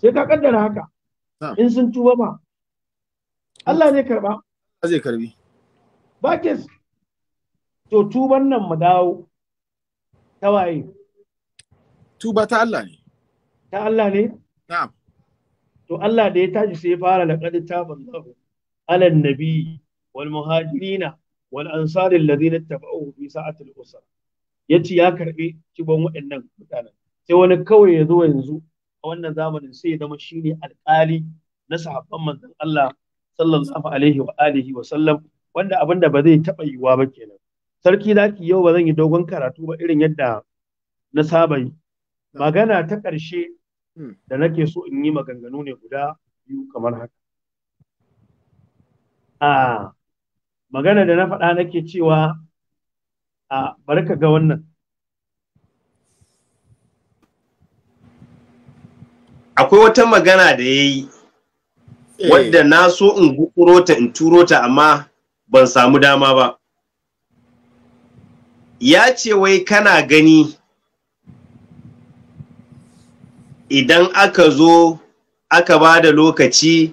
sai ka kaddara haka in sun tuba ma Allah zai karba zai karbi ba kes to tuban nan mu dawo ta waye tuba ta Allah ne ta Allah ne na'am to Allah da ya tashi sai ya fara laqad taballahu ala nabi wal muhajirina wal ansari alladhina tabauhu fi sa'atil usra yace ya karbe kiban waɗannan mutanen sai wani kawai ya zo yanzu a wannan zamanin sai ya zama shine alƙali na sahabban manzon Allah sallallahu alaihi wa alihi wa sallam wanda abin da ba zai taɓa yiwuwa ba kenan sarki zaki yau ba zan yi dogon karatu ba irin yadda na saba yi magana ta ƙarshe hmm. da nake so in yi maganganu ne guda biyu kamar haka a magana da na faɗa nake cewa a bari ka ga wannan akwai wata magana da ya yi eh. wadda na so in gukuro ta in turo ta amma ban samu dama ba ya ce wai kana gani idan aka zo aka ba da lokaci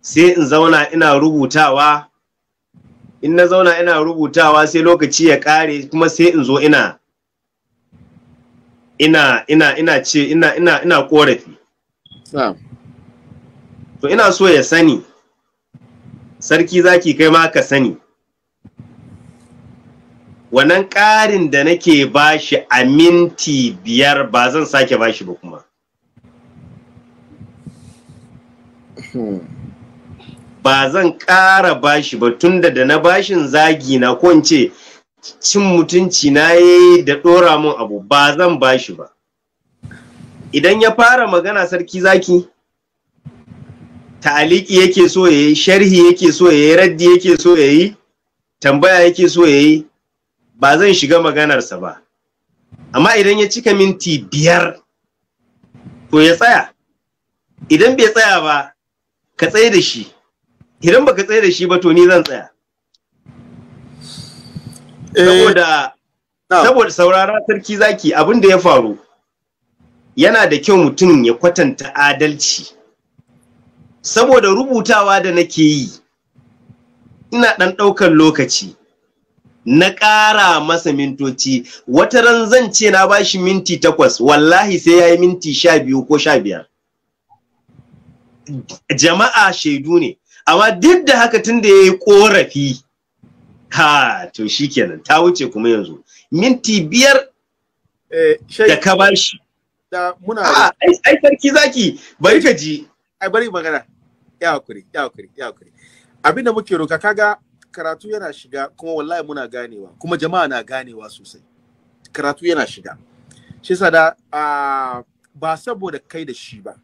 sai in zauna ina rubutawa in na zauna ina rubutawa sai lokaci ya kare kuma sai in zo ina ina ina ina ce ina ina ina korafi to ina so ya sani sarki zaki kai ma ka sani wannan ƙarin da nake bashi a minti biyar ba zan sake bashi ba kuma ba zan ƙara bashi ba tunda da na bashin zagi na ko cin mutunci na yi da ɗora mun abu ba zan bashi ba idan ya fara magana sarki zaki ta'aliki yake so yi, sharhi yake so yi, raddi yake so yayi tambaya yake so yayi ba zan shiga maganarsa ba amma idan ya cika minti biyar to ya tsaya idan bai tsaya ba ka tsaye da shi idan baka tsaye da shi ba to ni zan tsaya eh, saboda saboda saurara sarki zaki abin da ya faru yana da kyau mutum ya kwatanta adalci saboda rubutawa da nake yi ina ɗan ɗaukar lokaci na ƙara masa mintoci wata ran zan ce na ba shi minti takwas wallahi sai ya yi minti sha biyu ko sha biyar jama'a shaidu ne amma duk da haka tun da ya yi ƙorafi ha to shi kenan ta wuce kuma yanzu minti biyar eh, da ka bashi da muna ai sarki zaki bari ka ji ai bari magana ya hakuri ya hakuri ya hakuri abinda muke roka kaga karatu yana shiga kuma wallahi muna ganewa kuma jama'a na ganewa sosai karatu yana shiga shi da ba saboda kai da shi ba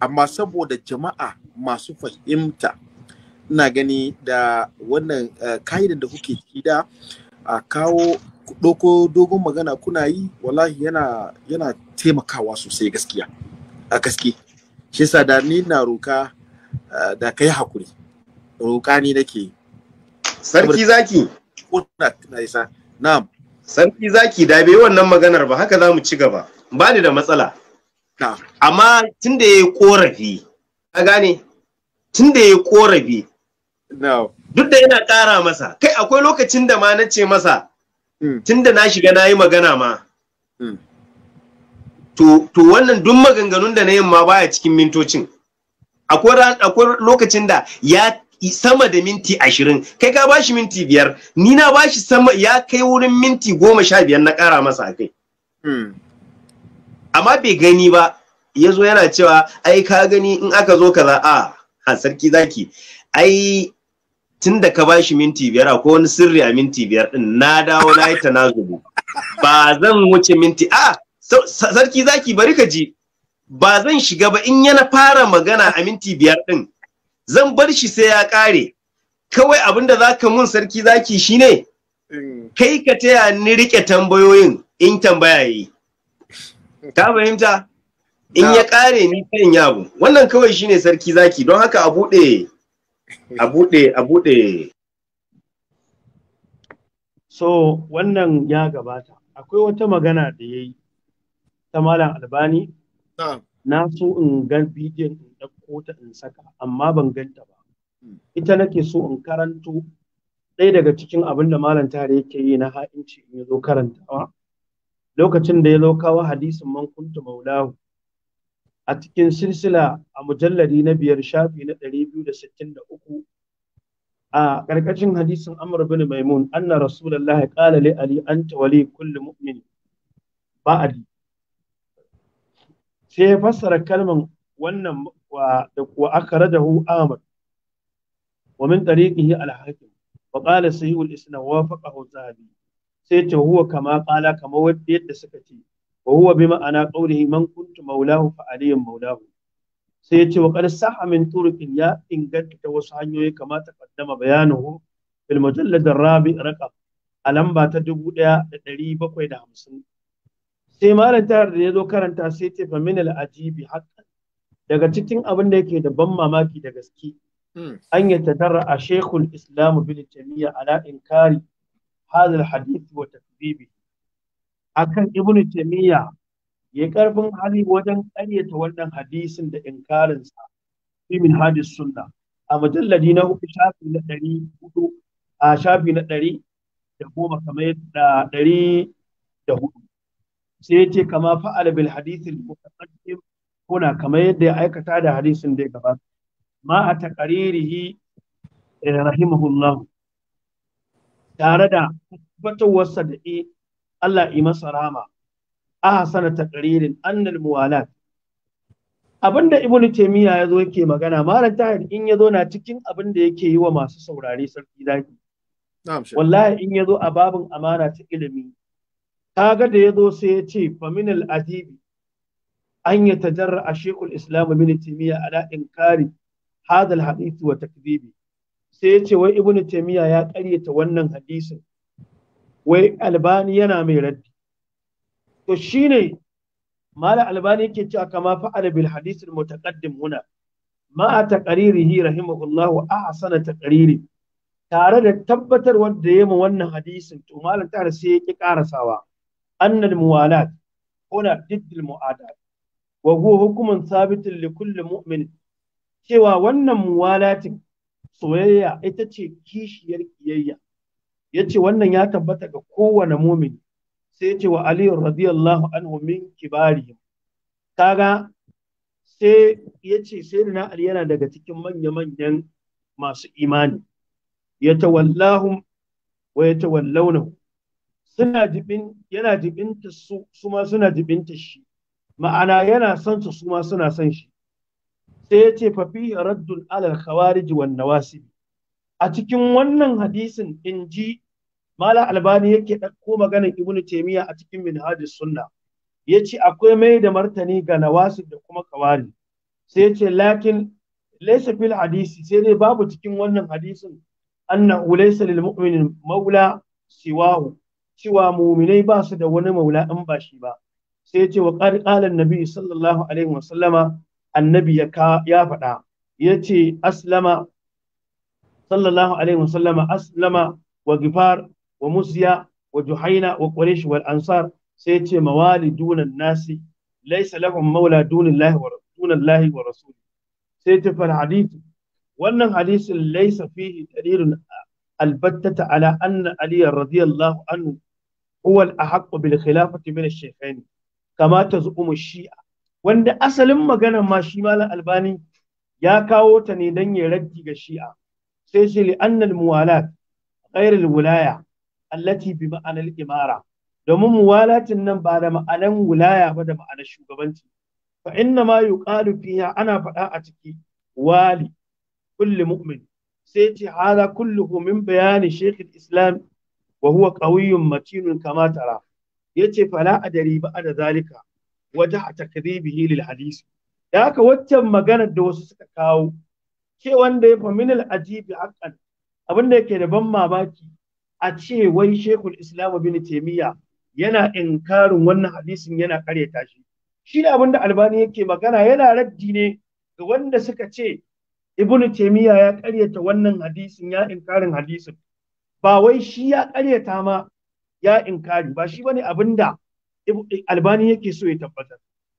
amma saboda jama'a masu fahimta ina gani da wannan ka'idan da kuke ciki da a kawo doko dogon magana kuna yi wallahi yana yana taimakawa sosai gaskiya a gaske shi da ni na roka da kai hakuri roka ni nake yi. sarki zaki na'am sarki zaki da bai wannan maganar ba haka zamu ci gaba ba ni da matsala amma tunda yayi korafi ka gane tunda yayi korafi duk da yana ƙara masa kai akwai lokacin da ma na ce masa hmm. tunda na shiga na yi magana ma hmm. to wannan duk maganganun da na yin ma baya cikin mintocin akwai lokacin da ya sama da minti ashirin kai ka bashi minti biyar ni na bashi sama ya kai wurin minti goma sha biyar na kara masa akai. kai hmm. amma bai gani ba ya zo yana cewa ai ka gani in aka zo kaza a ha sarki zaki ai tun da ka bashi minti biyar ko wani sirri a minti biyar din na dawo na yi zubu ba zan wuce minti a sarki zaki bari ka ji ba zan shiga ba in yana fara magana a minti biyar din zan bar shi sai ya ƙare kawai abin da za ka mun sarki zaki shine kai ka taya ni riƙe tambayoyin in tambaya yi ka fahimta in ya ƙare ni kan yabo wannan kawai shine sarki zaki don haka a buɗe a buɗe a bude so wannan ya gabata akwai wata magana da yayi ta malam albani na so in ga bidiyon Kota in saka amma ban ganta ba hmm. ita nake so in karanto ɗaya daga cikin abin da malam tare yake yi na ha'inci in ya zo karantawa lokacin da ya zo kawo hadisin man kuntu maulahu a cikin silsila a mujalladi na biyar shafi na ɗari biyu da sittin da uku a ƙarƙashin hadisin amr bin maimun anna rasulullahi qala li ali anta wali kulli mu'min ba'adi sai ya fassara kalman wannan da kuwa aka radahu Ahmad wa min tariqihi al-Hakim wa qala sahih al-Isnad wa wafaqahu Zahabi sai ce huwa kama qala kama wadda yadda suka ce wa huwa bi ma'ana qawlihi man kuntu mawlahu fa aliy mawlahu sai ce wa qad sahha min turqin ya inganta ta wasu hanyoyi kama ta kaddama bayanuhu fil mujallad ar-rabi raqab alamba ta hamsin. sai malam tayar da ya zo karanta sai ce fa min al-ajibi haqqan daga cikin abin da yake da ban mamaki da gaske hmm. an yi tattara a shekul islamu bin jami'a ala inkari hadal hadith wa takbibi akan ibn jami'a ya karfin hali wajen karyata wannan hadisin da inkarin sa fi min hadis sunna a mujalladi na hudu shafi na ɗari hudu a shafi na ɗari da goma kamar yadda ɗari da hudu sai ya ce kama fa'ala bil hadithin mutaqaddim kuna kamar yadda ya aikata da hadisin da ya gabata ma a taqaririhi eh, rahimahullah tare da tabbatawarsa da e Allah yi masa rama ahsana taqririn annal muwalat abinda ibnu taymiya yazo yake magana malam tahir in yazo na cikin abin da yake yi wa masu saurare sarki zaki wallahi in yazo a babin amana ta ilimi kaga da ya zo sai ya ce faminal adibi an ta tajarra a shekul islam min taimiyya ala inkari hadal hadisi wa takdibi sai ya ce wai ibn taimiyya ya karyata wannan hadisin wai albani yana mai raddi to shine mala albani yake cewa kama fa'ala bil hadith al mutaqaddim huna ma taqririhi rahimahullahu ahsana taqriri tare da tabbatar wanda yayi wannan hadisin to malam tare sai yake karasawa Annan muwalat huna diddil muadat wa huwa hukumun sabitin li kulli mu'min cewa wannan muwalatin soyayya ita ce kishiyar kiyayya yace wannan ya tabbata ga kowane mu'min sai yace wa Ali radiyallahu anhu min kibari kaga sai yace sayyidina Ali yana daga cikin manya-manyan masu imani yatawallahum wa yatawallawnahu suna jibin yana jibinta su suma suna jibinta shi ma'ana yana son su su ma suna son shi sai ya ce fa fi raddul alal khawarij wan nawasib a cikin wannan hadisin inji mala albani yake ɗauko maganar ibnu taymiya a cikin minhajus sunna yace akwai mai da martani ga nawasib da kuma khawari sai yace lakin laysa fil hadisi sai dai babu cikin wannan hadisin anna laysa lil mu'minin maula siwahu cewa muminai ba su da wani maula in ba shi ba sai ce wa ƙarƙalan nabi sallallahu alaihi wasallama annabi ya faɗa ya ce aslama sallallahu alaihi wasallama aslama wa gifar wa musiya wa juhaina wa quraish wal ansar sai ce mawali dunan nasi laisa lahum maula dunan lahi wa rasul sai ce fal hadith wannan hadisin laisa fihi dalilun albattata ala anna aliya radiyallahu anhu huwa al-ahqqu bil khilafati min ash-shaykhain kama ta shi'a wanda asalin maganar ma shi malam albani ya kawo ta ne don ya raddi ga shi'a sai shi li'annal muwalat ghairul wilaya allati bi ma'anar imara domin muwalatin nan ba da ma'anan wilaya ba da ma'anar shugabanci fa inna ma yuqalu fiha ana faɗa a ciki wali kulli mu'min sai ce hada kulluhu min bayani shaykh islam wa huwa qawiyyun matinun kama tara yace fala adari ba da zalika a takdhibihi lil hadisi. da haka waccan magana da wasu suka kawo ce wanda ya faminal ajibi haqqan abin da yake da ban mamaki a ce wai shekul islam bin taimiyya yana inkarin wannan hadisin yana karyata shi shi ne albani yake magana yana raddi ne ga wanda suka ce ibnu taimiyya ya karyata wannan hadisin ya inkarin hadisin ba wai shi ya karyata ma ya inkari ba shi bane abin da albani yake so ya tabbatar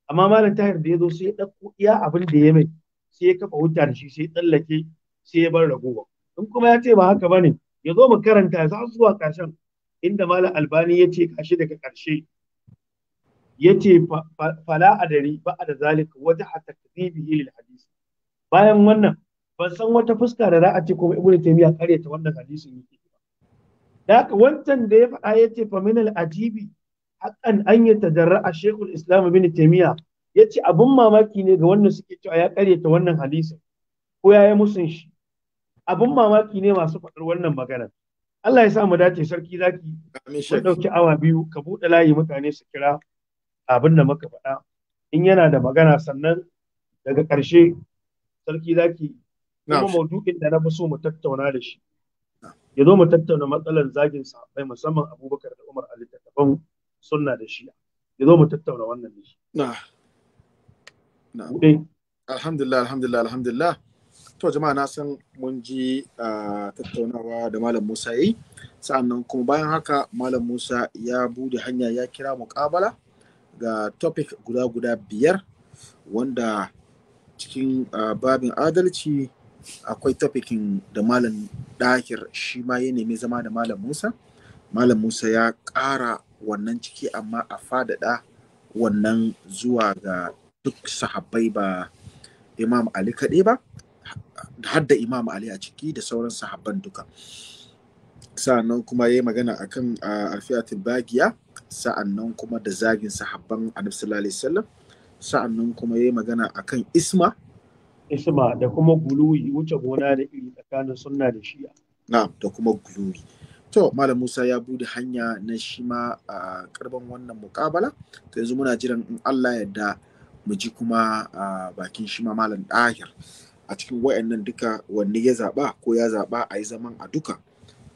amma malam tahir da ya zo sai ya ɗauko iya abin da ya mai sai ya kafa wuta da shi sai ya tsallake sai ya bar ragowa in kuma ya ce ba haka bane ya zo mu karanta za zuwa karshen. inda malam albani ya ce kashi daga ƙarshe ya ce fala adari ba da zalika wata hatta kadhibihi lil hadisi bayan wannan ban san wata fuska da za a ce kuma ibnu taymiya karyata wannan hadisin yake Daka wancan da ya faɗa ya ce faminal ajibi hakan an yi tajarra a shekul islam bin taimiya ya ce abin mamaki ne ga wannan suke cewa ya ta wannan hadisin ko ya yi musun shi abin mamaki ne masu faɗar wannan magana Allah ya sa mu dace sarki zaki ɗauki awa biyu ka buɗe layi mutane su kira abin da muka faɗa in yana da magana sannan daga ƙarshe sarki zaki kuma maudu'in da na fi so mu tattauna da shi ya zo mu tattauna matsalar zagin sahabbai musamman abubakar da umar a littattafan sunna da shi ya zo mu tattauna wannan ne na'am alhamdulillah alhamdulillah alhamdulillah to jama'a na san mun ji tattaunawa da malam musa yi sa'annan kuma bayan haka malam musa ya bude hanya ya kira muƙabala ga topic guda guda biyar wanda cikin babin adalci akwai topikin da malam dakir shi ma ya nemi zama da malam musa malam musa ya ƙara wannan ciki amma a faɗaɗa wannan zuwa ga duk sahabbai ba imam ali kaɗai ba har da imam ali a ciki da sauran sahabban duka sa'annan kuma ya yi magana akan alfiyatul bagiya sa'annan kuma da zagin sahabban annabi sallallahu alaihi sa'annan kuma ya yi magana akan isma isma da kuma guluwi wuce gona da iri tsakanin sunna da shi'a na'am da kuma guluwi to malam Musa ya bude hanya na shi ma a karban wannan mukabala to yanzu muna jiran in Allah yadda mu ji kuma a bakin shi ma malam Dahir a cikin wayannan duka wanne ya zaba ko ya zaba a yi zaman a duka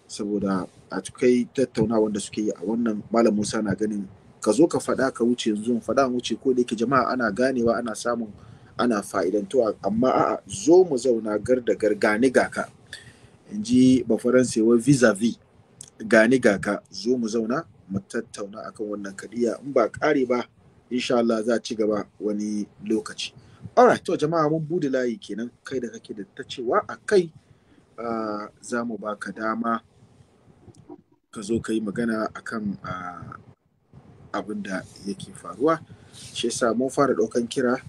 saboda a cikai tattauna wanda suke yi a wannan malam Musa na ganin ka zo ka faɗa ka wuce yanzu faɗa wuce ko da yake jama'a ana ganewa ana samun ana fa'idantowa amma a'a zo mu zauna gar da gar gani gaka in ji ba wa vis-a-vis gani gaka zo mu zauna mu tattauna akan wannan kadiya in ba kare ba insha Allah za ci gaba wani lokaci alright to jama'a mun bude layi kenan kai da kake da ta cewa a kai za mu baka dama ka zo ka yi magana akan abin da yake faruwa shi yasa mun fara ɗaukan kira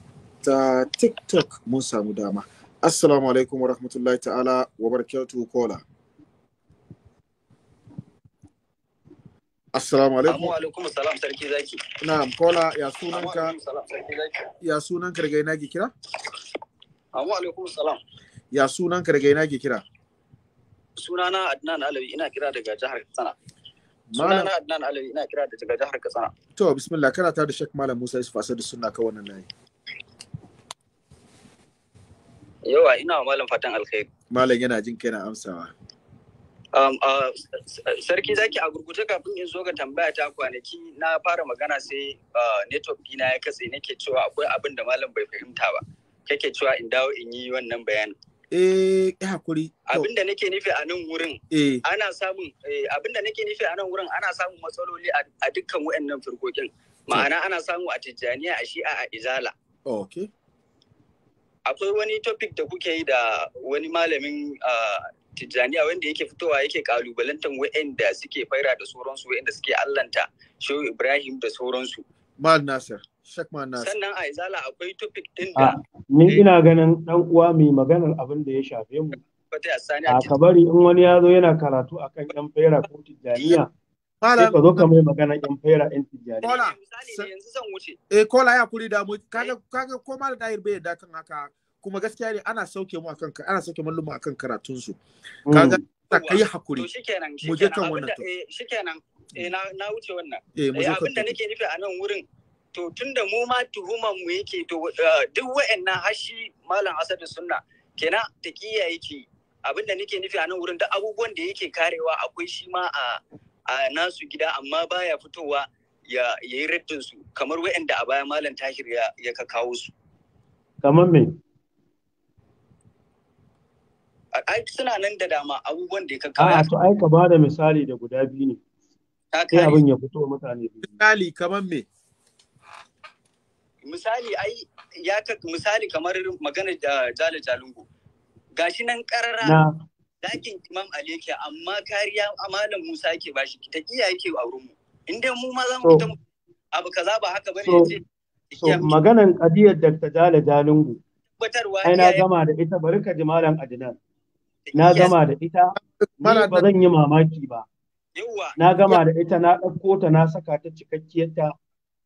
ta tiktok mun samu dama assalamu alaikum wa rahmatullahi ta'ala wa barakatuhu kola Assalamu alaikum. alaikum salam sarki zaki. Na'am kola ya sunanka. Ya sunanka daga ina ki kira? Assalamu ah, alaikum salam. Ya sunanka daga ina ki kira? Sunana Adnan Alawi ina kira daga jihar Katsina. Sunana Adnan Alawi ina kira daga jihar Katsina. To bismillah kana tare da Sheikh Malam Musa Yusuf Asadu sunna ka wannan layi. Yawa ina wa malam fatan alkhairi. Malam yana jin kai na amsawa. Um, uh, sarki zaki a gurguje kafin in zo ga tambaya ta kwanaki na fara magana sai uh, network dina ya katse nake cewa akwai abin da malam bai fahimta ba kake cewa in dawo in yi wannan bayanin eh, eh hakuri abin da nake nufi a nan wurin eh. ana samun eh, abin da nake nufi a nan wurin ana samun matsaloli a dukkan wayannan firkokin ma'ana ana samu a tijjaniya a shi'a a izala okay akwai wani topic da kuke yi da wani malamin tijjaniya wanda yake fitowa yake kalubalantar wa'anda suke faira da sauransu wa'anda suke allanta shehu ibrahim da sauransu mal nasir shek mal nasir sannan a izala akwai topic din da ni ina ganin dan uwa mai maganar abin da ya shafe mu a kabari in wani ya zo yana karatu akan yan faira ko tijjaniya Sai ka zo ka mai magana in fera in tijjani. Kola. yanzu zan wuce. Eh kola ya kuri da mu eh. kaga kaga ko malam Tahir bai yarda kan haka kuma gaskiya ne ana sauke mu akan ana sauke akan karatun su. Mm. Kaga ta kai hakuri. Mu je kan wannan to. Eh, shikenan. Eh na na wuce wannan. Eh, eh Abinda nake nufi a nan wurin to tunda mu ma tuhuman mu yake to duk wa'annan hashi malam Asadu Sunna kenan taqiya yake abinda nake nufi a nan wurin abubuwan da yake karewa akwai shi ma a a nasu gida amma baya fitowa ya yi raddin su kamar wa'anda a baya malam tahir ya ya kawo su kamar me ai suna nan da dama abubuwan da ya kawo a to ai ka bada misali da guda biyu ne sai abin ya fito wa mutane misali kamar me misali ai ya misali kamar magana da eh, jala jalungo gashi nan karara Zagin Imam Ali yake amma kariya amalan Musa yake ba shi ta iya yake a wurin mu. In dai mu ma za mu ta abu kaza ba haka ne. yace. So maganan kadiyar Dr. Jale Jalingu. ai na gama da ita bari ka ji malam adinan Na gama da ita ba zan yi mamaki ba. Na gama da ita na ɗauko ta na saka ta cikakkiyarta.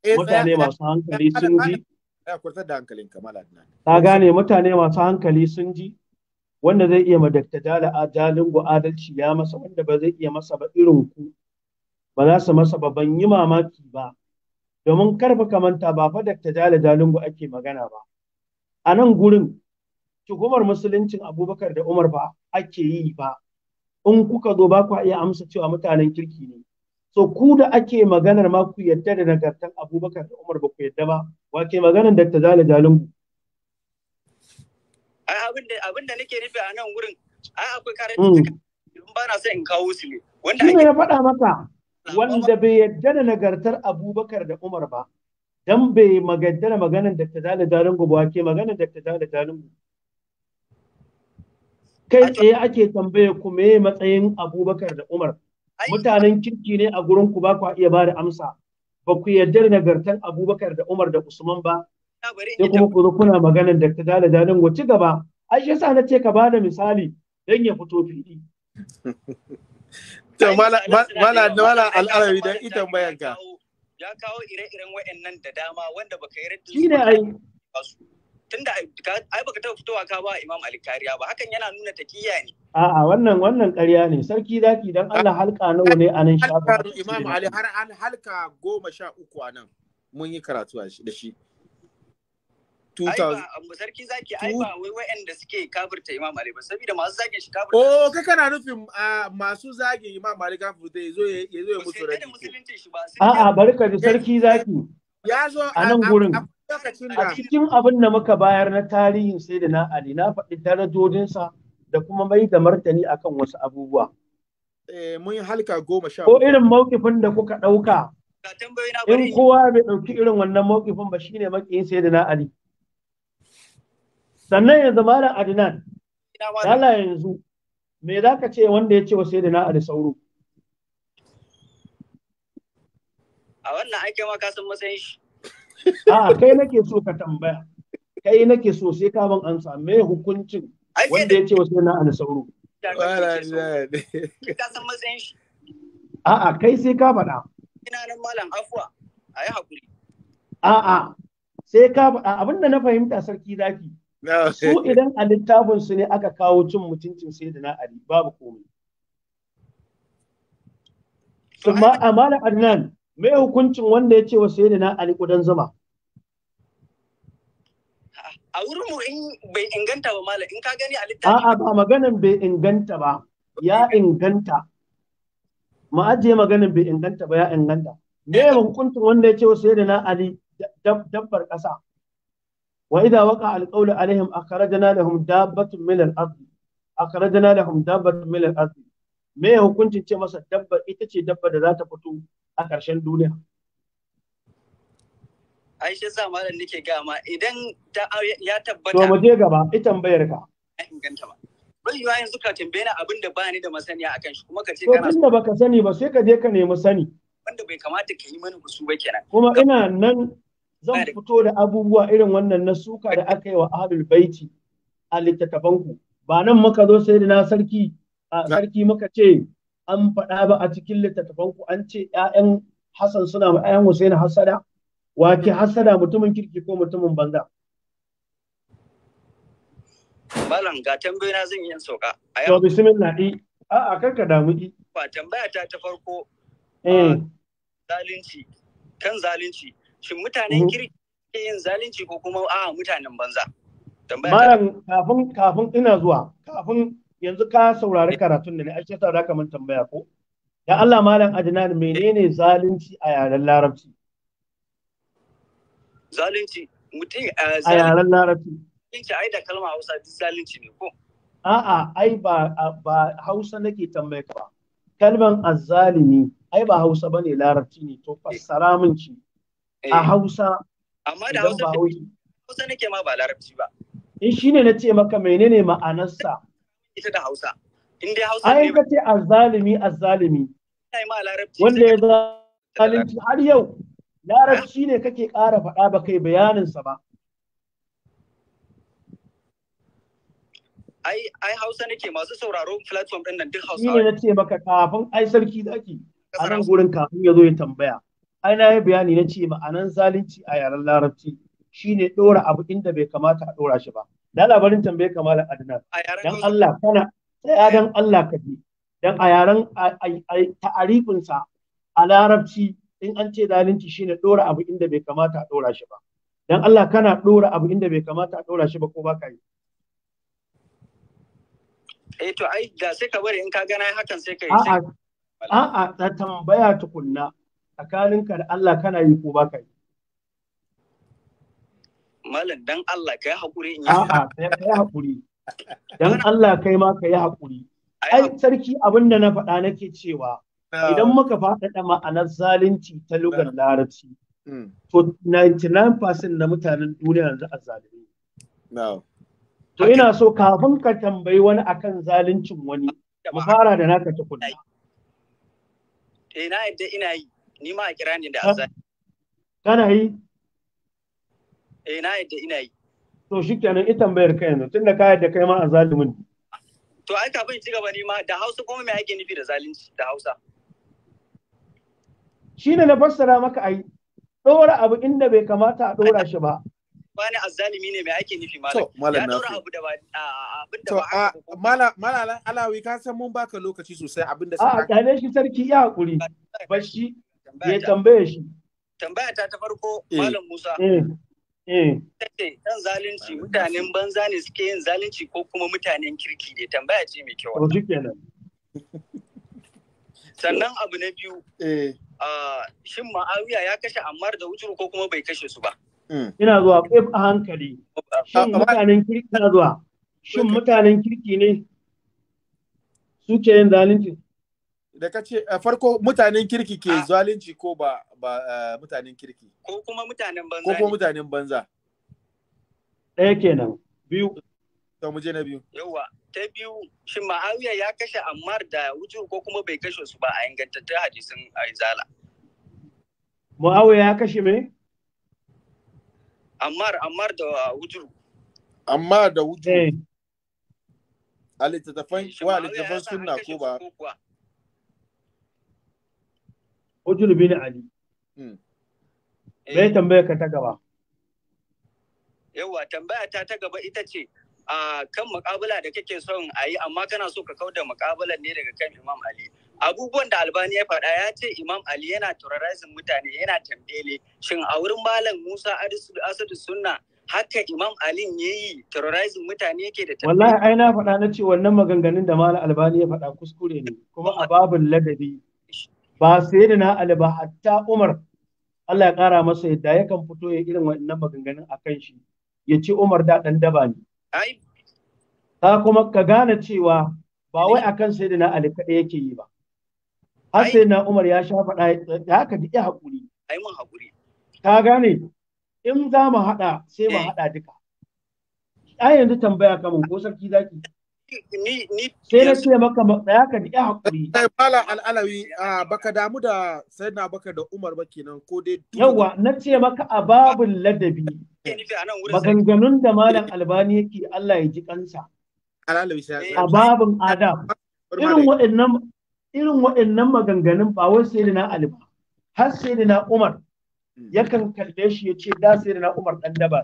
Eh, mutane masu hankali sun ji. ka gane mutane masu hankali sun ji. wanda zai iya madakta dala jalingo adalci ya masa wanda ba zai iya masa ba irin ku ba za su masa ba ban yi mamaki ba domin karfa kamanta ba fa dakta dala jalingo ake magana ba a nan gurin tuhumar musuluncin abubakar da umar ba ake yi ba in kuka zo ba ku iya amsa cewa mutanen kirki ne so ku da ake maganar ma ku yadda da nagartan abubakar da umar ba ku yadda ba wa ke maganar dakta dala jalingo ai abin da nake nufi a nan wurin ai akwai in ba na son in kawo su ne wanda ake ya faɗa maka ah, wanda bai yadda da nagartar Abubakar da Umar ba dan bai magadda da maganar da ta dala jaringu ba ke maganar da ta dala jaringu kai tsaye ake tambaye ku me matsayin Abubakar da Umar mutanen kirki ne a gurin ku ba ku iya ba da amsa ba ku yarda da nagartar Abubakar da Umar da Usman ba sai kuma ku zo kuna maganar da ta dala danin ci gaba ai shi yasa na ce ka bada misali dan ya fito fili to mala mala mala al'arabi dan ita bayanka ya kawo ire-iren wayannan da dama wanda baka yi raddi shi ne ai tunda ai baka taba fitowa ka ba Imam Ali kariya ba hakan yana nuna takiyya ne a'a wannan wannan ƙarya ne sarki zaki dan Allah halka nawa ne anan shafa Imam Ali har an halka goma sha uku anan mun yi karatu da shi 2000 sarki zaki ai ba wai wayanda suke kafirta imam ali ba saboda masu shi kafirta oh kai kana nufin masu imam ali kafirta yazo yazo ya bari ka ji sarki zaki ya zo a nan gurin a cikin abin da muka bayar na tarihin sai da na ali na faɗi darajodinsa da kuma mai da martani akan wasu abubuwa eh, mun halka goma sha ko irin mawkifin da kuka ɗauka in kowa bai ɗauki irin wannan mawkifin ba shine makiyin sai da na ali sannan yanzu malam adnan Allah yanzu me za ka ce wanda ya ce wa sai na ali sauro a wannan ake maka sun matsayin shi a kai nake so ka tambaya kai nake so sai ka ban same me hukuncin wanda ya ce wa sai na ali sauro a a a'a kai sai ka faɗa a a'a sai ka faɗa abinda na fahimta sarki zaki su idan a littafin su ne aka kawo cin mutuncin sai da na'ari babu komai amma amala adnan mai hukuncin wanda ya ce wa sai da na'ari kudan zama a wurin mu in bai inganta ba Mala, in ka gani a littafin a'a ba maganan bai inganta ba ya inganta Ma ajiye maganin bai inganta ba ya inganta me eh, hukuncin wanda ya ce wa sai da na'ari dabbar ƙasa wa idza waqa alqawlu alaihim akhrajna lahum dabbatun min al-ard akhrajna lahum dabbatun min al-ard me hukuncin ce masa dabba ita ce dabba da za ta fito a ƙarshen duniya ai shi malam nake ga ma idan ta ya tabbata to mu je gaba ita tambayar ka inganta ba bai yiwa yanzu ka tambaye ni abin da ba ni da masaniya akan shi kuma ka ce kana to tunda baka sani ba sai ka je ka nemi sani wanda bai kamata ka yi mana gusu ba kenan kuma ina nan zan fito da abubuwa irin wannan na suka da aka yi wa ahlul baiti a littattafanku ba nan muka zo sai da na sarki a sarki muka ce an faɗa ba a cikin littattafanku an ce ƴaƴan Hassan suna ma ƴaƴan Hussein hasada wake hasada mutumin kirki ko mutumin banza Malam ga tambayoyi na zan yi yan sauka. To bismillah i a a kanka damu i. Ba tambaya ta ta farko. Eh. Zalunci kan zalunci shin mutanen mhm. kirki yin zalunci ko kuma a mutanen banza malam kafin kafin ina zuwa kafin yanzu ka saurari karatun da ne ake saurara kamar tambaya ko da Allah malam Adnan menene zalunci a yaren larabci zalunci mutum a yaren larabci zalunci ai da kalma Hausa duk zalunci ne ko a'a ai ba ba Hausa nake tambaya ka ba kalman azzalimi ai ba Hausa bane larabci ne to fassara min shi Eh, a Hausa amma da Hausa Hausa nake ma ba Larabci ba in eh, shine na ce maka menene ma'anarsa ita da Hausa in dai Hausa ne ai kace azzalimi azzalimi wanda ya zalunci har yau larabci ne kake ƙara faɗa ba kai bayaninsa ba ai ai Hausa nake masu sauraro platform ɗin nan duk Hausa ne na ce maka kafin ai sarki zaki a nan gurin kafin ya zo ya tambaya ai na yi bayani na ce ma'anan zalunci a yaren larabci shine ɗora abu inda bai kamata a ɗora shi ba da labarin tambaye kamala adina dan Allah kana tsaya dan Allah ka bi dan a yaren ta'arifin sa a larabci in an ce zalunci shine ɗora abu inda bai kamata a ɗora shi ba dan Allah kana ɗora abu inda bai kamata a ɗora shi ba ko baka yi eh to ai da sai ka bari in ka gana hakan sai ka yi a'a a'a ta tambaya tukunna tsakaninka da Allah kana yi ko baka yi malam dan Allah kai hakuri in yi a'a kai hakuri dan Allah kai ma kai hakuri ai sarki abin da na faɗa nake cewa ah. idan muka faɗaɗa ma'anar zalunci ta lugar ah. larabci hmm. to 99% na mutanen duniya yanzu a zalunci. To ina so kafin ka tambayi wani akan zaluncin wani, mu fara da naka tukuna. Eh na yadda ina yi. ni ma a kira ni da azan. kana yi eh na yadda ina yi to shi kenan ita tambayar ka yanzu tunda ka yadda kai ma zalumin. to ai kafin ci gaba ni ma da Hausa kuma me ake nufi da zalunci da Hausa shine na fassara maka ai ɗora abu inda bai kamata a ɗora shi ba wani azzalimi ne mai ake nufi malam. Ya ɗora abu da ba abin da ba Mala Malalan Alawi ka san mun baka lokaci sosai abin da sai. A kyale shi sarki ya hakuri. Bashi ya tambaye shi tambaya ta ta farko eh. malam Musa Kace eh, eh. dan zalunci mutanen banza ne suke yin zalunci ko kuma mutanen kirki ne tambaya ce mai kyau. Sannan abu na biyu, shin ma'awiya ya kashe Ammar da Wujuru ko kuma bai kashe su ba? Hmm. Ina zuwa ƙwif a hankali. Shin mutanen kirki na zuwa? Shin mutanen kirki ne suke yin zalunci? da ka ce eh, farko mutanen kirki ke ah. zalunci ko ba ba eh, mutanen kirki ko kuma mutanen banza ko kuma mutanen banza ɗaya kenan biyu to mu je na biyu yawa ta biyu shin ma'awiya ya kashe ammar da wujur ko kuma bai kashe su ba a ingantattun hadisin aizala ma'awiya ya kashe me ammar ammar da wujur Amma da wujur eh. a littattafan wa ko ba ujul bin ali hmm. me eh. tambaya ka ta gaba Yawwa tambaya ta ta gaba ita ce a kan mukabala da kake son a yi amma kana so ka kauda mukabalan ne daga kan imam ali abubuwan da albani ya faɗa ya ce imam ali yana terrorizing mutane yana tambele shin a wurin malam musa asadu sunna haka imam ali ya yi terrorizing mutane yake da wallahi ai na faɗa na ce wannan maganganun da malam albani ya faɗa kuskure ne kuma a babin ladabi ba sai da na Ali ba hatta Umar Allah ya ƙara masa yadda ya kan fito ya irin waɗannan maganganun a kan shi ya ce Umar da dan daba ne. Ka kuma ka gane cewa ba wai akan sai da na Ali kaɗai yake yi ba. Har sai na Umar ya sha faɗa da haka da iya haƙuri. Ai mun gane in za mu haɗa sai mu eh. haɗa duka. Ai yanzu tambaya kamun ko sarki zaki. sai na ce maka tsaya ka ji hakuri sai malam al'alawi baka damu da sai na da umar ba kenan ko dai yawa na ce maka a babin ladabi maganganun da malam albani yake Allah ya ji kansa a babin adam irin waɗannan irin waɗannan maganganun ba wai sai na ali ba har sai na umar hmm. yakan kalle shi ya ce da sai na umar dan daba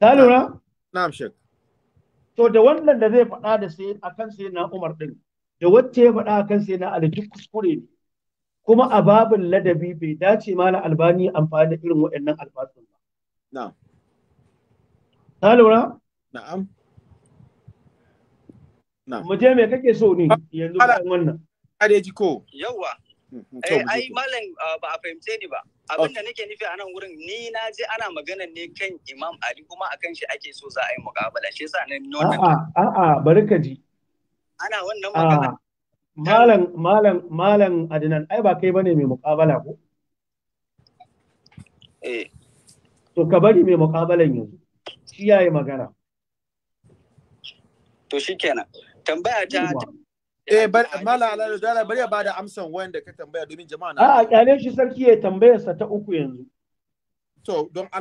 Ta lura? Na'am shek. To da wannan da zai faɗa da sai kan sai na Umar din da wacce ya faɗa kan sai na Ali duk kuskure ne. Kuma a babin ladabi bai dace mana albani amfani da irin waɗannan alfatsun ba. Na'am. Ta lura? Na'am. Na'am. Mu je me kake so ne yanzu kan wannan? Adeji ko. Yawwa. Mm, mm, eh, ai malam ah, ba a fahimce ni ba. abin da nake nufi a nan wurin ni na je ana magana ne kan imam ali kuma akan shi ake so za a yi muƙabala shi yasa nan a'a a'a bari ka ji ana wannan magana malam malam malam adnan ai ba kai bane mai muƙabala ko eh to ka bari mai muƙabalan yanzu shi yayi magana to shikenan tambaya ta eh mala eh, ala bari ba ka tambaya ah, kyale shi sarki ya tambayar sa ta uku yanzu ah,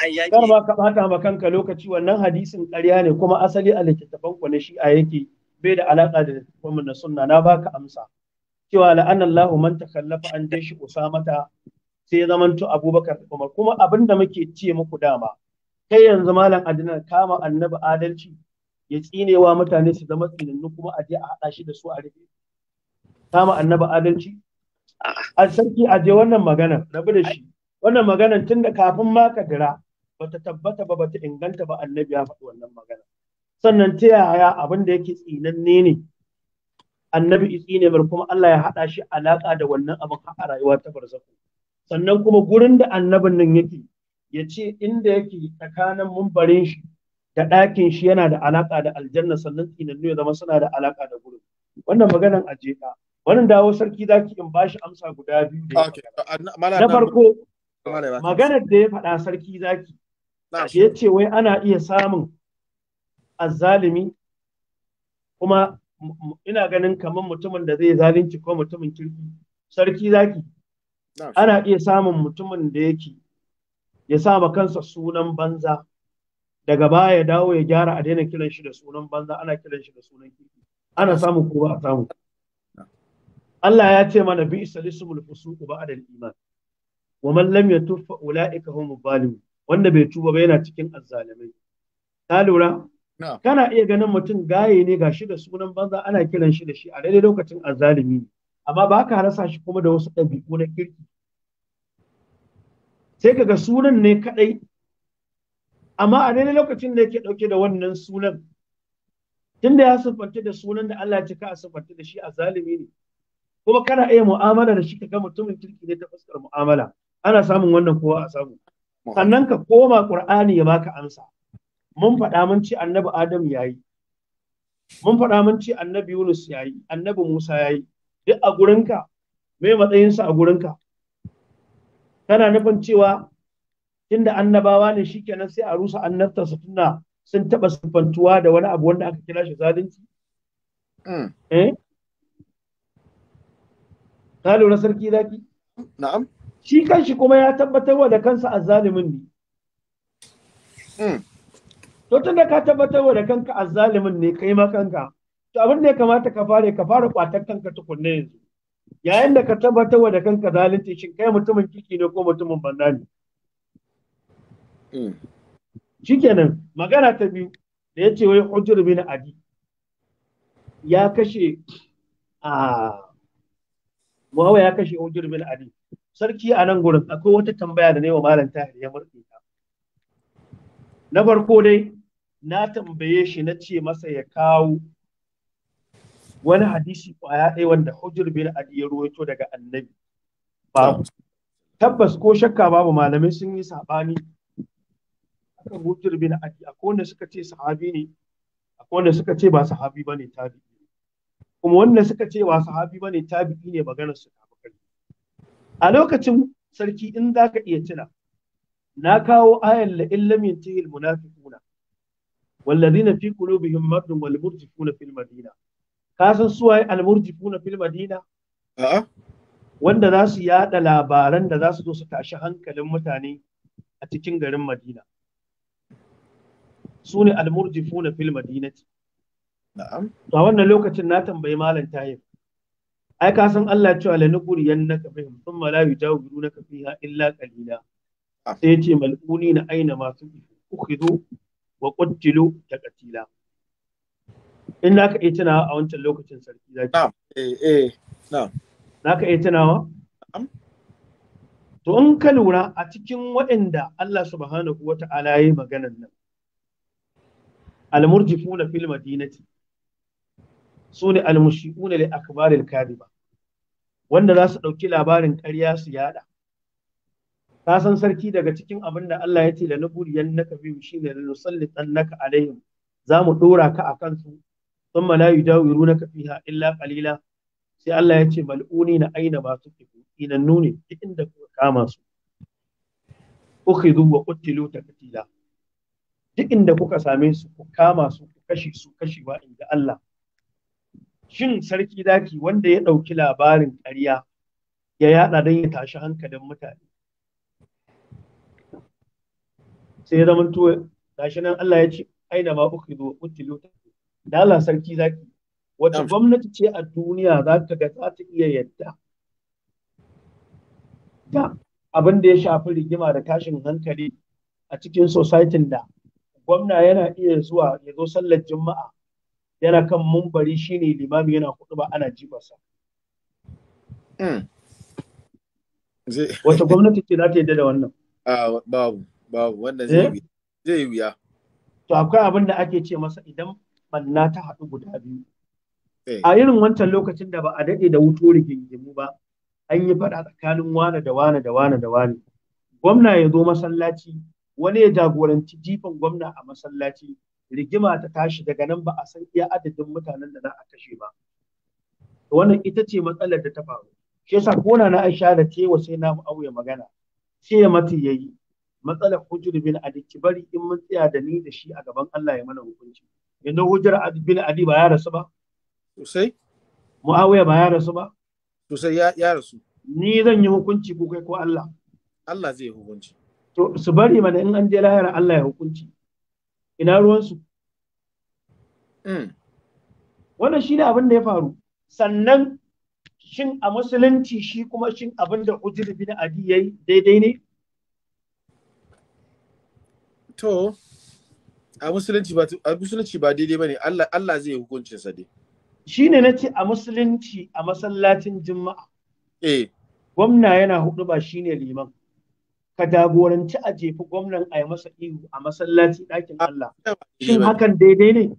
a yaki kar ma ka bata ma kanka lokaci wannan hadisin ƙarya ne kuma asali a littattafan ku na shi'a yake bai da alaka da littattafan na sunna na baka amsa cewa la'anallahu man takallafa an shi usamata sai ya zamanto abubakar umar kuma abin da muke ce muku dama kai yanzu malam adnan kama annabi adalci ya tsinewa mutane su zama tsinannu kuma a je a haɗa shi da su a rufe kama annabi adalci a sarki a je wannan magana rabu da shi wannan magana tun da kafin ma ka dira bata tabbata ba bata inganta ba annabi ya faɗi wannan magana sannan ta yaya abin da yake tsinanne ne annabi tsine ne bar kuma Allah ya haɗa shi alaƙa da wannan abin har rayuwa ta barzaku sannan kuma gurin da annabin nan yake ya ce inda yake tsakanin mumbarin shi da ɗakin shi yana da alaƙa da aljanna sannan tsinannu ya zama suna da alaƙa da gurin wannan maganan a jeɗa wannan dawo sarki zaki in ba shi amsa guda biyu da na farko maganar da ya faɗa sarki zaki ya ce wai ana iya samun azzalimi kuma ina ganin kamar mutumin da zai zalunci ko mutumin kirki sarki zaki ana iya samun mutumin da yake ya sama kansa sunan banza daga baya ya dawo ya gyara a daina kiran shi da sunan banza ana kiran shi da sunan kirki ana samu ko ba a samu Allah ya ce mana bi isalismul fusuq ba adal iman wa man lam yatub fa ulaika hum zalim wanda bai tuba ba yana cikin azzalimai ta lura kana iya ganin mutum gaye ne gashi da sunan banza ana kiran shi da shi a daidai lokacin azzalimi ne amma ba ka rasa shi kuma da wasu ɗabi'u na kirki sai kaga sunan ne kaɗai amma a daidai lokacin da yake ɗauke da wannan sunan tunda ya siffanta da sunan da Allah ya cika a siffanta da shi a zalimi ne kuma kana iya mu'amala da shi ka ga mutumin kirki ne ta fuskar mu'amala ana samun wannan kowa a samu sannan ka koma qur'ani ya baka amsa mun faɗa mun ce annabi adam yayi mun faɗa mun ce annabi yunus yayi annabi musa yayi duk a gurinka me matsayinsa a gurinka kana nufin cewa tunda annabawa ne shikenan sai a rusa annabtarsa tunda sun taɓa siffantuwa da wani abu wanda aka kira shi zalunci mm. eh ka lura sarki zaki na'am shi kanshi kuma ya tabbatarwa da kansa azzalimin ne mm. to tunda ka tabbatarwa da kanka azzalimin ne kai ma kanka to abin da ya kamata ka fare ka fara kwatar kanka tukunna yanzu yayin da ka tabbatar wa da kanka zalunci shin kai mutumin kiki ne ko mutumin banza ne hmm. shikenan magana ta biyu da ya ce wai hujjar bin adi ya kashe a muhawa ya kashe hujjar bin adi sarki a nan gurin akwai wata tambaya da ne wa malam tahir ya murƙe ta na farko dai na tambaye shi na ce masa ya kawo wani hadisi kwaya ɗaya wanda hujjar bin adi ya ruwaito daga annabi ba tabbas ko shakka babu malamai sun yi saɓani akan hujjar bin adi akwai wanda suka ce sahabi ne akwai wanda suka ce ba sahabi bane tabi kuma wanda suka ce ba sahabi bane tabi ne maganar su ta a lokacin sarki in za ka iya tuna na kawo ayan la illam yantahi almunafiquna والذين في قلوبهم مرض والمرجفون fil madina ka san suwaye almurjifuna fil madina wanda za su yada labaran da za su zo su tashi hankalin mutane a cikin garin madina su ne almurjifuna fil madinati na'am to a wannan lokacin na tambayi malam tahir ai ka san Allah cewa la nukuri yannaka bihim thumma la yujawirunaka fiha illa qalila ah. sai yace mal'uni na aina masu ukhidhu wa qutilu taqtila in na ka iya tunawa a wancan lokacin sarki zaki na'am eh eh na'am na ka iya tunawa to in ka lura a cikin waɗanda Allah subhanahu wata'ala yayi maganar nan al-murjifuna fil madinati sune al-mushi'una li akbaril kadiba wanda za su ɗauki labarin ƙarya su yada ka san sarki daga cikin abinda Allah ya ce da naburiyan naka biyu shine da nusallitan naka alaihim za mu ɗora ka a kansu thumma la yudawirunaka fiha illa qalila sai Allah ya ce mal'uni na aina ba su fito idan nune duk inda kuka kama su ukhidhu wa qutilu takatila duk inda kuka same su ku kama su ku kashe su kashewa inda Allah shin sarki zaki wanda ya ɗauki labarin ƙarya ya yada don ya tashi hankalin mutane sai ya zama tuwa gashi nan Allah ya ce aina ma ukhidhu wa qutilu takatila da sarki zaki wata gwamnati ce a duniya za ta ga za ta iya yadda da abin da ya shafi rigima da tashin hankali a cikin societin da gwamna yana iya zuwa ya zo sallar juma'a yana kan mumbari shine limami yana kudu ba ana jibarsa. Hmm. Wata gwamnati ce za ta yadda da wannan? Babu, babu, wanda eh? zai yi wuya. To akwai abin da ake ce masa idan Manna ta haɗu guda biyu. Eh. A irin wancan lokacin da ba a daɗe da wuto rigingimu ba, an yi faɗa tsakanin wane da wane da wane da wane. Gwamna ya zo masallaci, wani ya jagoranci jifan gwamna a masallaci, rigima ta tashi daga nan ba a san iya adadin mutanen da za a kashe ba. Wannan ita ce matsalar da ta faru. Shi yasa kona na Aisha da tewa sai na auya magana. Ce mata yayi matsalar hujjar bin a bari in mun tsaya da ni da shi a gaban Allah ya mana hukunci. yanzu hujjar bin ali ba ya rasu ba sosai muawiya ba ya rasu ba sosai ya, ya rasu ni zan yi hukunci ko kai ko Allah Allah zai hukunci to su bari mana in an je lahira Allah ya hukunci ina ruwan su mm. wannan shine abin da ya faru sannan shin a musulunci shi kuma shin abin da hujjar bin ali yayi daidai ne to a musulunci ba a musulunci ba daidai bane Allah Allah zai yi hukuncin sa dai shine nace a musulunci a masallacin juma'a eh gwamna yana hudu ba shine liman ka dagoranci a jefi gwamnan a yi masa ihu a masallaci ɗakin Allah shin hakan daidai ne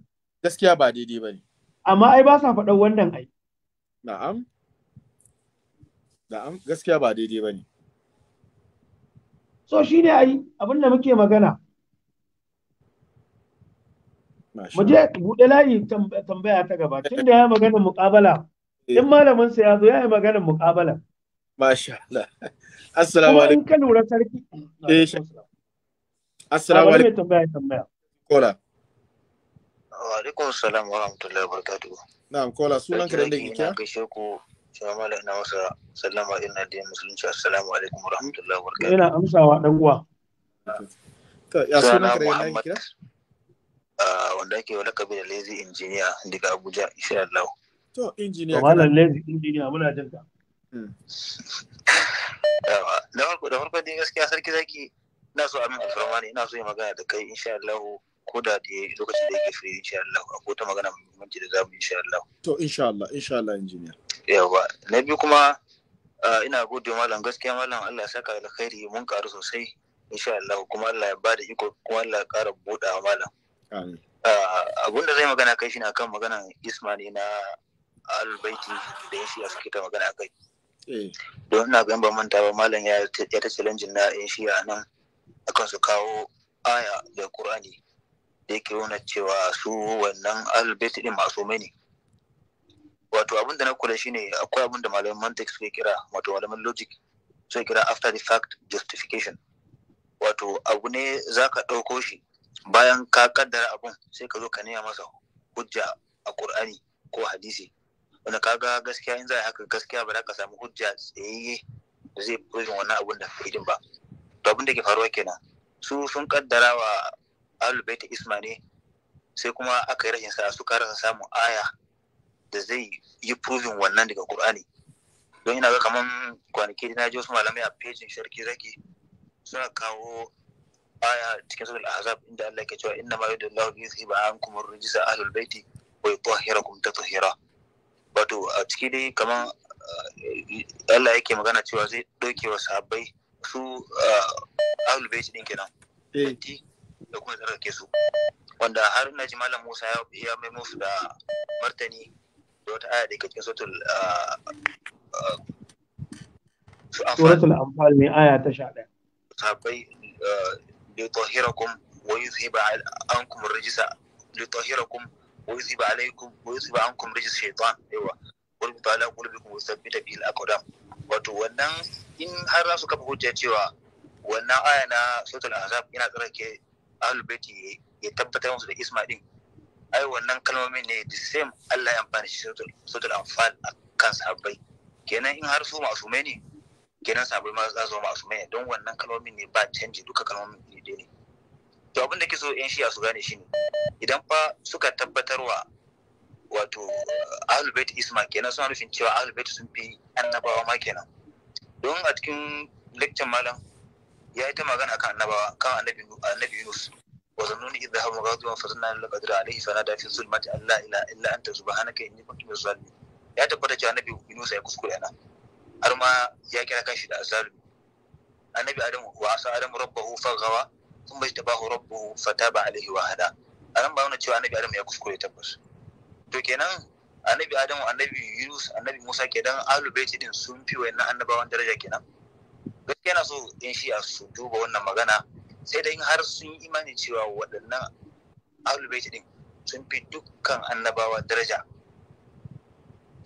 gaskiya ba daidai bane amma ai ba sa faɗan wannan ai na'am na'am gaskiya ba daidai bane so shine ai abin da muke magana mu je buɗe layi tambaya ta gaba tun da ya magana muƙabala eh. in malamin sa ya zo ya yi magana muƙabala masha Allah assalamu alaikum in ka lura sarki eh assalamu alaikum tambaya tambaya kola wa alaikum salam wa rahmatullahi wa barakatuh na'am kola sunan ka da kike ka gaishe ku salamu alaikum na wasa sallama inna da musulunci assalamu alaikum wa rahmatullahi wa barakatuh ina amsawa dan uwa ya sunan ka da kike Ah, wanda ake wani kabi da lazy engineer daga abuja insha Allah to engineer kamar lazy engineer muna jin ka hmm. da farko da farko dai gaskiya sarki zaki ina so amin alfarma ne ina so yi magana da kai insha Allah ko da da lokacin da yake free insha Allah akwai ta magana mai muhimmanci da zamu insha Allah to insha Allah insha Allah engineer yawa na biyu kuma ah, ina gode malam gaskiya malam Allah ya saka alkhairi mun karu sosai insha Allah kuma Allah ya bada iko kuma Allah ya kara buɗa malam Ah, abun da zai magana kai shine kan magana isma na albaiti da ya shiya suke ta magana kai eh. don ina ga ban manta ba malam ya ta challenge na yan shiya nan akan su kawo aya da qur'ani da yake nuna cewa su wannan albaiti din masu ne wato abin da na kula shine akwai abin da malaman mantik suke kira wato malamin logic suke kira after the fact justification wato abu ne za ka ɗauko shi bayan ka kaddara abun sai ka zo ka nema masa hujja a ƙur'ani ko hadisi wanda ga gaskiya in za a haka gaskiya ba za ka samu hujja tsaye da zai bujin wannan abun da idin ba to abin da ke faruwa kenan su sun kaddara wa ahlul isma ne sai kuma aka yi rashin sa su karasa samun aya da zai yi proving wannan daga ƙur'ani. don ina ga kamar kwanaki na ji wasu malamai a pejin sarki zaki suna kawo aya cikin suratul ahzab inda Allah ke cewa inna ma yudallahu bi yuzhiba ankum ar-rijsa ahlul baiti wa yutahhirakum tatheera wato a ciki dai kaman Allah yake magana cewa zai dauke wa sahabbai su ahlul baiti din kenan da kuma tsarkake su wanda har na ji malam Musa ya mai musu da martani da wata aya da ke cikin suratul suratul anfal ne aya ta 11 sahabbai لطهركم ويذهب عنكم الرجس لطهركم ويذهب عليكم ويذهب عنكم رجس الشيطان ankum rijsa shaytan yawa wal mutala qulubikum yusabbita bil wato wannan in har za su kafa hujja cewa wannan aya na suratul ahzab yana tsarake ahlul baiti ya tabbatar musu da isma din ai wannan kalmomin ne the same Allah ya amfani shi suratul anfal kan sahabbai kenan in har su masu mai ne kenan sahabbai ma za su masu mai don wannan kalmomin ne ba canji duka kalmomin to abin da ke so yan shiya su gane shi ne. idan fa suka tabbatarwa wato eh, ahlul isma kenan suna nufin cewa ahlul sun fi annabawa ma kenan don a cikin lecture malam ya yi ta magana kan annabawa kan annabi annabi Yunus wa zannuni idh dhahaba ghadiban fa zanna la qadra alayhi fa nada fi zulmati alla ila illa anta subhanaka inni kuntu minaz zalimin ya tabbata cewa annabi Yunus ya kuskure na har ma ya kira kanshi da azzalimi annabi adamu wa asa Adamu rabbahu fa gawa Kuma bai tabahu rabbu fataba alaihi wa hada anan ba wani cewa annabi adam ya kuskure tabbas to kenan annabi adam annabi yunus annabi musa kenan ahlul baiti din sun fi wayannan annabawan daraja kenan gaskiya na so in shi a su duba wannan magana sai da in har sun imani cewa waɗannan ahlul baiti din sun fi dukkan annabawa daraja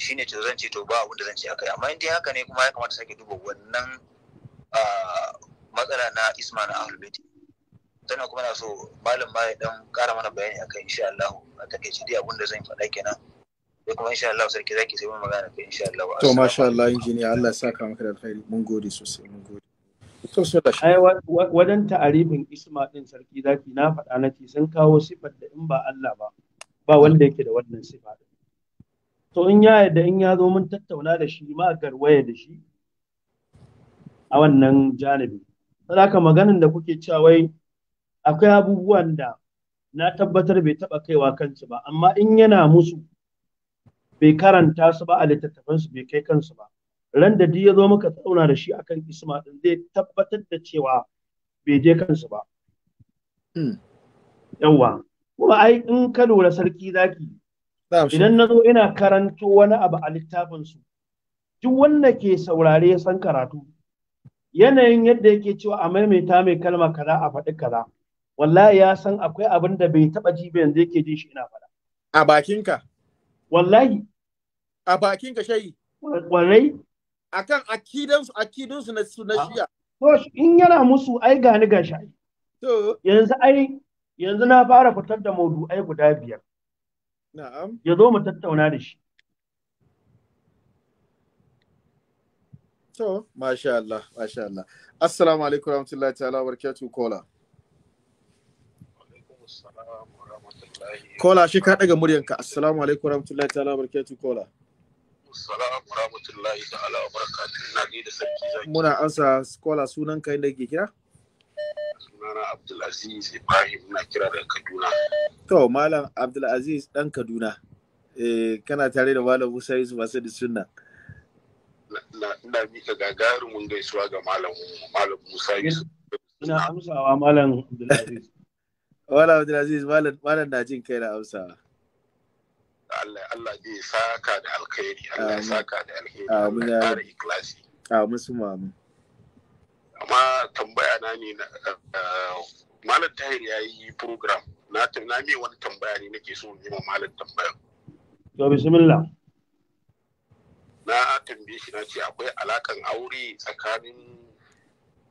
shine to zan ce to ba abin da zan ce akai amma in dai haka ne kuma ya kamata sake duba wannan ah, matsala na isma na ahlul tana kuma na so malam ma ya dan kara mana bayani akan insha Allah a takaice dai abin da zan faɗa kenan sai kuma insha Allah sarki zaki sai mun magana kai insha Allah to masha Allah injiniya Allah ya saka maka da alheri mun gode sosai mun gode to sai da shi wajen ta'arifin isma din sarki zaki na faɗa na ce sun kawo sifar da in ba Allah ba ba wanda yake da wannan sifa to in ya yadda in ya zo mun tattauna da shi ma garwaya da shi a wannan janibi. Sadaka maganin da kuke cewa wai akwai abubuwan da na tabbatar bai taba kaiwa kansu ba amma in yana musu bai karanta su ba a littattafansu bai kai kansu ba ran da ya zo muka tsauna da shi akan isma din zai tabbatar da cewa bai je kansu ba hmm. yawwa kuma ai in ka lura sarki zaki idan na zo ina karanto wani abu a su duk wanda ke saurare ya san karatu yanayin yadda yake cewa a maimaita mai kalma kaza a faɗi kaza wallahi ya san akwai abin da bai taba ji ba yanzu yake jin shi ina faɗa a bakinka wallahi a bakinka shayi A akan akidansu akidansu na na ah. shiya to in yana musu ai gani ga shi. to yanzu ai yanzu na fara fitar da ai guda biyar na'am ya zo mu tattauna da shi To, masha Allah, masha Allah. Assalamu alaikum warahmatullahi ta'ala wa barakatuh kola. kola shi ka daga muryanka assalamu alaikum warahmatullahi ta'ala barakatuh kola assalamu warahmatullahi ta'ala barakatuh na da sarki zaki muna ansa kola sunan kai da ke kira sunana abdulaziz ibrahim na kira daga kaduna to malam abdulaziz dan kaduna eh kana tare da malam musa yusuf masu da sunna ina mika gagarumin gaisuwa ga malam malam musa yusuf ina amsawa malam abdulaziz Wala Abdulaziz malam malam na jin kai na amsa. Allah Allah sa saka da alkhairi Allah ya saka da alkhairi amin ya kare ikhlasi A musu mamu amma tambaya na ne uh, malam tahir ya yi program na na me wani tambaya ne nake so yi ma malam tambaya to bismillah na tambaye shi na ce akwai alakan aure tsakanin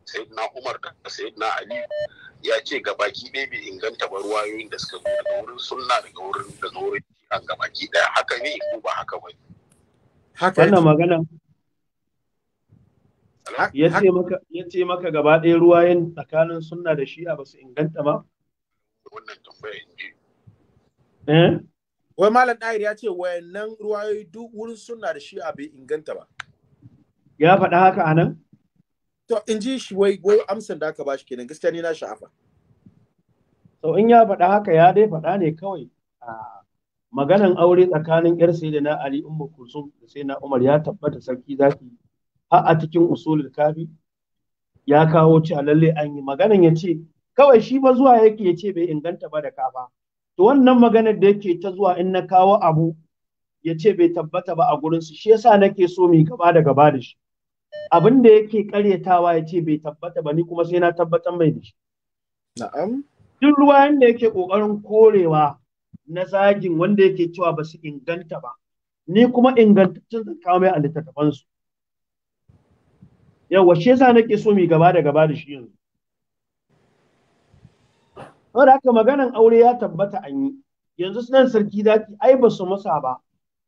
sayyidina Umar da sayyidina Ali ya ce gabaki ɗaya bai inganta ba ruwayoyin da suka zo daga wurin sunna daga wurin daga wurin jihar gabaki ɗaya haka ne ko ba haka ba wannan magana ya maka maka gaba ɗaya ruwayen tsakanin sunna da shi'a ba su inganta ba wannan tambaya in ji eh? wai malam ɗayar ya ce wayannan ruwayoyi duk wurin sunna da shi'a bai inganta ba ya faɗa haka anan to in ji shi wai wai amsan da aka bashi kenan gaskiya ni na sha'afa to in ya faɗa haka ya dai faɗa ne kawai A maganan aure tsakanin yar sai na Ali Ummu Kulsum da sai na Umar ya tabbata sarki zaki a a cikin usulul kafi ya kawo ci lalle an yi maganan ya ce kawai shi ba zuwa yake ya ce bai inganta ba da kafa to wannan maganar da yake ta zuwa in na kawo abu ya ce bai tabbata ba a gurinsu shi yasa nake so mu gaba da gaba da shi abin da yake karyatawa ya ce bai tabbata ba ni kuma sai na tabbatar mai da shi na'am duk ruwa da yake kokarin korewa na zagin wanda yake cewa ba su inganta ba ni kuma ingantaccen zan kawo mai a littattafansu. su yawa shi yasa nake so mi gaba da gaba da shi yanzu wanda haka maganan aure ya tabbata an yi yanzu sunan sarki zaki ai ba su masa ba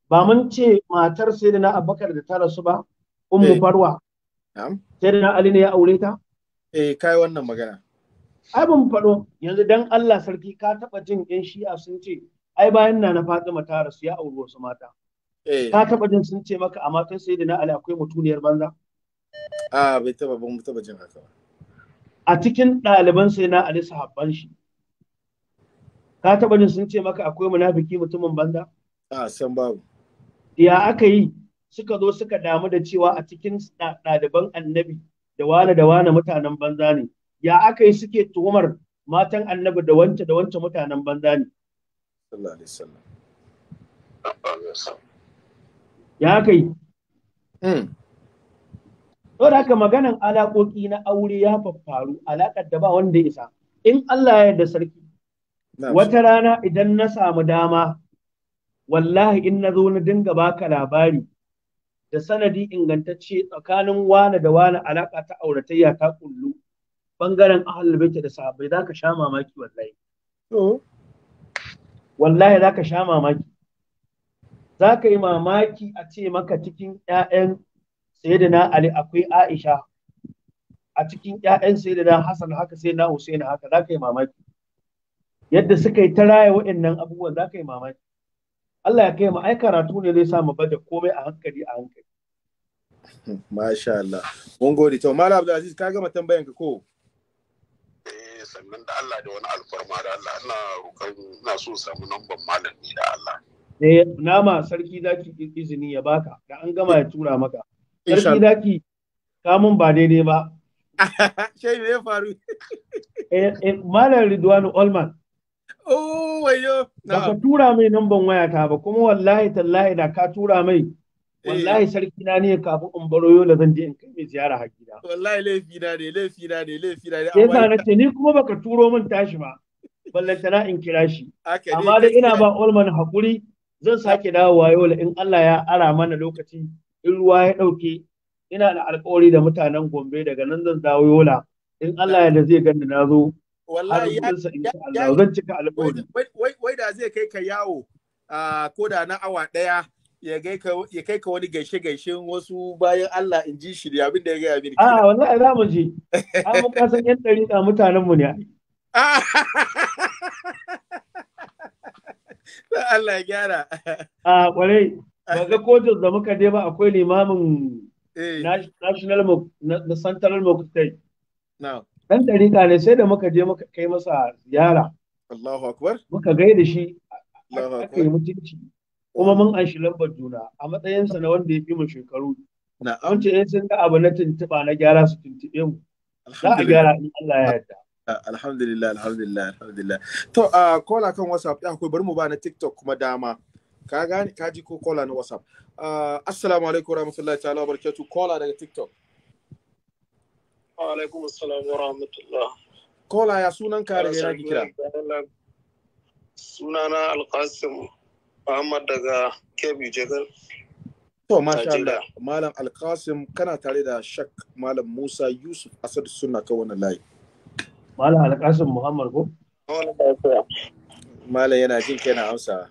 ba mun ce matar sai da na abakar da ta rasu ba ummu eh. farwa sai da ali ne ya aure ta eh kai wannan magana ai ban faɗo yanzu dan Allah sarki ka taɓa jin yan shi'a sun ce ai bayan na na Fatima ta rasu ya auri wasu mata eh. ka taɓa jin sun ce maka a matan sai da na Ali akwai mutuniyar banza a bai taɓa ban taɓa jin haka ba a cikin ɗaliban sai na Ali sahabban shi ka taɓa jin sun ce maka akwai munafiki mutumin banza a san babu ya aka yi suka zo suka damu da cewa a cikin ɗaliban annabi da wane da wane mutanen banza ne ya aka yi suke tuhumar matan annabi da wance da wance mutanen banza ne ya aka yi to hmm. da haka maganan alaƙoƙi na aure ya faru alaƙar da ba wanda ya isa in Allah ya da sarki wata rana idan na samu dama wallahi in na zo na dinga baka labari da sanadi ingantacce tsakanin wane da wane alaka ta auratayya ta kullu bangaren ahlul baiti da sahabbai zaka sha mamaki wallahi to wallahi zaka sha mamaki zaka yi mamaki a ce maka cikin ƴaƴan sayyidina Ali akwai Aisha a cikin ƴaƴan sayyidina Hassan haka sai na Hussein haka zaka yi mamaki yadda suka yi ta raya waɗannan abubuwan zaka yi mamaki Allah ya kai mu ai karatu ne zai sa mu bada komai a hankali a hankali Masha Allah. Mun gode. To Malam Abdulaziz ka gama tambayan ka ko? Eh sannan da Allah da wani alfarma da Allah ina roƙon ina so samu namban malami da Allah. Eh nama sarki zaki izini ya baka da an gama ya tura maka. Sarki zaki mun ba daidai ba. Shai me ya faru? Eh, eh, Malam Ridwanu Olman. Oh wayo. Baka tura mai namban wayata ba kuma wallahi tallahi da ka tura mai Eh. wallahi sarki na ne kafin in baro da zan je in kai mai ziyara har gida wallahi laifi na ne laifi na ne laifi na ne sai na ce ni kuma baka turo min tashi ba ballanta na in kira shi amma dai ina ba olman hakuri zan sake dawowa da in Allah ya ara mana lokaci in ruwa ya dauke ina da alƙawari da mutanen Gombe daga nan zan dawo yola in Allah ya da zai ganni na zo wallahi ya zan cika alƙawari. wai da zai kai ka yawo ah, ko da na awa daya ya kai ka wani gaishe-gaishen wasu bayan Allah in ji shi abin da ya gaya mini. Ah, wannan za mu ji. An mu kasan yan dari mutanen mu ne. Allah ya gyara. Ah, ƙwarai. Ba ga kotun da muka je ba akwai limamin eh. National na Central Mokutai. dari ɗariƙa ne sai da muka je muka kai masa ziyara. Allahu Akbar. Muka gaida shi. Allahu Akbar. Aka yi mutunci. kuma mun anshi lambar juna a matsayinsa na wanda ya fi mu shekaru an ce in sun ga abu na tuntuɓa na gyara su tuntuɓe mu za a gyara in Allah ya yarda alhamdulillah alhamdulillah alhamdulillah to a kola kan whatsapp ya akwai bari mu ba na tiktok kuma dama ka gane ka ji ko kola na whatsapp assalamu alaikum warahmatullahi ta'ala wa kola daga tiktok wa alaikum assalam wa rahmatullah kola ya sunan ka ya yana kira sunana alqasim Ahmad daga Kebbi Jagar. To, masha Allah, Malam Alkasim kana tare da Shak Malam Musa Yusuf Asad suna kan wannan layi. Malam Alkasim Muhammad ko? Malam yana jin kai na amsa.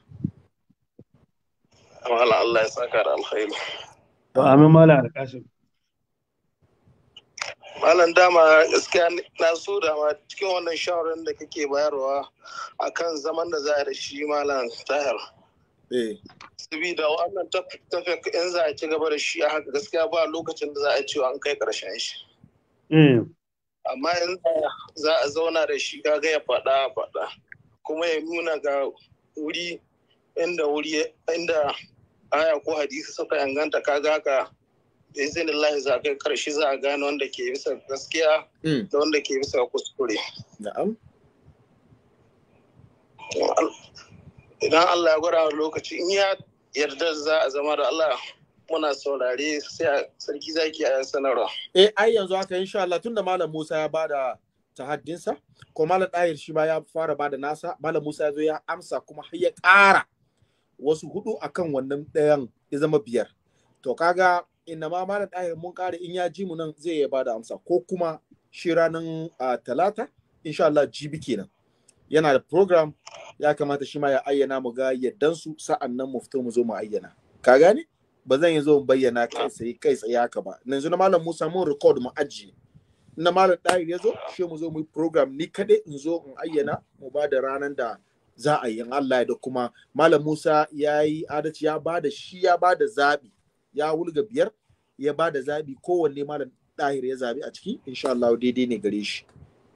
Malam Allah ya saka da alkhairu. To, amin Malam Alkasim. Malam dama gaskiya na so dama cikin wannan shawarar da kake bayarwa akan zaman da za a da shi Malam Tahir. Eh. Sabida wannan tafiya in za a ci gaba da shi a haka gaskiya ba lokacin da za a ci an kai ƙarshen shi. Hmm. Amma in za a zauna da shi kaga ya faɗa a faɗa kuma ya nuna ga wuri inda wuri inda aya ko hadisi suka yanganta kaga haka izini lahi za kai karshe za a gane wanda ke bisa gaskiya hmm. da wanda ke bisa kuskure. Na'am. idan Allah ya gwada lokaci in ya yarda za a zama da Allah muna saurare sai a sarki zaki a sanarwa. Eh ai yanzu haka insha Allah tunda Malam Musa ya bada tahaddinsa ko Malam Dahir shi ma ya fara bada nasa Malam Musa ya zo ya amsa kuma har ya ƙara wasu hudu akan wannan ɗayan ya zama biyar. To kaga inna ma Malam Dahir mun ƙara in ya ji mu nan zai ya bada amsa ko kuma shi ranar ah, talata insha Allah jibi kenan. yana da program ya kamata shi ma ya ayyana mu ga su sa'an nan mu fito mu zo mu ayyana ka gane ba zan yi zo mu bayyana kai tsaye kai tsaye haka ba yanzu na malam Musa mun record mu ajiye na malam Dahir ya zo shi mu zo mu program ni kaɗai in zo in ayyana mu ba da ranar da za a yi in Allah da kuma malam Musa ya yi adalci ya ba da shi ya ba da zaɓi ya wulga biyar ya ba da zaɓi kowanne malam Dahir ya zaɓi a ciki insha Allah daidai ne gare shi.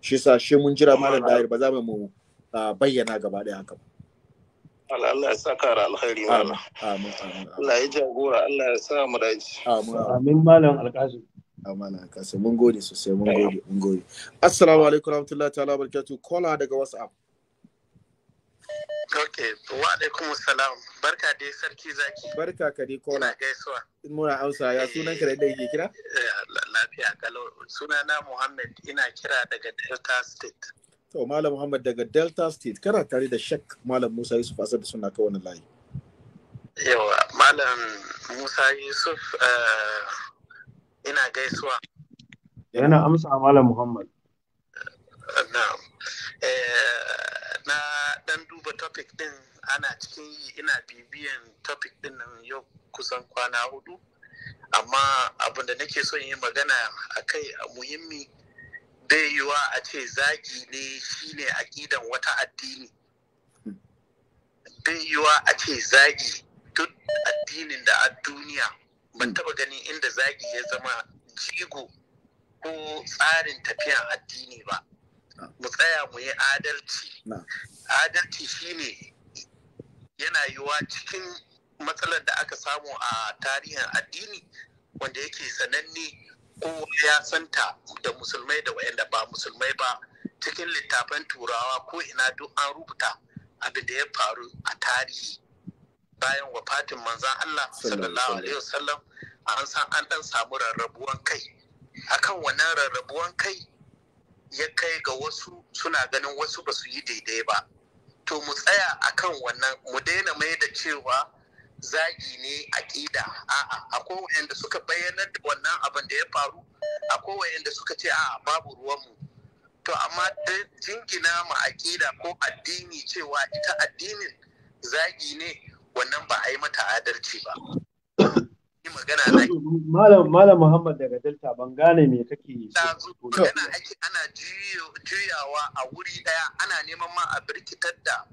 shi sa shi mun jira malam dahir ba za mu bayyana gaba daya haka Allah Allah ya sa kara alkhairi mana? amin amin Allah ya jagora Allah ya sa mu dace amin amin malam alkasim amana kasa mun gode sosai mun gode mun gode assalamu alaikum warahmatullahi ta'ala barakatuh kola daga whatsapp Ok, wa alaikum salam. Barka dai sarki zaki. Barka ka dai kola. Ina gaisuwa. Muna amsa ya eh, sunan ka da yake kira? Eh, lafiya kalau. Sunana Muhammad ina kira daga Delta State. To Malam Muhammad daga Delta State kana tare da sheikh Malam Musa Yusuf Asad suna ka wani layi. Yawa Malam Musa Yusuf eh, ina gaisuwa. Yana amsa Malam Muhammad. Na'am. na ɗan duba topic ɗin ana cikin yi ina bibiyan topic din nan yau kusan kwana hudu amma abin da nake son yi magana a kai a muhimmi bai yiwa a ce zagi ne shine aƙidan wata addini bai yiwa a ce zagi duk addinin da a duniya ban taba ganin inda zagi ya zama jigo ko tsarin tafiyan addini ba mu tsaya mu yi adalci adalci shine yana yiwuwa cikin matsalar da aka samu a tarihin addini wanda yake sananne ko ya santa da musulmai da wayanda ba musulmai ba cikin littafan turawa ko ina duk an rubuta abin da ya faru a tarihi bayan wafatin manzan Allah sallallahu alaihi wasallam an san an dan samu rarrabuwan kai akan wannan rarrabuwan kai ya kai ga wasu suna ganin wasu ba su yi daidai ba to mu tsaya a kan wannan mu daina mai da cewa zagi ne a ƙida a'a akwai wayanda suka bayyanar da wannan abin da ya faru akwai wayanda suka ce a'a babu ruwanmu to amma jingina ma ƙida ko addini cewa ita addinin zagi ne wannan ba a yi mata adalci ba magana na malam malam Muhammad daga Delta ban gane me kake ana juyawa a wuri daya ana neman ma a birkitar da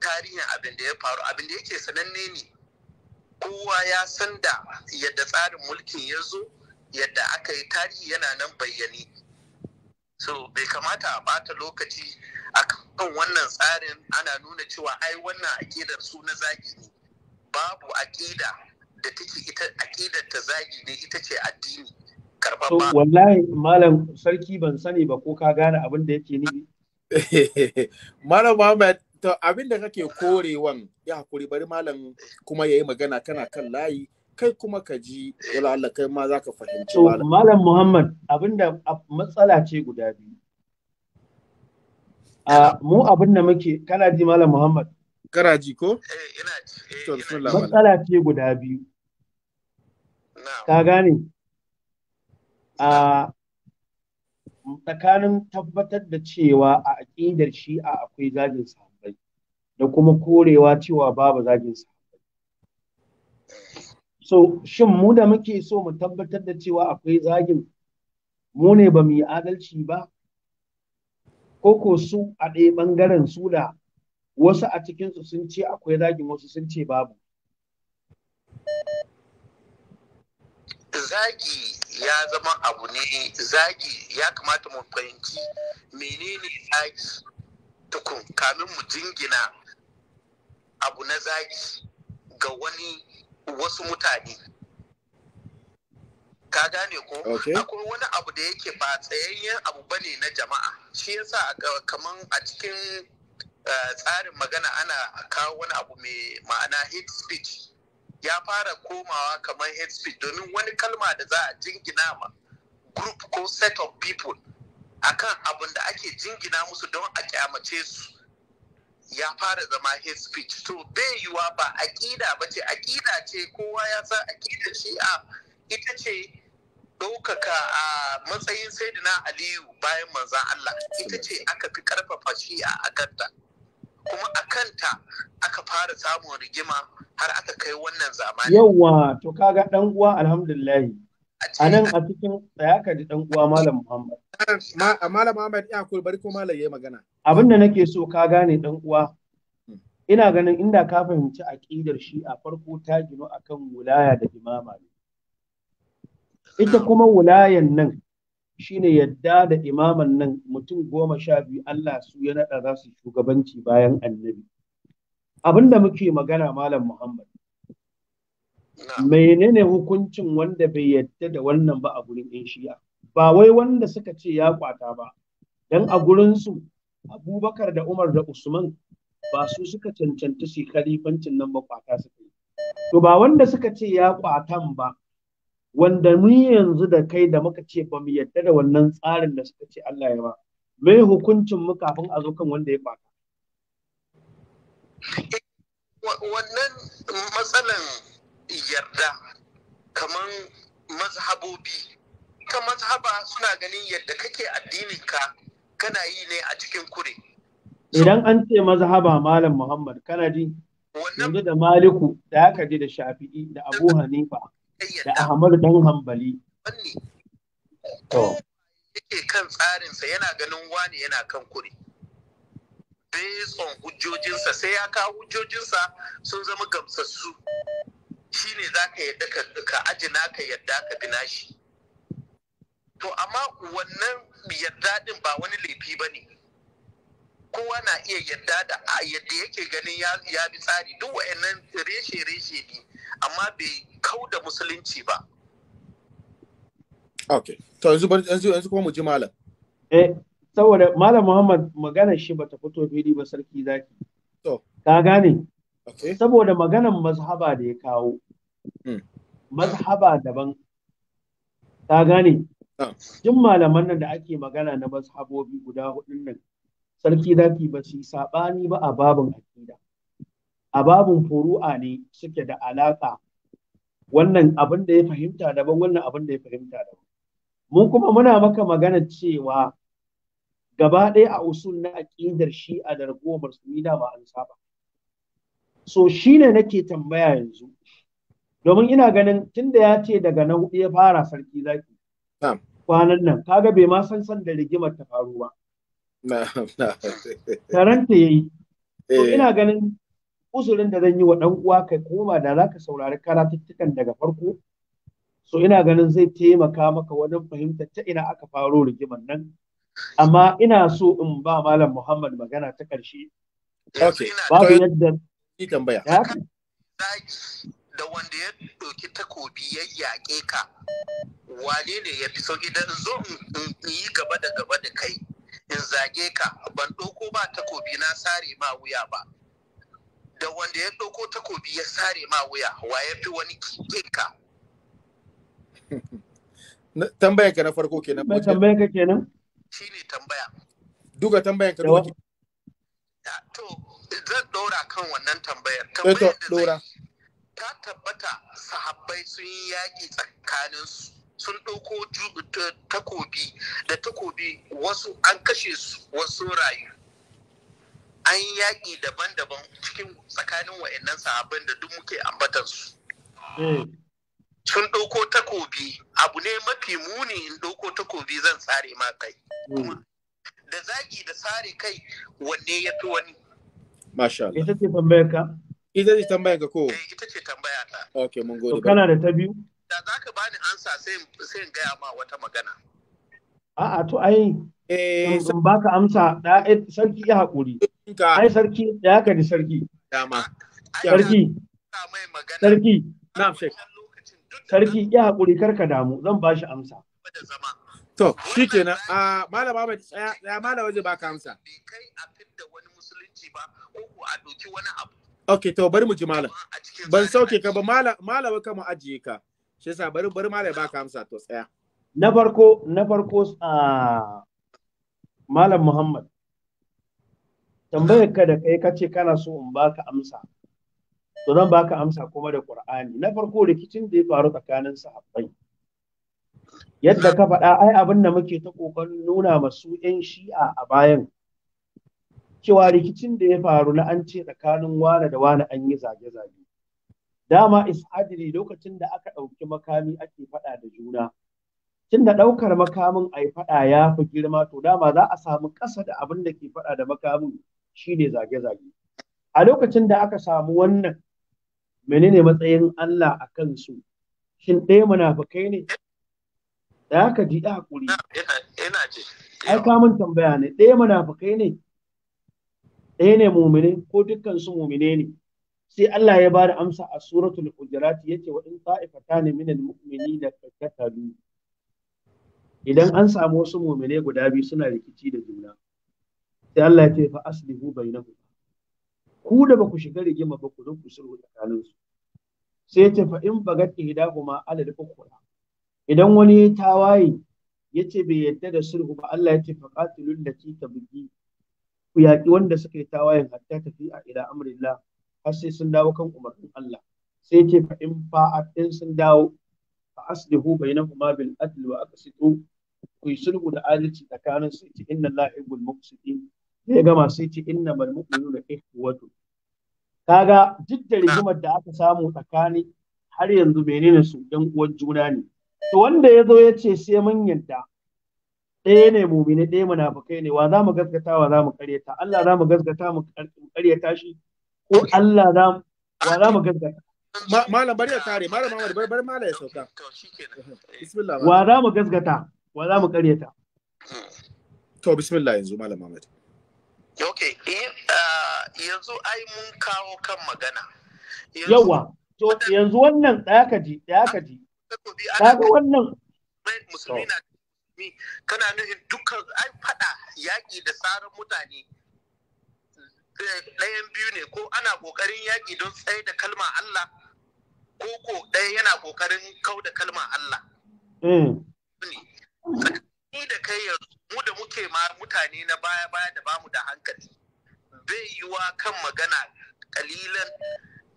tarihin abin da ya faru abin da yake sananne ne kowa ya san da yadda tsarin mulkin ya zo yadda aka yi tarihi yana nan bayyane so bai kamata a bata lokaci akan wannan tsarin ana nuna cewa ai wannan akidar su na zagi ne babu aƙida da take ita aqidar ta zagi ne ita ce addini ba. wallahi malam sarki ban sani ba ko ka gane abin da yake ni malam Muhammad to abin da kake korewan ya hakuri bari malam kuma yayi magana kana kan layi kai kuma ka ji wala Allah kai ma zaka fahimci malam malam Muhammad abinda matsala ce guda biyu a mu abin da muke kana ji malam Muhammad Kana ko? Eh, eh, Matsala ce guda biyu. Ka gane? A tsakanin tabbatar da cewa a aƙidar shi'a akwai zagin sahabbai da kuma korewa cewa babu zagin sahabbai. So, shin mu da muke so mu tabbatar da cewa akwai zagin mu ne ba mu yi adalci ba? Ko ko su a ɗaya ɓangaren su da wasu a cikinsu sun ce akwai zagin wasu sun ce babu zagi ya zama abu ne zagi ya kamata mu fahimci menene zagi tukun kamin mu jingina abu na zagi ga wani wasu mutane ka gane ko akwai wani abu da yake ba tsayayyen abu bane na jama'a shi yasa kaman a cikin Eh, tsarin magana ana kawo wani abu mai ma'ana hate speech ya fara komawa kamar hate speech domin wani kalma da za a jingina ma group ko set of people akan abin da ake jingina musu don a kyamace su ya fara zama hate speech to bai yiwa ba aƙida ba ce aƙida ce kowa ya san aƙida shi'a ita ce ɗaukaka a matsayin saidina aliyu bayan manzan allah ita ce aka fi ƙarfafa shi a kanta. kuma a kanta aka fara samun rigima har aka kai wannan zamani Yawwa to kaga dan uwa alhamdulillah a nan a cikin tsaya ka ji dan uwa malam muhammad malam muhammad ya kuri bari ko malam yi magana abin da nake so ka gane dan uwa hmm. ina ganin inda ka fahimci aƙidar shi a farko ta gino akan wilaya da imama ne ita hmm. kuma wulayan nan shine yadda da imaman nan mutum goma sha biyu Allah su ya naɗa za su shugabanci bayan annabi. Abinda muke magana Malam Muhammad. Menene hukuncin wanda bai yadda da wannan ba a gurin ɗin shiya? Ba wai wanda suka ce ya kwata ba, don a gurinsu Abubakar da Umar da Usman ba su suka cancanta su kalifancin nan ba kwata suka yi. To ba wanda suka ce ya kwatan ba, wanda mu yanzu da kai da muka ce ba mu yadda da wannan tsarin da suka ce Allah ya ba me hukuncin mu kafin a zo kan wanda ya baka wannan matsalan yarda kaman mazhabobi kuma mazhaba suna ganin yadda kake addininka kana yi ne a cikin kure idan an ce mazhaba malam muhammad kana ji yanzu da maliku da aka ji da shafi'i da abu hanifa da Ahmad dan Hanbali to yake kan tsarin sa, yana ganin wani yana kan kure based on hujjojinsa sai ya kawo hujjojinsa sun zama gamsassu shine za ka yadda ka ajina ka yadda ka bi nashi to amma wannan yadda din ba wani laifi ba ne kowa na iya yadda da yadda yake ganin ya bi tsari duk wa'annan reshe-reshe ne amma bai kau da musulunci ba Ok, to yanzu yanzu yanzu kuma mu ji malam eh saboda malam Muhammad magana shi bata fito fili ba sarki zaki to ka gane Ok. saboda maganan mazhaba da ya kawo hmm. mazhaba daban ka gane Jin ah. malaman nan da ake magana na mazhabobi guda hudun nan sarki zaki ba su saɓani ba a babin aƙida. a babun furu'a ne suke da alaƙa wannan abin da ya fahimta daban wannan abin da ya fahimta daban mun kuma muna maka magana cewa gaba ɗaya a usul na aƙidar a da ragowar musulmi da ba an saba so shine nake tambaya yanzu domin ina ganin tunda ya ce daga na hudu ya fara sarki zaki kwanan nan kaga bai ma san san da rigimar ta faru ba karanta yayi eh. ina ganin uzurin da zan yi wa ɗan uwa kai koma da za ka saurari karatuttukan daga farko so ina ganin zai taimaka maka wajen fahimtar ta ina aka faro rigiman nan amma ina so in ba malam muhammad magana ta ƙarshe babu yadda tambaya da wanda ya ɗauki takobi ya yaƙe ka wane ne ya fi sauki don zo in yi gaba da gaba da kai in zage ka ban ɗauko ba takobi na sare ma wuya ba da wanda ya ɗauko takobi ya sare ma wuya wa ya fi wani kinka tambayan ka na farko kenan ba tambayan ka kenan ne tambaya duka tambayan ka doki to zan ɗora kan wannan tambayar eh, tambayar da ta tabbata sahabbai sun yi yaƙi tsakaninsu sun ɗauko takobi da takobi wasu an kashe su wasu rayu an yaƙi daban-daban cikin tsakanin wa'annan sahabban da duk muke ambatansu. Hmm. Sun ɗauko takobi abu ne mafi muni in ɗauko takobi zan tsare ma kai. Hmm. Da zagi da tsare kai wanne ya fi wani. Masha Allah. Ita ce tambayar ka? Ita ce tambayar ka ko? Eh, ita ce tambaya ta. Ok, mun gode. Kana da ta biyu? Da za ka bani ansa sai in gaya ma wata magana. A'a to ai. Eh, ba ka amsa da eh, sarki ya haƙuri. ai sarki ya ka ni sarki dama sarki sarki na'am shek sarki ya haƙuri karka damu zan ba shi amsa to shikenan ah, a malama ba ya malama waje ba ka amsa. a okay to bari mu ji malam ban sauke ka ba malama ka mu ajiye ka shi yasa bari bari malam ka amsa to tsaya na farko na farko a ah, malam muhammad tambayar ka da kai ka ce kana so in baka amsa to zan baka amsa kuma da Qur'ani na farko rikicin da ya faru tsakanin sahabbai yadda ka faɗa ai abin da muke ta kokarin nuna masu yan shi'a a bayan cewa rikicin da ya faru na an ce tsakanin wane da wane an yi zage-zage dama ishadiri lokacin da aka ɗauki makami ake faɗa da juna tun da ɗaukar makamin a yi faɗa ya fi girma to dama za a samu ƙasa da abin da ke faɗa da makamin ne zage-zage a lokacin da aka samu wannan menene matsayin Allah a kansu shin ɗaya munafukai ne da aka ji a hakuri ai kamun tambaya ne ɗaya munafukai ne ɗaya ne mumine ko dukkan su mumine ne sai Allah ya bada amsa a suratul hujurat yake wa in ta'ifatan min al-mu'minina fakatalu idan an samu wasu mumine guda biyu suna rikici da juna sai Allah ya ce fa aslihu bainahu ku da ba ku shiga rigima ba ku zo ku sulhu tsakanin su sai ya ce fa in bagat ihdahuma ala al-ukhra idan wani ya tawaye ya ce bai yadda da sulhu ba Allah ya ce fa qatilul lati tabghi ku yaki wanda suka yi tawayen hatta tafi a ila amrillah har sai sun dawo kan umarnin Allah sai ce fa in fa'at din sun dawo fa aslihu bainahuma bil adl wa aqsitu ku sulhu da adalci tsakanin su ce inna Allah yuhibbul muqsitin sai gama sai ce inna mal mu'minuna ikhwatu kaga duk da rigimar da aka samu tsakani har yanzu menene su dan uwan juna ne to wanda ya zo ya ce sai mun yadda ɗaya ne mumini ɗaya munafukai ne wa za mu gaskata wa za mu karyata Allah za mu gaskata mu karyata shi ko Allah za mu wa za mu gaskata malam bari ya kare malam Muhammad bari bari malam ya sauka bismillah wa za mu gaskata wa za mu karyata to bismillah yanzu malam Muhammad ok ah, yanzu ai mun kawo kan magana yawa to yanzu wannan ɗaya ka ji ɗaya ka ji ga wannan musulmi na kana nufin dukkan ai faɗa yaƙi da tsarin mutane ɗayan biyu ne ko ana ƙoƙarin yaƙi don tsaye da kalma Allah ko ko ɗaya yana ƙoƙarin kau da kalma Allah. Mm. ni da kai yanzu mu da muke ma mutane na baya baya da bamu da hankali bai yiwa kan magana kalilan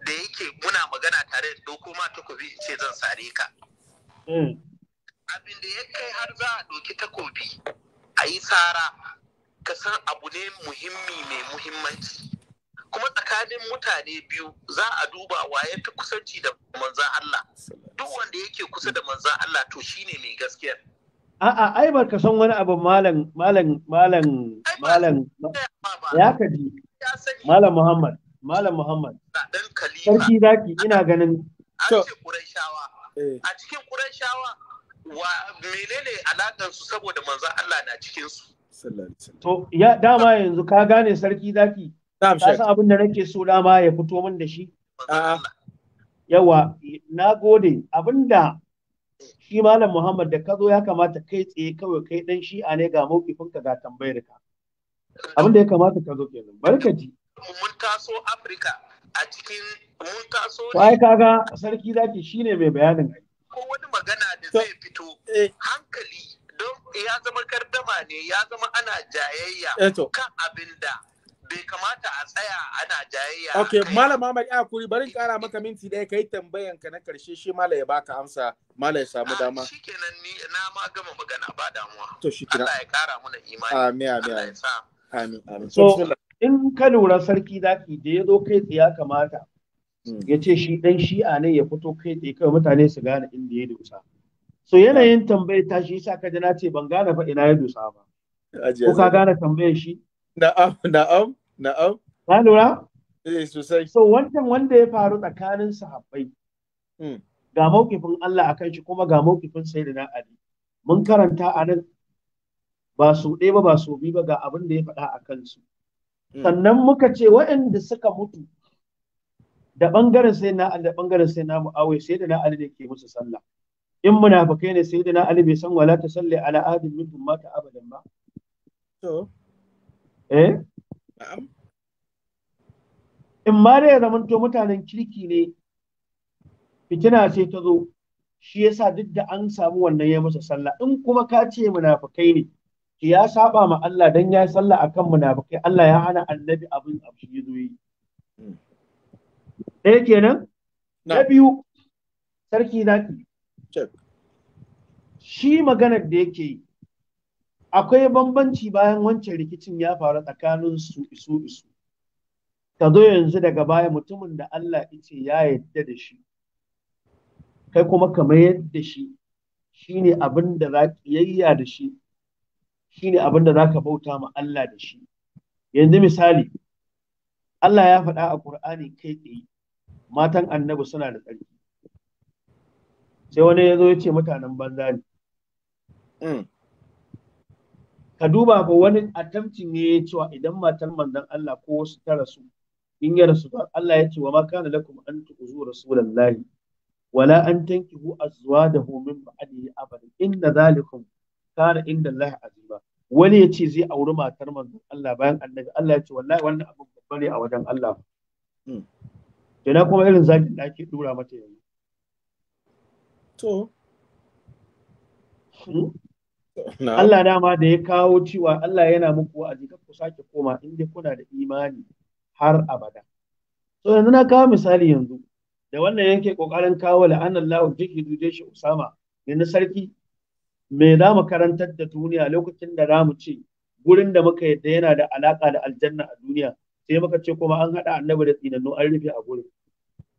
da yake muna magana tare da doko ma takobi in ce zan sare ka mm. abin da ya kai har za a ɗauki takobi a yi tsara ka san abu ne muhimmi mai muhimmanci kuma tsakanin mutane biyu za a duba waye ta kusanci da manzan Allah duk wanda yake kusa da manzan Allah to shine mai gaskiya? A'a, ai ba ka san wani abu malam, malam, malam, malam, ya ka ji. Malam Muhammad, Malam Muhammad. Sarki zaki ina ganin. Eh. A cikin Qurayshawa, wa menene alakan su saboda manzo Allah na cikin su. To, ya dama yanzu ka gane sarki zaki. Ka san abin da nake so dama ya fito min da shi. Yawa, na gode, abinda shi malam Muhammad da ka zo ya kamata kai tsaye kawai kai dan shi'a ne ga maukifinka ga tambayar ka abin da ya kamata ka zo kenan ji. mun taso Afirka a cikin mun taso ai kaga sarki zaki shine mai bayanin ko wani magana da zai fito eh. hankali don ya zama kardama ne ya zama ana jayayya eh kan abin da bai kamata a tsaya ana jayayya Ok, malam Ahmad Akuri, kuri bari kara maka minti ɗaya yi tambayan ka na karshe shi mala ya baka amsa mala ya samu ah, dama shi nan ni na ma gama magana ba damuwa to kira. Allah ya kara mana imani amin amin amin amin so in ka lura sarki zaki da ya zo kai tsiya kamata hmm. ya ce shi ɗan shi'a ne ya fito kai tsaye kawai mutane su gane inda ya dosa so yanayin tambayar ta shi sa kaji na ce ban gane fa ina ya dosa ba ko ka gane tambayar shi Na'am, na'am. Na'am. Ka lura? Eh sosai. So wancan wanda ya faru tsakanin sahabbai. Hmm. Ga mawkifin Allah akan shi kuma ga mawkifin Sayyidina na'ari. Mun karanta a nan ba su ɗaya ba ba su biyu ba ga abin da ya faɗa a kansu. Hmm. Sannan muka ce waɗanda suka mutu da ɓangaren sai na da ɓangaren sai na mu'awai sai da ne ke musu sallah. In munafikai ne sai da na Ali bai san wala ta salli ala adin minhum mata abadan ba. To. Eh? in ma da ya zamanto mutanen kirki ne fitina sai ta zo shi yasa duk da an samu wannan ya masa sallah in kuma ka ce munafukai ne ya saba ma Allah dan ya sallah akan munafukai Allah ya hana annabi abin abu shi zo yi hmm. ɗaya kenan na biyu sarki zaki shi maganar da yake yi akwai bambanci bayan wancan rikicin ya faru tsakanin su isu isu ka zo yanzu daga baya mutumin da Allah ce ya yadda da shi kai kuma kamar yadda shi shine abin da za yayya da shi shine abin da za ka bauta ma Allah da shi yanzu misali Allah ya faɗa a Kur'ani kai tsaye matan annabi suna da tsarki sai wani ya zo ya ce mutanen banza ne mm. ka duba ba wani attempting ne ya cewa idan matar manzon Allah ko wasu ta rasu in ya rasu Allah ya ce wa ma kana lakum an tu'zu rasulullahi wala an tankihu azwajahu min ba'dihi abada inna zalikum kana inda Allah azima wani ya ce zai auri matar manzon Allah bayan annabi Allah ya ce wallahi wannan abu babba ne a wajen Allah hmm. na kuma irin zakin da ake dura mata yanzu. To. Hmm? Allah dama da ya kawo cewa Allah yana muku wa'azi kar ku sake koma in dai kuna da imani har abada so yanzu na kawo misali yanzu da wannan yanke kokarin kawo jiki duje shi usama na sarki me za mu karantar da duniya lokacin da za mu ce gurin da muka yadda yana da alaka da aljanna a duniya sai muka ce kuma an haɗa annabi da tsinannu an rufe a gurin.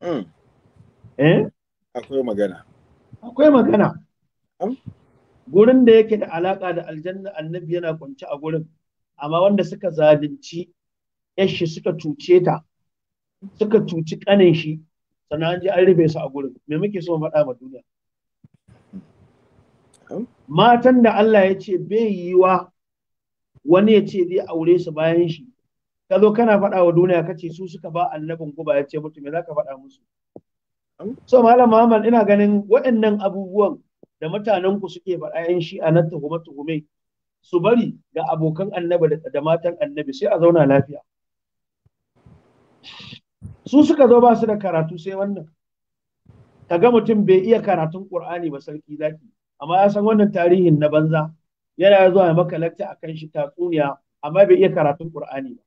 Mm. Eh? Akwai magana. Akwai magana. gurin da yake da alaka da aljanna annabi yana kwance a gurin amma wanda suka zalunci yashi suka cuce ta suka cuci kanin shi sannan an je an rufe su a gurin me muke so faɗa ma duniya matan da Allah ya ce bai wa wani ya ce zai aure su bayan shi kazo kana faɗa wa duniya kace su suka ba annabin guba ya ce mutum me za ka faɗa musu so malam Muhammad ina ganin waɗannan abubuwan da mutanen ku suke faɗa 'yan shi a nan tuhume tuhume su bari ga abokan annabi da matan annabi sai a zauna lafiya su suka zo ba su da karatu sai wannan kaga mutum bai iya karatun qur'ani ba sarki zaki amma ya san wannan tarihin na banza yana zuwa ya maka lakta akan shi tatsuniya amma bai iya karatun qur'ani ba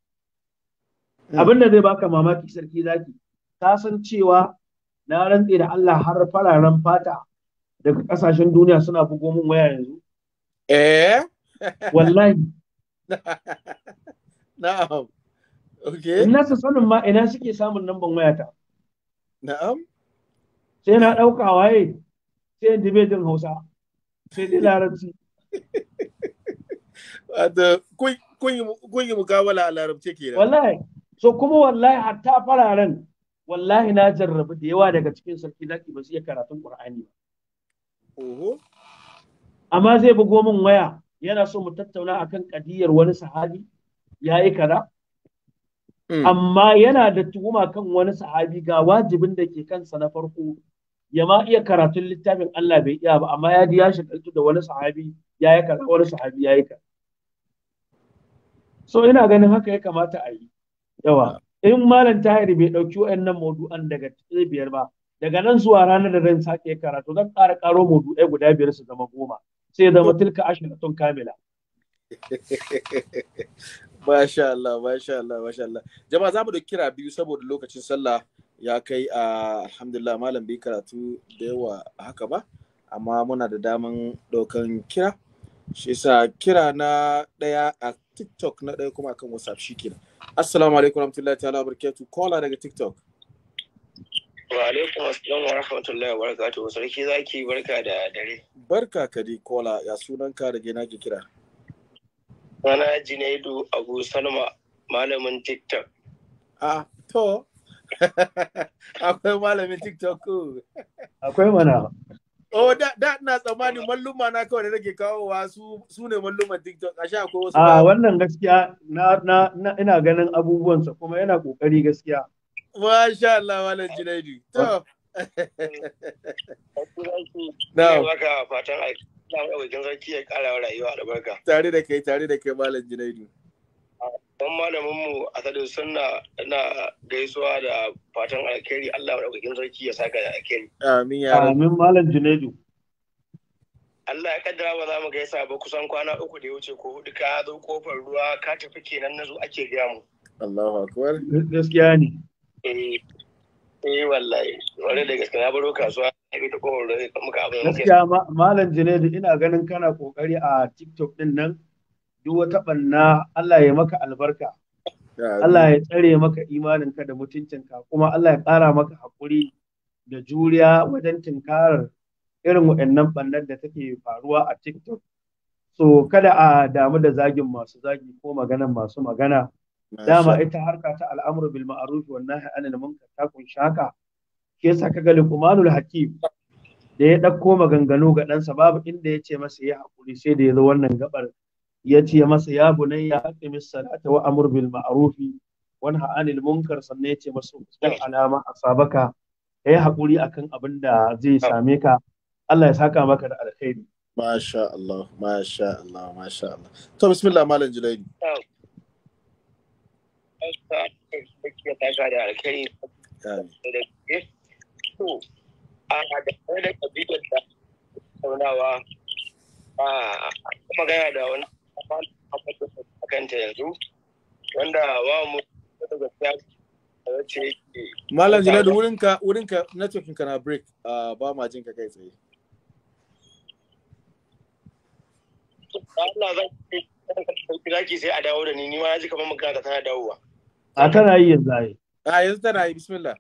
hmm. abin da zai baka mamaki sarki zaki ka san cewa na rantse da Allah har fararen fata daga kasashen duniya suna bugo min waya yanzu eh wallahi na'am okay ina su sanin ma ina suke samun namban wayata na'am sai na ɗauka waye sai in dibe jin hausa sai dai larabci kun yi mukawala a larabci ke da wallahi so kuma wallahi hatta fararen wallahi na jarrabu da yawa daga cikin sarki zaki ba su iya karatun qur'ani ba Amma zai bugo min waya yana so mu tattauna akan kadiyar wani sahabi ya yi kaza. Hmm. Amma yana da tuhuma kan wani sahabi ga wajibin da ke kansa na farko ya ma iya karatun littafin Allah bai iya ba amma ya ji ya shakaltu da wani sahabi ya yi kaza wani sahabi ya yi kaza. So ina ganin haka ya kamata a yi. Yawa. Hmm. In malam tahiri bai ɗauki wa'annan maudu'an daga biyar ba, daga nan zuwa ranar da zan sake karatu zan ƙara ƙaro maudu'ai guda biyar su zama goma sai zama tilka ashiratun kamila Masha Allah, masha Allah, masha Allah. Jama'a za mu da kira biyu saboda lokacin sallah ya kai a alhamdulillah malam bai karatu da yawa haka ba, amma muna da daman ɗaukan kira. Shi sa kira na ɗaya a TikTok na ɗaya kuma akan WhatsApp shi kira. Assalamu alaikum warahmatullahi ta'ala barakatuh. Kola daga TikTok. Wa alaikum assalam wa rahmatullahi wa barakatuhu. Sarki zaki barka da dare. Barka ka di kola ya sunan ka da gina ki kira. Sana Junaidu Abu Salma malamin TikTok. Ah, to. Akwai malamin TikTok ko. Akwai mana. Oh, da na tsammani malluma na kawai da nake kawowa su su ne malluman TikTok ashe akwai wasu. Ah, wannan gaskiya na ina ganin abubuwansa kuma yana kokari gaskiya. Masha Allah Malam Junaidu. To. Na. Maka fatan aiki. Wajen sarki ya kara wa rayuwa da barka. Tare da kai, tare da kai Malam Junaidu. Don malaminmu a sadin suna na gaisuwa da fatan alkhairi Allah maɗaukakin sarki ya saka da alkhairi. Amin ya Amin Malam Junaidu. Allah ya kaddara ba za mu gaisa ba kusan kwana uku da ya wuce ko hudu ka zo kofar ruwa ka tafi kenan na zo ake gaya mu. Allahu akbar. Gaskiya ne. eh eh muka abin gaskiya malam Junaidu ina ganin kana kokari a TikTok din nan duk wata banna Allah ya maka albarka Allah ya tsare maka imaninka da mutuncinka kuma Allah ya ƙara maka haƙuri da juriya wajen tinkarar irin waɗannan ɓannar da take faruwa a TikTok. So kada a damu da zagin masu zagi ko maganan masu magana. dama ita harka ta al'amru bil ma'ruf wan nahy anil munkar ta kunshi haka shi yasa kaga luqmanul hakim da ya ɗauko maganganu ga ɗansa babu inda ya ce masa ya hakuri sai da ya zo wannan gabar ya ce masa ya bunai ya haƙi salata wa amur bil ma'rufi wani ha'anil munkar sannan ya ce masa usbir alama asabaka ya yi haƙuri akan abin da zai same ka Allah ya saka maka da alkhairi masha Allah masha Allah masha Allah to bismillah malam Julaidi ɗansa ya tasha da alkhairi to a da wani kabilar da saunawa a magana da wani a kanta yanzu wanda wa mu da gaskiya wace yake malam jinadu wurinka wurinka networking na break ah, ba ma jin ka kai tsaye Allah zan kira ki sai a dawo da ni ni ma na ji kamar magana tana dawowa a tana yi yanzu ai a yanzu tana yi bismillah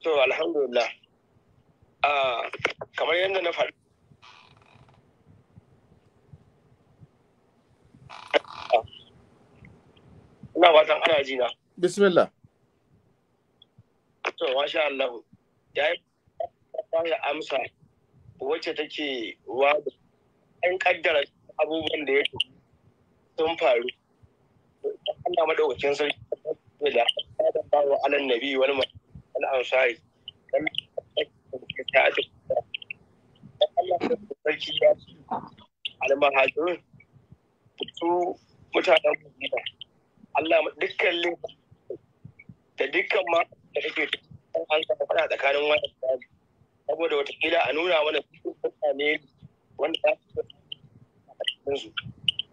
to alhamdulillah ah, kamar yadda na faru. ina watan ana ji na bismillah to masha Allah ya yi amsa wacce take wa an kaddara abubuwan da ya sun faru Allah madaukakin sarki da da ba wa alan nabi wal al ansari dan ta ata Allah sarki ya al mahajirun su mutanen Madina Allah dukkan da dukkan ma da kake an samu fada tsakanin wannan saboda wata watakila a nuna mana mutane wanda za su cikinsu.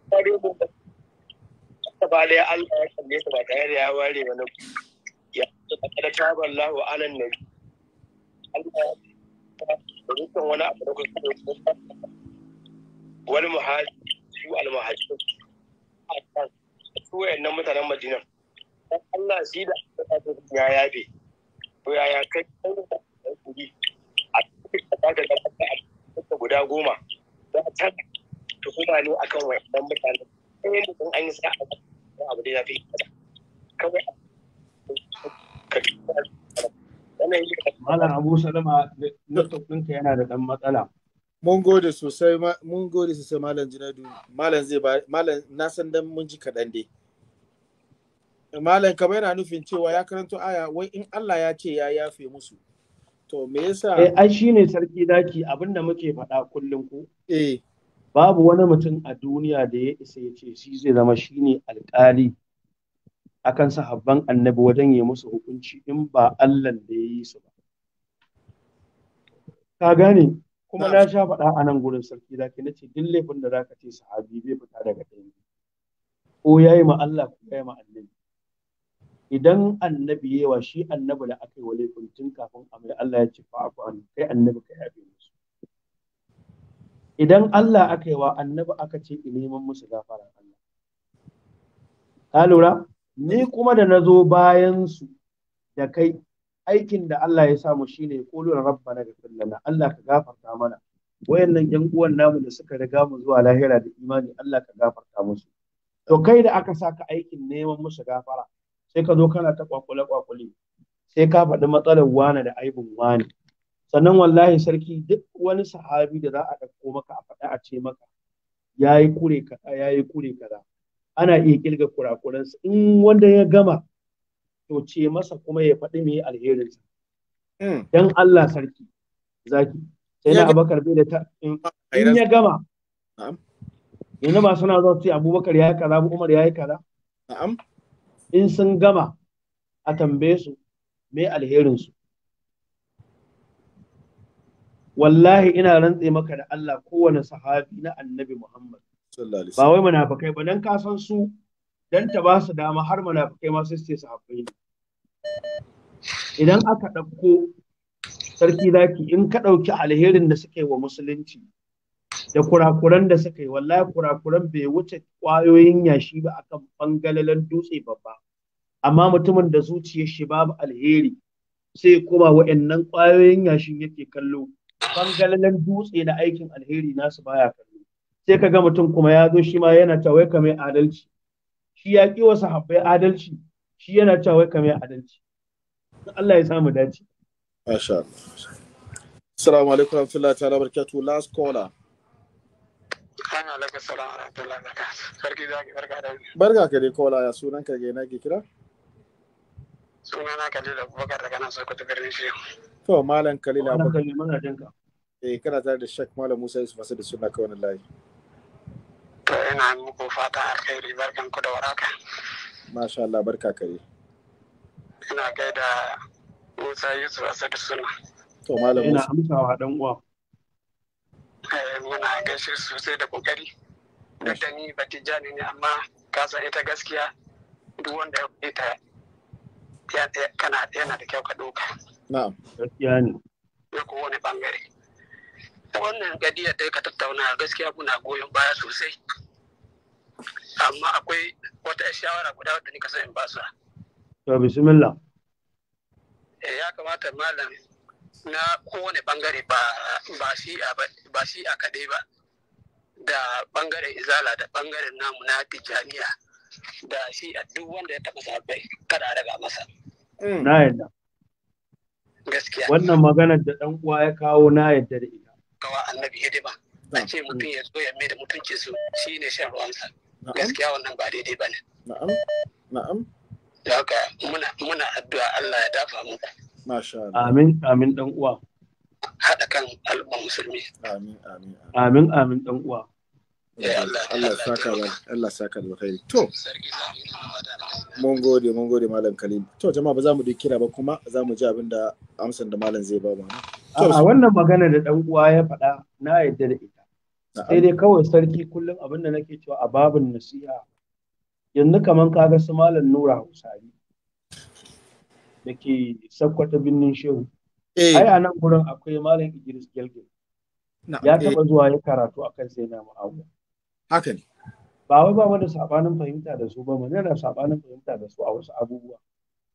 Ta ba da Allah ya kalle ta ba tare da ya ware wani ya kada ta ban lahu alan nabi. Allah ya dukkan wani abu da kuka wani muhaji su almuhaji a kan su wayannan mutanen Madina. Allah shi da ya yabe. Ya ya kai kai da kuri a cikin da da guda goma. Za a tuhuma ne kan wannan mutane sai yin sun an yi sa a abu da ya fi kawai Malam Abu Salama laptop ɗinka yana da ɗan matsala. Mun gode sosai mun gode sosai Malam jinadu Malam zai ba Malam na san dan mun ji kaɗan dai. Malam kaba yana nufin cewa ya karanto aya wai in Allah ya ce ya yafe musu. To me yasa? Eh ai shine sarki daki abinda muke faɗa kullum ku. Eh. babu wani mutum a duniya da ya isa ya ce shi zai zama shi ne alƙali akan sahabban annabi wajen ya musu hukunci in ba Allah da ya yi su ba ka gane kuma na sha faɗa a nan gurin sarki zaki na ce duk laifin da ka ce sahabi zai fita daga ɗaya ko ya yi ma Allah ko ya yi ma idan annabi yawa shi annabi da aka yi wa laifin tun kafin amir Allah ya ce fa'afu an kai annabi ka yi abin. idan Allah aka yi wa annabi aka ce in neman musu gafara, Allah ka lura ni kuma da nazo bayan su da kai aikin da Allah ya samu shine qulul rabbana ghfir lana Allah ka gafarta mana wayannan yan uwan namu da suka riga mu zuwa lahira da imani Allah ka gafarta musu to kai da aka saka aikin neman musu gafara sai ka zo kana ta kwakule kwakule sai ka faɗi matsalar wane da aibun wane sannan wallahi sarki duk wani sahabi da za a ɗauko maka a faɗa a ce maka ya yi kure kaza ya yi kure kaza ana iya kirga kurakuransa in wanda ya gama to ce masa kuma ya faɗi mai alherinsa hmm. dan Allah sarki zaki sai na abakar bai da ta in ya gama yana ba suna zuwa ce abubakar ya yi kaza umar ya yi kaza in sun gama a tambaye su mai alherinsu wallahi ina rantse maka da Allah kowane sahabi na annabi Muhammad ba wai munafikai ba don ka san su dan ta ba su dama har munafukai masu sai su sahabbai ne idan aka ɗauko sarki zaki in ka ɗauki alherin da suka yi wa musulunci da kurakuran da suka yi wallahi kurakuran bai wuce kwayoyin yashi ba akan bangalalan dutse babba amma mutumin da zuciyar shi babu alheri sai kuma wa'annan kwayoyin yashin yake kallo bangalalan dutse na aikin alheri nasu baya kallo sai ka ga mutum kuma ya zo shi ma yana cewa ka mai adalci shi ya ki wasu habbai adalci shi yana cewa ka mai adalci Allah ya samu dace masha Allah assalamu alaikum warahmatullahi ta'ala barakatuh last caller Ana laka salam wa rahmatullahi wa barakatuh. Sarki zaki barka da Barka ka dai kola ya sunan ka ga na ke kira? Sunana Khalil Abubakar daga nan Sokoto birnin Shehu. To Malam Khalil Abu. Eh kana tare da Sheikh Malam Musa Yusuf Asad da suna kawai layi. To ina muku fatan alkhairi barkan ku da waraka. Masha Allah barka kare. Ina gaida Musa Yusuf Asad suna. To Malam Musa. Ina amsawa dan uwa. Eh, muna gaishe sosai da kokari. Duk da ni batijani ne amma ka san ita gaskiya duk wanda ya kana yana da kyau ka ɗauka. gaskiya ne na kowane bangare wannan gadiyar da ka tattauna gaskiya muna goyon baya sosai amma akwai wata shawara guda wadda nika son in ba sa to bismillah eh, ya kamata malam na kowane bangare ba shi ba shi a kaɗai ba da bangaren izala da bangaren namu na tijjaniya da shi a duk wanda ya taɓa sabai kada daga masa. Na yadda. gaskiya wannan magana da dan uwa ya kawo na yadda da ita kawa annabi ya ba a ce mutum ya zo ya mai da mutunci su shine shan ruwansa gaskiya wannan ba daidai bane na'am na'am da haka muna muna addu'a Allah ya dafa muku masha Allah amin amin dan uwa hada kan al'umma musulmi amin amin amin amin dan uwa Allah saka ba Allah saka da alkhairi to mun gode mun gode malam kalim to jama'a ba za mu kira ba kuma za mu ji abin da amsan da malam zai ba mu a wannan magana da dan uwa ya faɗa na yadda da ita sai dai kawai sarki kullum abin da nake cewa a babin nasiha yanzu kaman kaga su malam nura hausari da ke sakwata binnin shehu eh. ai a nan gurin akwai malam idris gelgel ya taɓa eh. zuwa ya karatu akan sai na mu'awiya haka ne ba wai ba wanda da sabanin fahimta da su ba mu yana sabanin fahimta da su a wasu abubuwa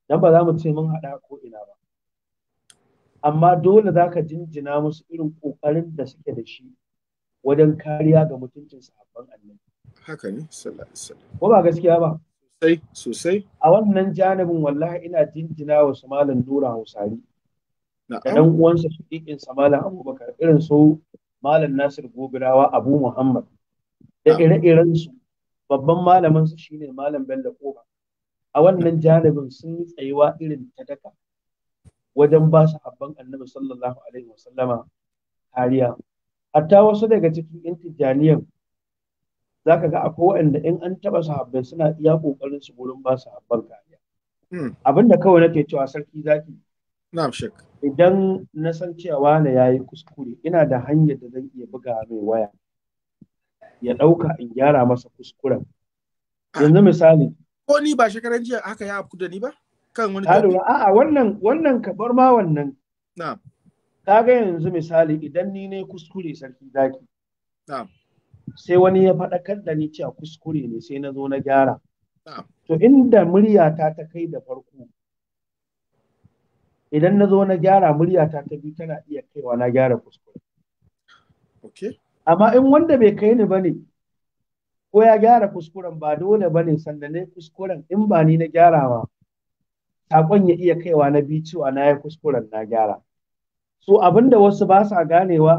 dan ba za mu ce mun haɗa ko ina ba amma dole za ka jinjina musu irin ƙoƙarin da suke da shi wajen kariya ga mutuncin sahabban annabi haka ne ko ba gaskiya ba sosai sosai a wannan janibin wallahi ina jinjina wa su malam nura hausari da dan uwansa shaƙiƙin sa malam abubakar irin su malam nasir gobirawa abu muhammad da ire-iren su babban malamin su shine malam Bello Koba a wannan janibin sun yi tsayuwa irin ta daka wajen ba su habban annabi sallallahu alaihi wasallama kariya hatta wasu daga cikin yan tijjaniyan za ka ga akwai waɗanda in an taɓa sahabbai suna iya kokarin su wurin ba su habban kariya hmm. abin kawai nake cewa sarki zaki na'am shek idan na san cewa na yayi kuskure ina da hanyar da zan iya buga mai waya ya ɗauka in gyara masa kuskuren. Yanzu misali. Ko ni ba shekaran jiya haka ya afku da ni ba? Kan wani tabi. A'a wannan wannan kabar ma wannan. Na'am. ga yanzu misali idan ni ne kuskure sarki zaki. Na'am. Sai wani ya faɗakar da ni cewa kuskure ne sai na zo na gyara. Na'am. To inda muryata ta kai da farko idan na zo na gyara muryata ta biyu tana iya kaiwa na gyara kuskure. Okay. amma in wanda bai kai ni bane ko ya gyara kuskuren ba dole bane sannan ne kuskuren in ba ni na gyarawa sakon ya iya kaiwa na biyu cewa na yi kuskuren na gyara so abinda wasu ba sa ganewa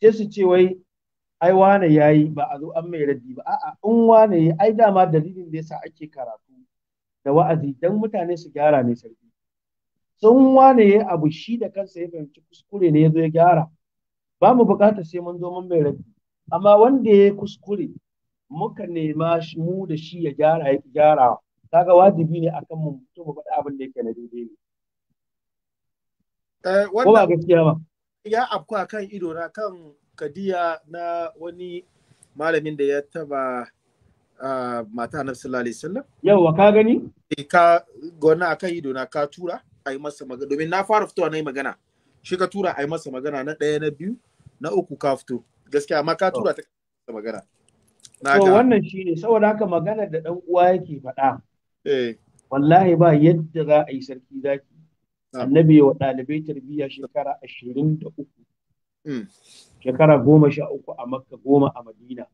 sai su ce wai ai wane yayi ba a zo an mai raddi ba a'a in wane yayi ai dama dalilin da yasa ake karatu da wa'azi dan mutane su gyara ne sarki sun wane yayi abu shi da kansa ya fahimci kuskure ne ya zo ya gyara ba mu bukata sai mun zo mun mai rabi amma wanda ya kuskure muka nema mu da shi ya gyara ya gyara kaga wajibi ne akan mu mutum mu faɗa abin da yake na daidai ne eh, ko ba gaskiya ba ya afku akan ido na kan kadiya na wani malamin da ya taba ah, mata na sallallahu alaihi wasallam yawa ka gani eh, ka gona akan ido na ka tura ai masa magana domin na fara fitowa nayi magana shi ka tura a yi masa magana na ɗaya na biyu na uku ka fito gaskiya amma ka tura ta magana to wannan shi ne saboda haka magana da ɗan uwa yake faɗa eh. wallahi ba yadda za a yi sarki zaki annabi wa ɗalibai tarbiyya shekara ashirin da uku hmm. shekara goma sha uku a makka goma a madina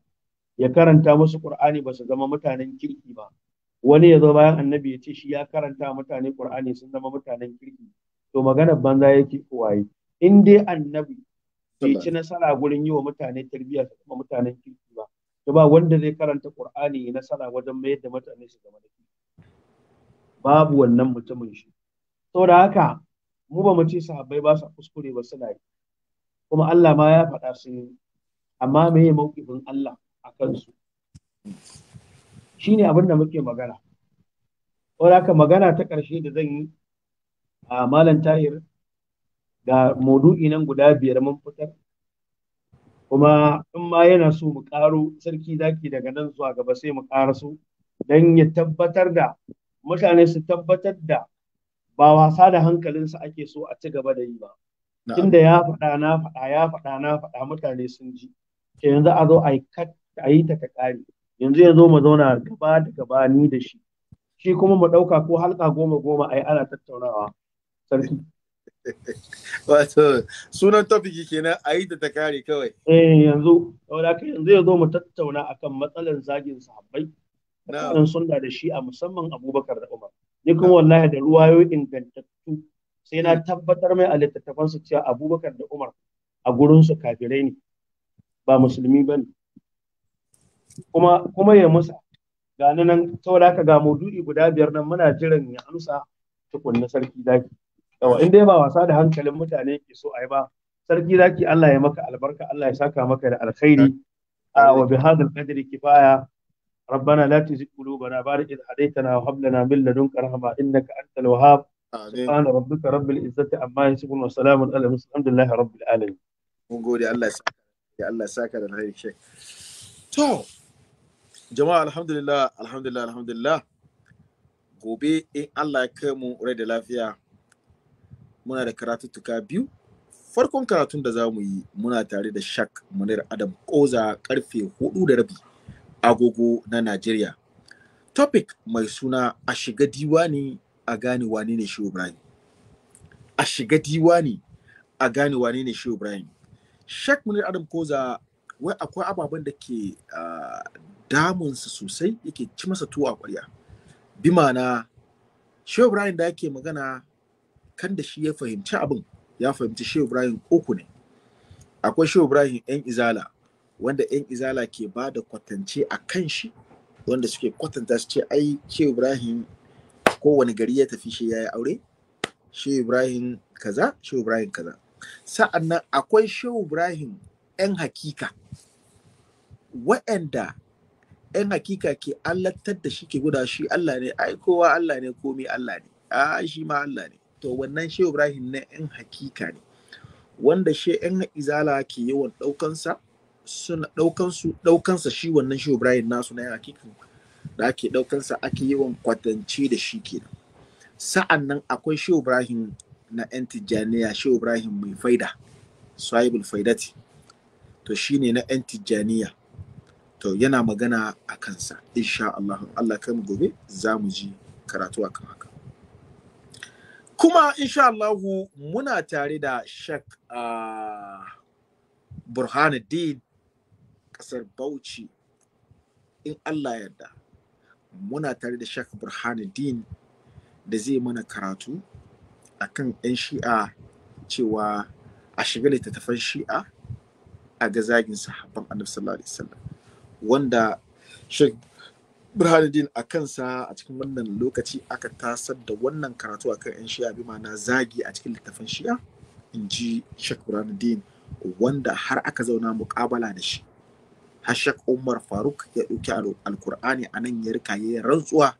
ya karanta musu qur'ani ba su zama mutanen kirki ba wani ya zo bayan annabi ya ce shi ya karanta mutane qur'ani sun zama mutanen kirki to maganar banza yake uwaye in dai annabi bai ci nasara gurin yi wa mutane tarbiyya da kuma mutanen kirki ba to ba wanda zai karanta qur'ani ya nasara wajen mayar da mutane su zama babu wannan mutumin shi saboda haka mu ba mu ce sahabbai ba su kuskure ba suna yi kuma Allah ma ya faɗa su yi amma me ya mauƙifin Allah a kansu shine abin da muke magana saboda haka magana ta ƙarshe da zan yi a malam tahir ga maudu'i nan guda biyar mun fitar kuma in ma yana so mu karo sarki zaki daga nan zuwa gaba sai mu ƙara su Dan ya tabbatar da mutane su tabbatar da ba wasa da hankalinsu ake so a ci gaba da yi ba tunda ya faɗa na faɗa ya faɗa na faɗa mutane sun ji ke yanzu a zo a yi ta kare yanzu ya zo mu zauna gaba da gaba ni da shi shi kuma mu ɗauka ko halka goma goma a ana tattaunawa sarki wato sunan tafiki kenan a yi da ta kare kawai eh yanzu yanzu ya zo mu tattauna akan matsalar zagin sahabbai kan sunna da shi a musamman Abubakar da Umar ni kuma wallahi da yau ingantattu sai na tabbatar mai a littattafan su cewa Abubakar da Umar a gurin su kafirai ne ba musulmi bane kuma kuma ya musa ga nan saboda ga maudu'i guda biyar nan muna jiran ya amsa tukunna sarki zaki yawa in dai ba wasa da hankalin mutane ke so ai ba sarki zaki Allah ya maka albarka Allah ya saka maka da alkhairi ah, wa bi hadal qadri kifaya ربنا لا تزغ قلوبنا بعد إذ هديتنا وهب لنا من لدنك رحمة إنك أنت الوهاب سبحان ربك رب العزة عما يصفون وسلام على المرسلين الحمد لله رب العالمين mun gode Allah ya Allah saka da alheri shek to jama'a alhamdulillah alhamdulillah alhamdulillah gobe in Allah ya kai mu rai da lafiya muna da karatuttuka biyu farkon karatun da za mu yi muna tare da shak munir adam koza karfe hudu da rabi agogo na najeriya topic mai suna a shiga diwani a gane wane ne shehu ibrahim a shiga diwani a gane wane ne shehu ibrahim shak munir adam koza wai akwai ababen da ke damunsa sosai yake ci masa tuwa a kwarya bi ma'ana shehu ibrahim da yake magana kan da shi ya fahimci abin ya fahimci shehu ibrahim uku ne akwai shehu ibrahim yan izala wanda yan izala ke ba da kwatance a kan shi wanda suke kwatanta su ce ai shehu ibrahim kowane gari ya tafi shi ya yi aure shehu ibrahim kaza shehu ibrahim kaza sa'an nan akwai shehu ibrahim yan hakika wa'anda yan hakika ke allatar da shi ke guda shi allah ne ai kowa allah ne komi allah ne a shi ma allah ne to wannan shehu ibrahim na yan hakika ne wanda she yan izala ke yawan daukansa suna ɗaukansu ɗaukansa shi wannan shehu ibrahim nasu na hakika da ake ɗaukansa ake yawan kwatance da shi kenan sa'an nan akwai shehu ibrahim na yan tijjaniya shehu ibrahim mai faida sahibul faidati to shine na yan tijjaniya to yana magana a kansa insha Allah Allah kai mu gobe za mu ji karatu akan haka kuma insha Allahu muna tare da shek uh, ah, burhanuddin kasar bauchi in Allah yarda muna tare da shek burhanuddin da zai mana karatu akan kan 'yan shi'a cewa a shiga littattafan shi'a a ga zagin sahabban annabi sallallahu alaihi wasallam wanda shek burhanuddin a kansa a cikin wannan lokaci aka tasar da wannan karatu a kan 'yan shi'a bi ma'ana zagi a cikin littafin shi'a in ji shek burhanuddin wanda har aka zauna muƙabala da shi hashak umar faruk ya ɗauki alkur'ani a nan ya rika ya rantsuwa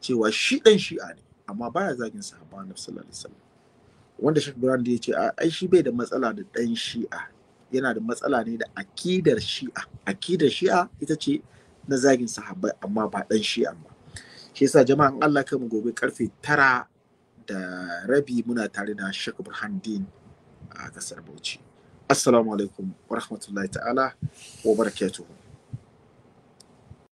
cewa shi ɗan shi'a ne amma baya zagin sahaba na sallallahu alaihi wasallam wanda shek burhanuddin ya ce ai shi bai da matsala da ɗan shi'a yana da matsala ne da akidar shi'a akidar shi'a ita ce na zagin sahabbai amma ba dan shi'a ba shi yasa jama'an Allah kan gobe karfe tara da rabi muna tare da Sheikh Din a kasar Bauchi assalamu alaikum wa rahmatullahi ta'ala wa barakatuhu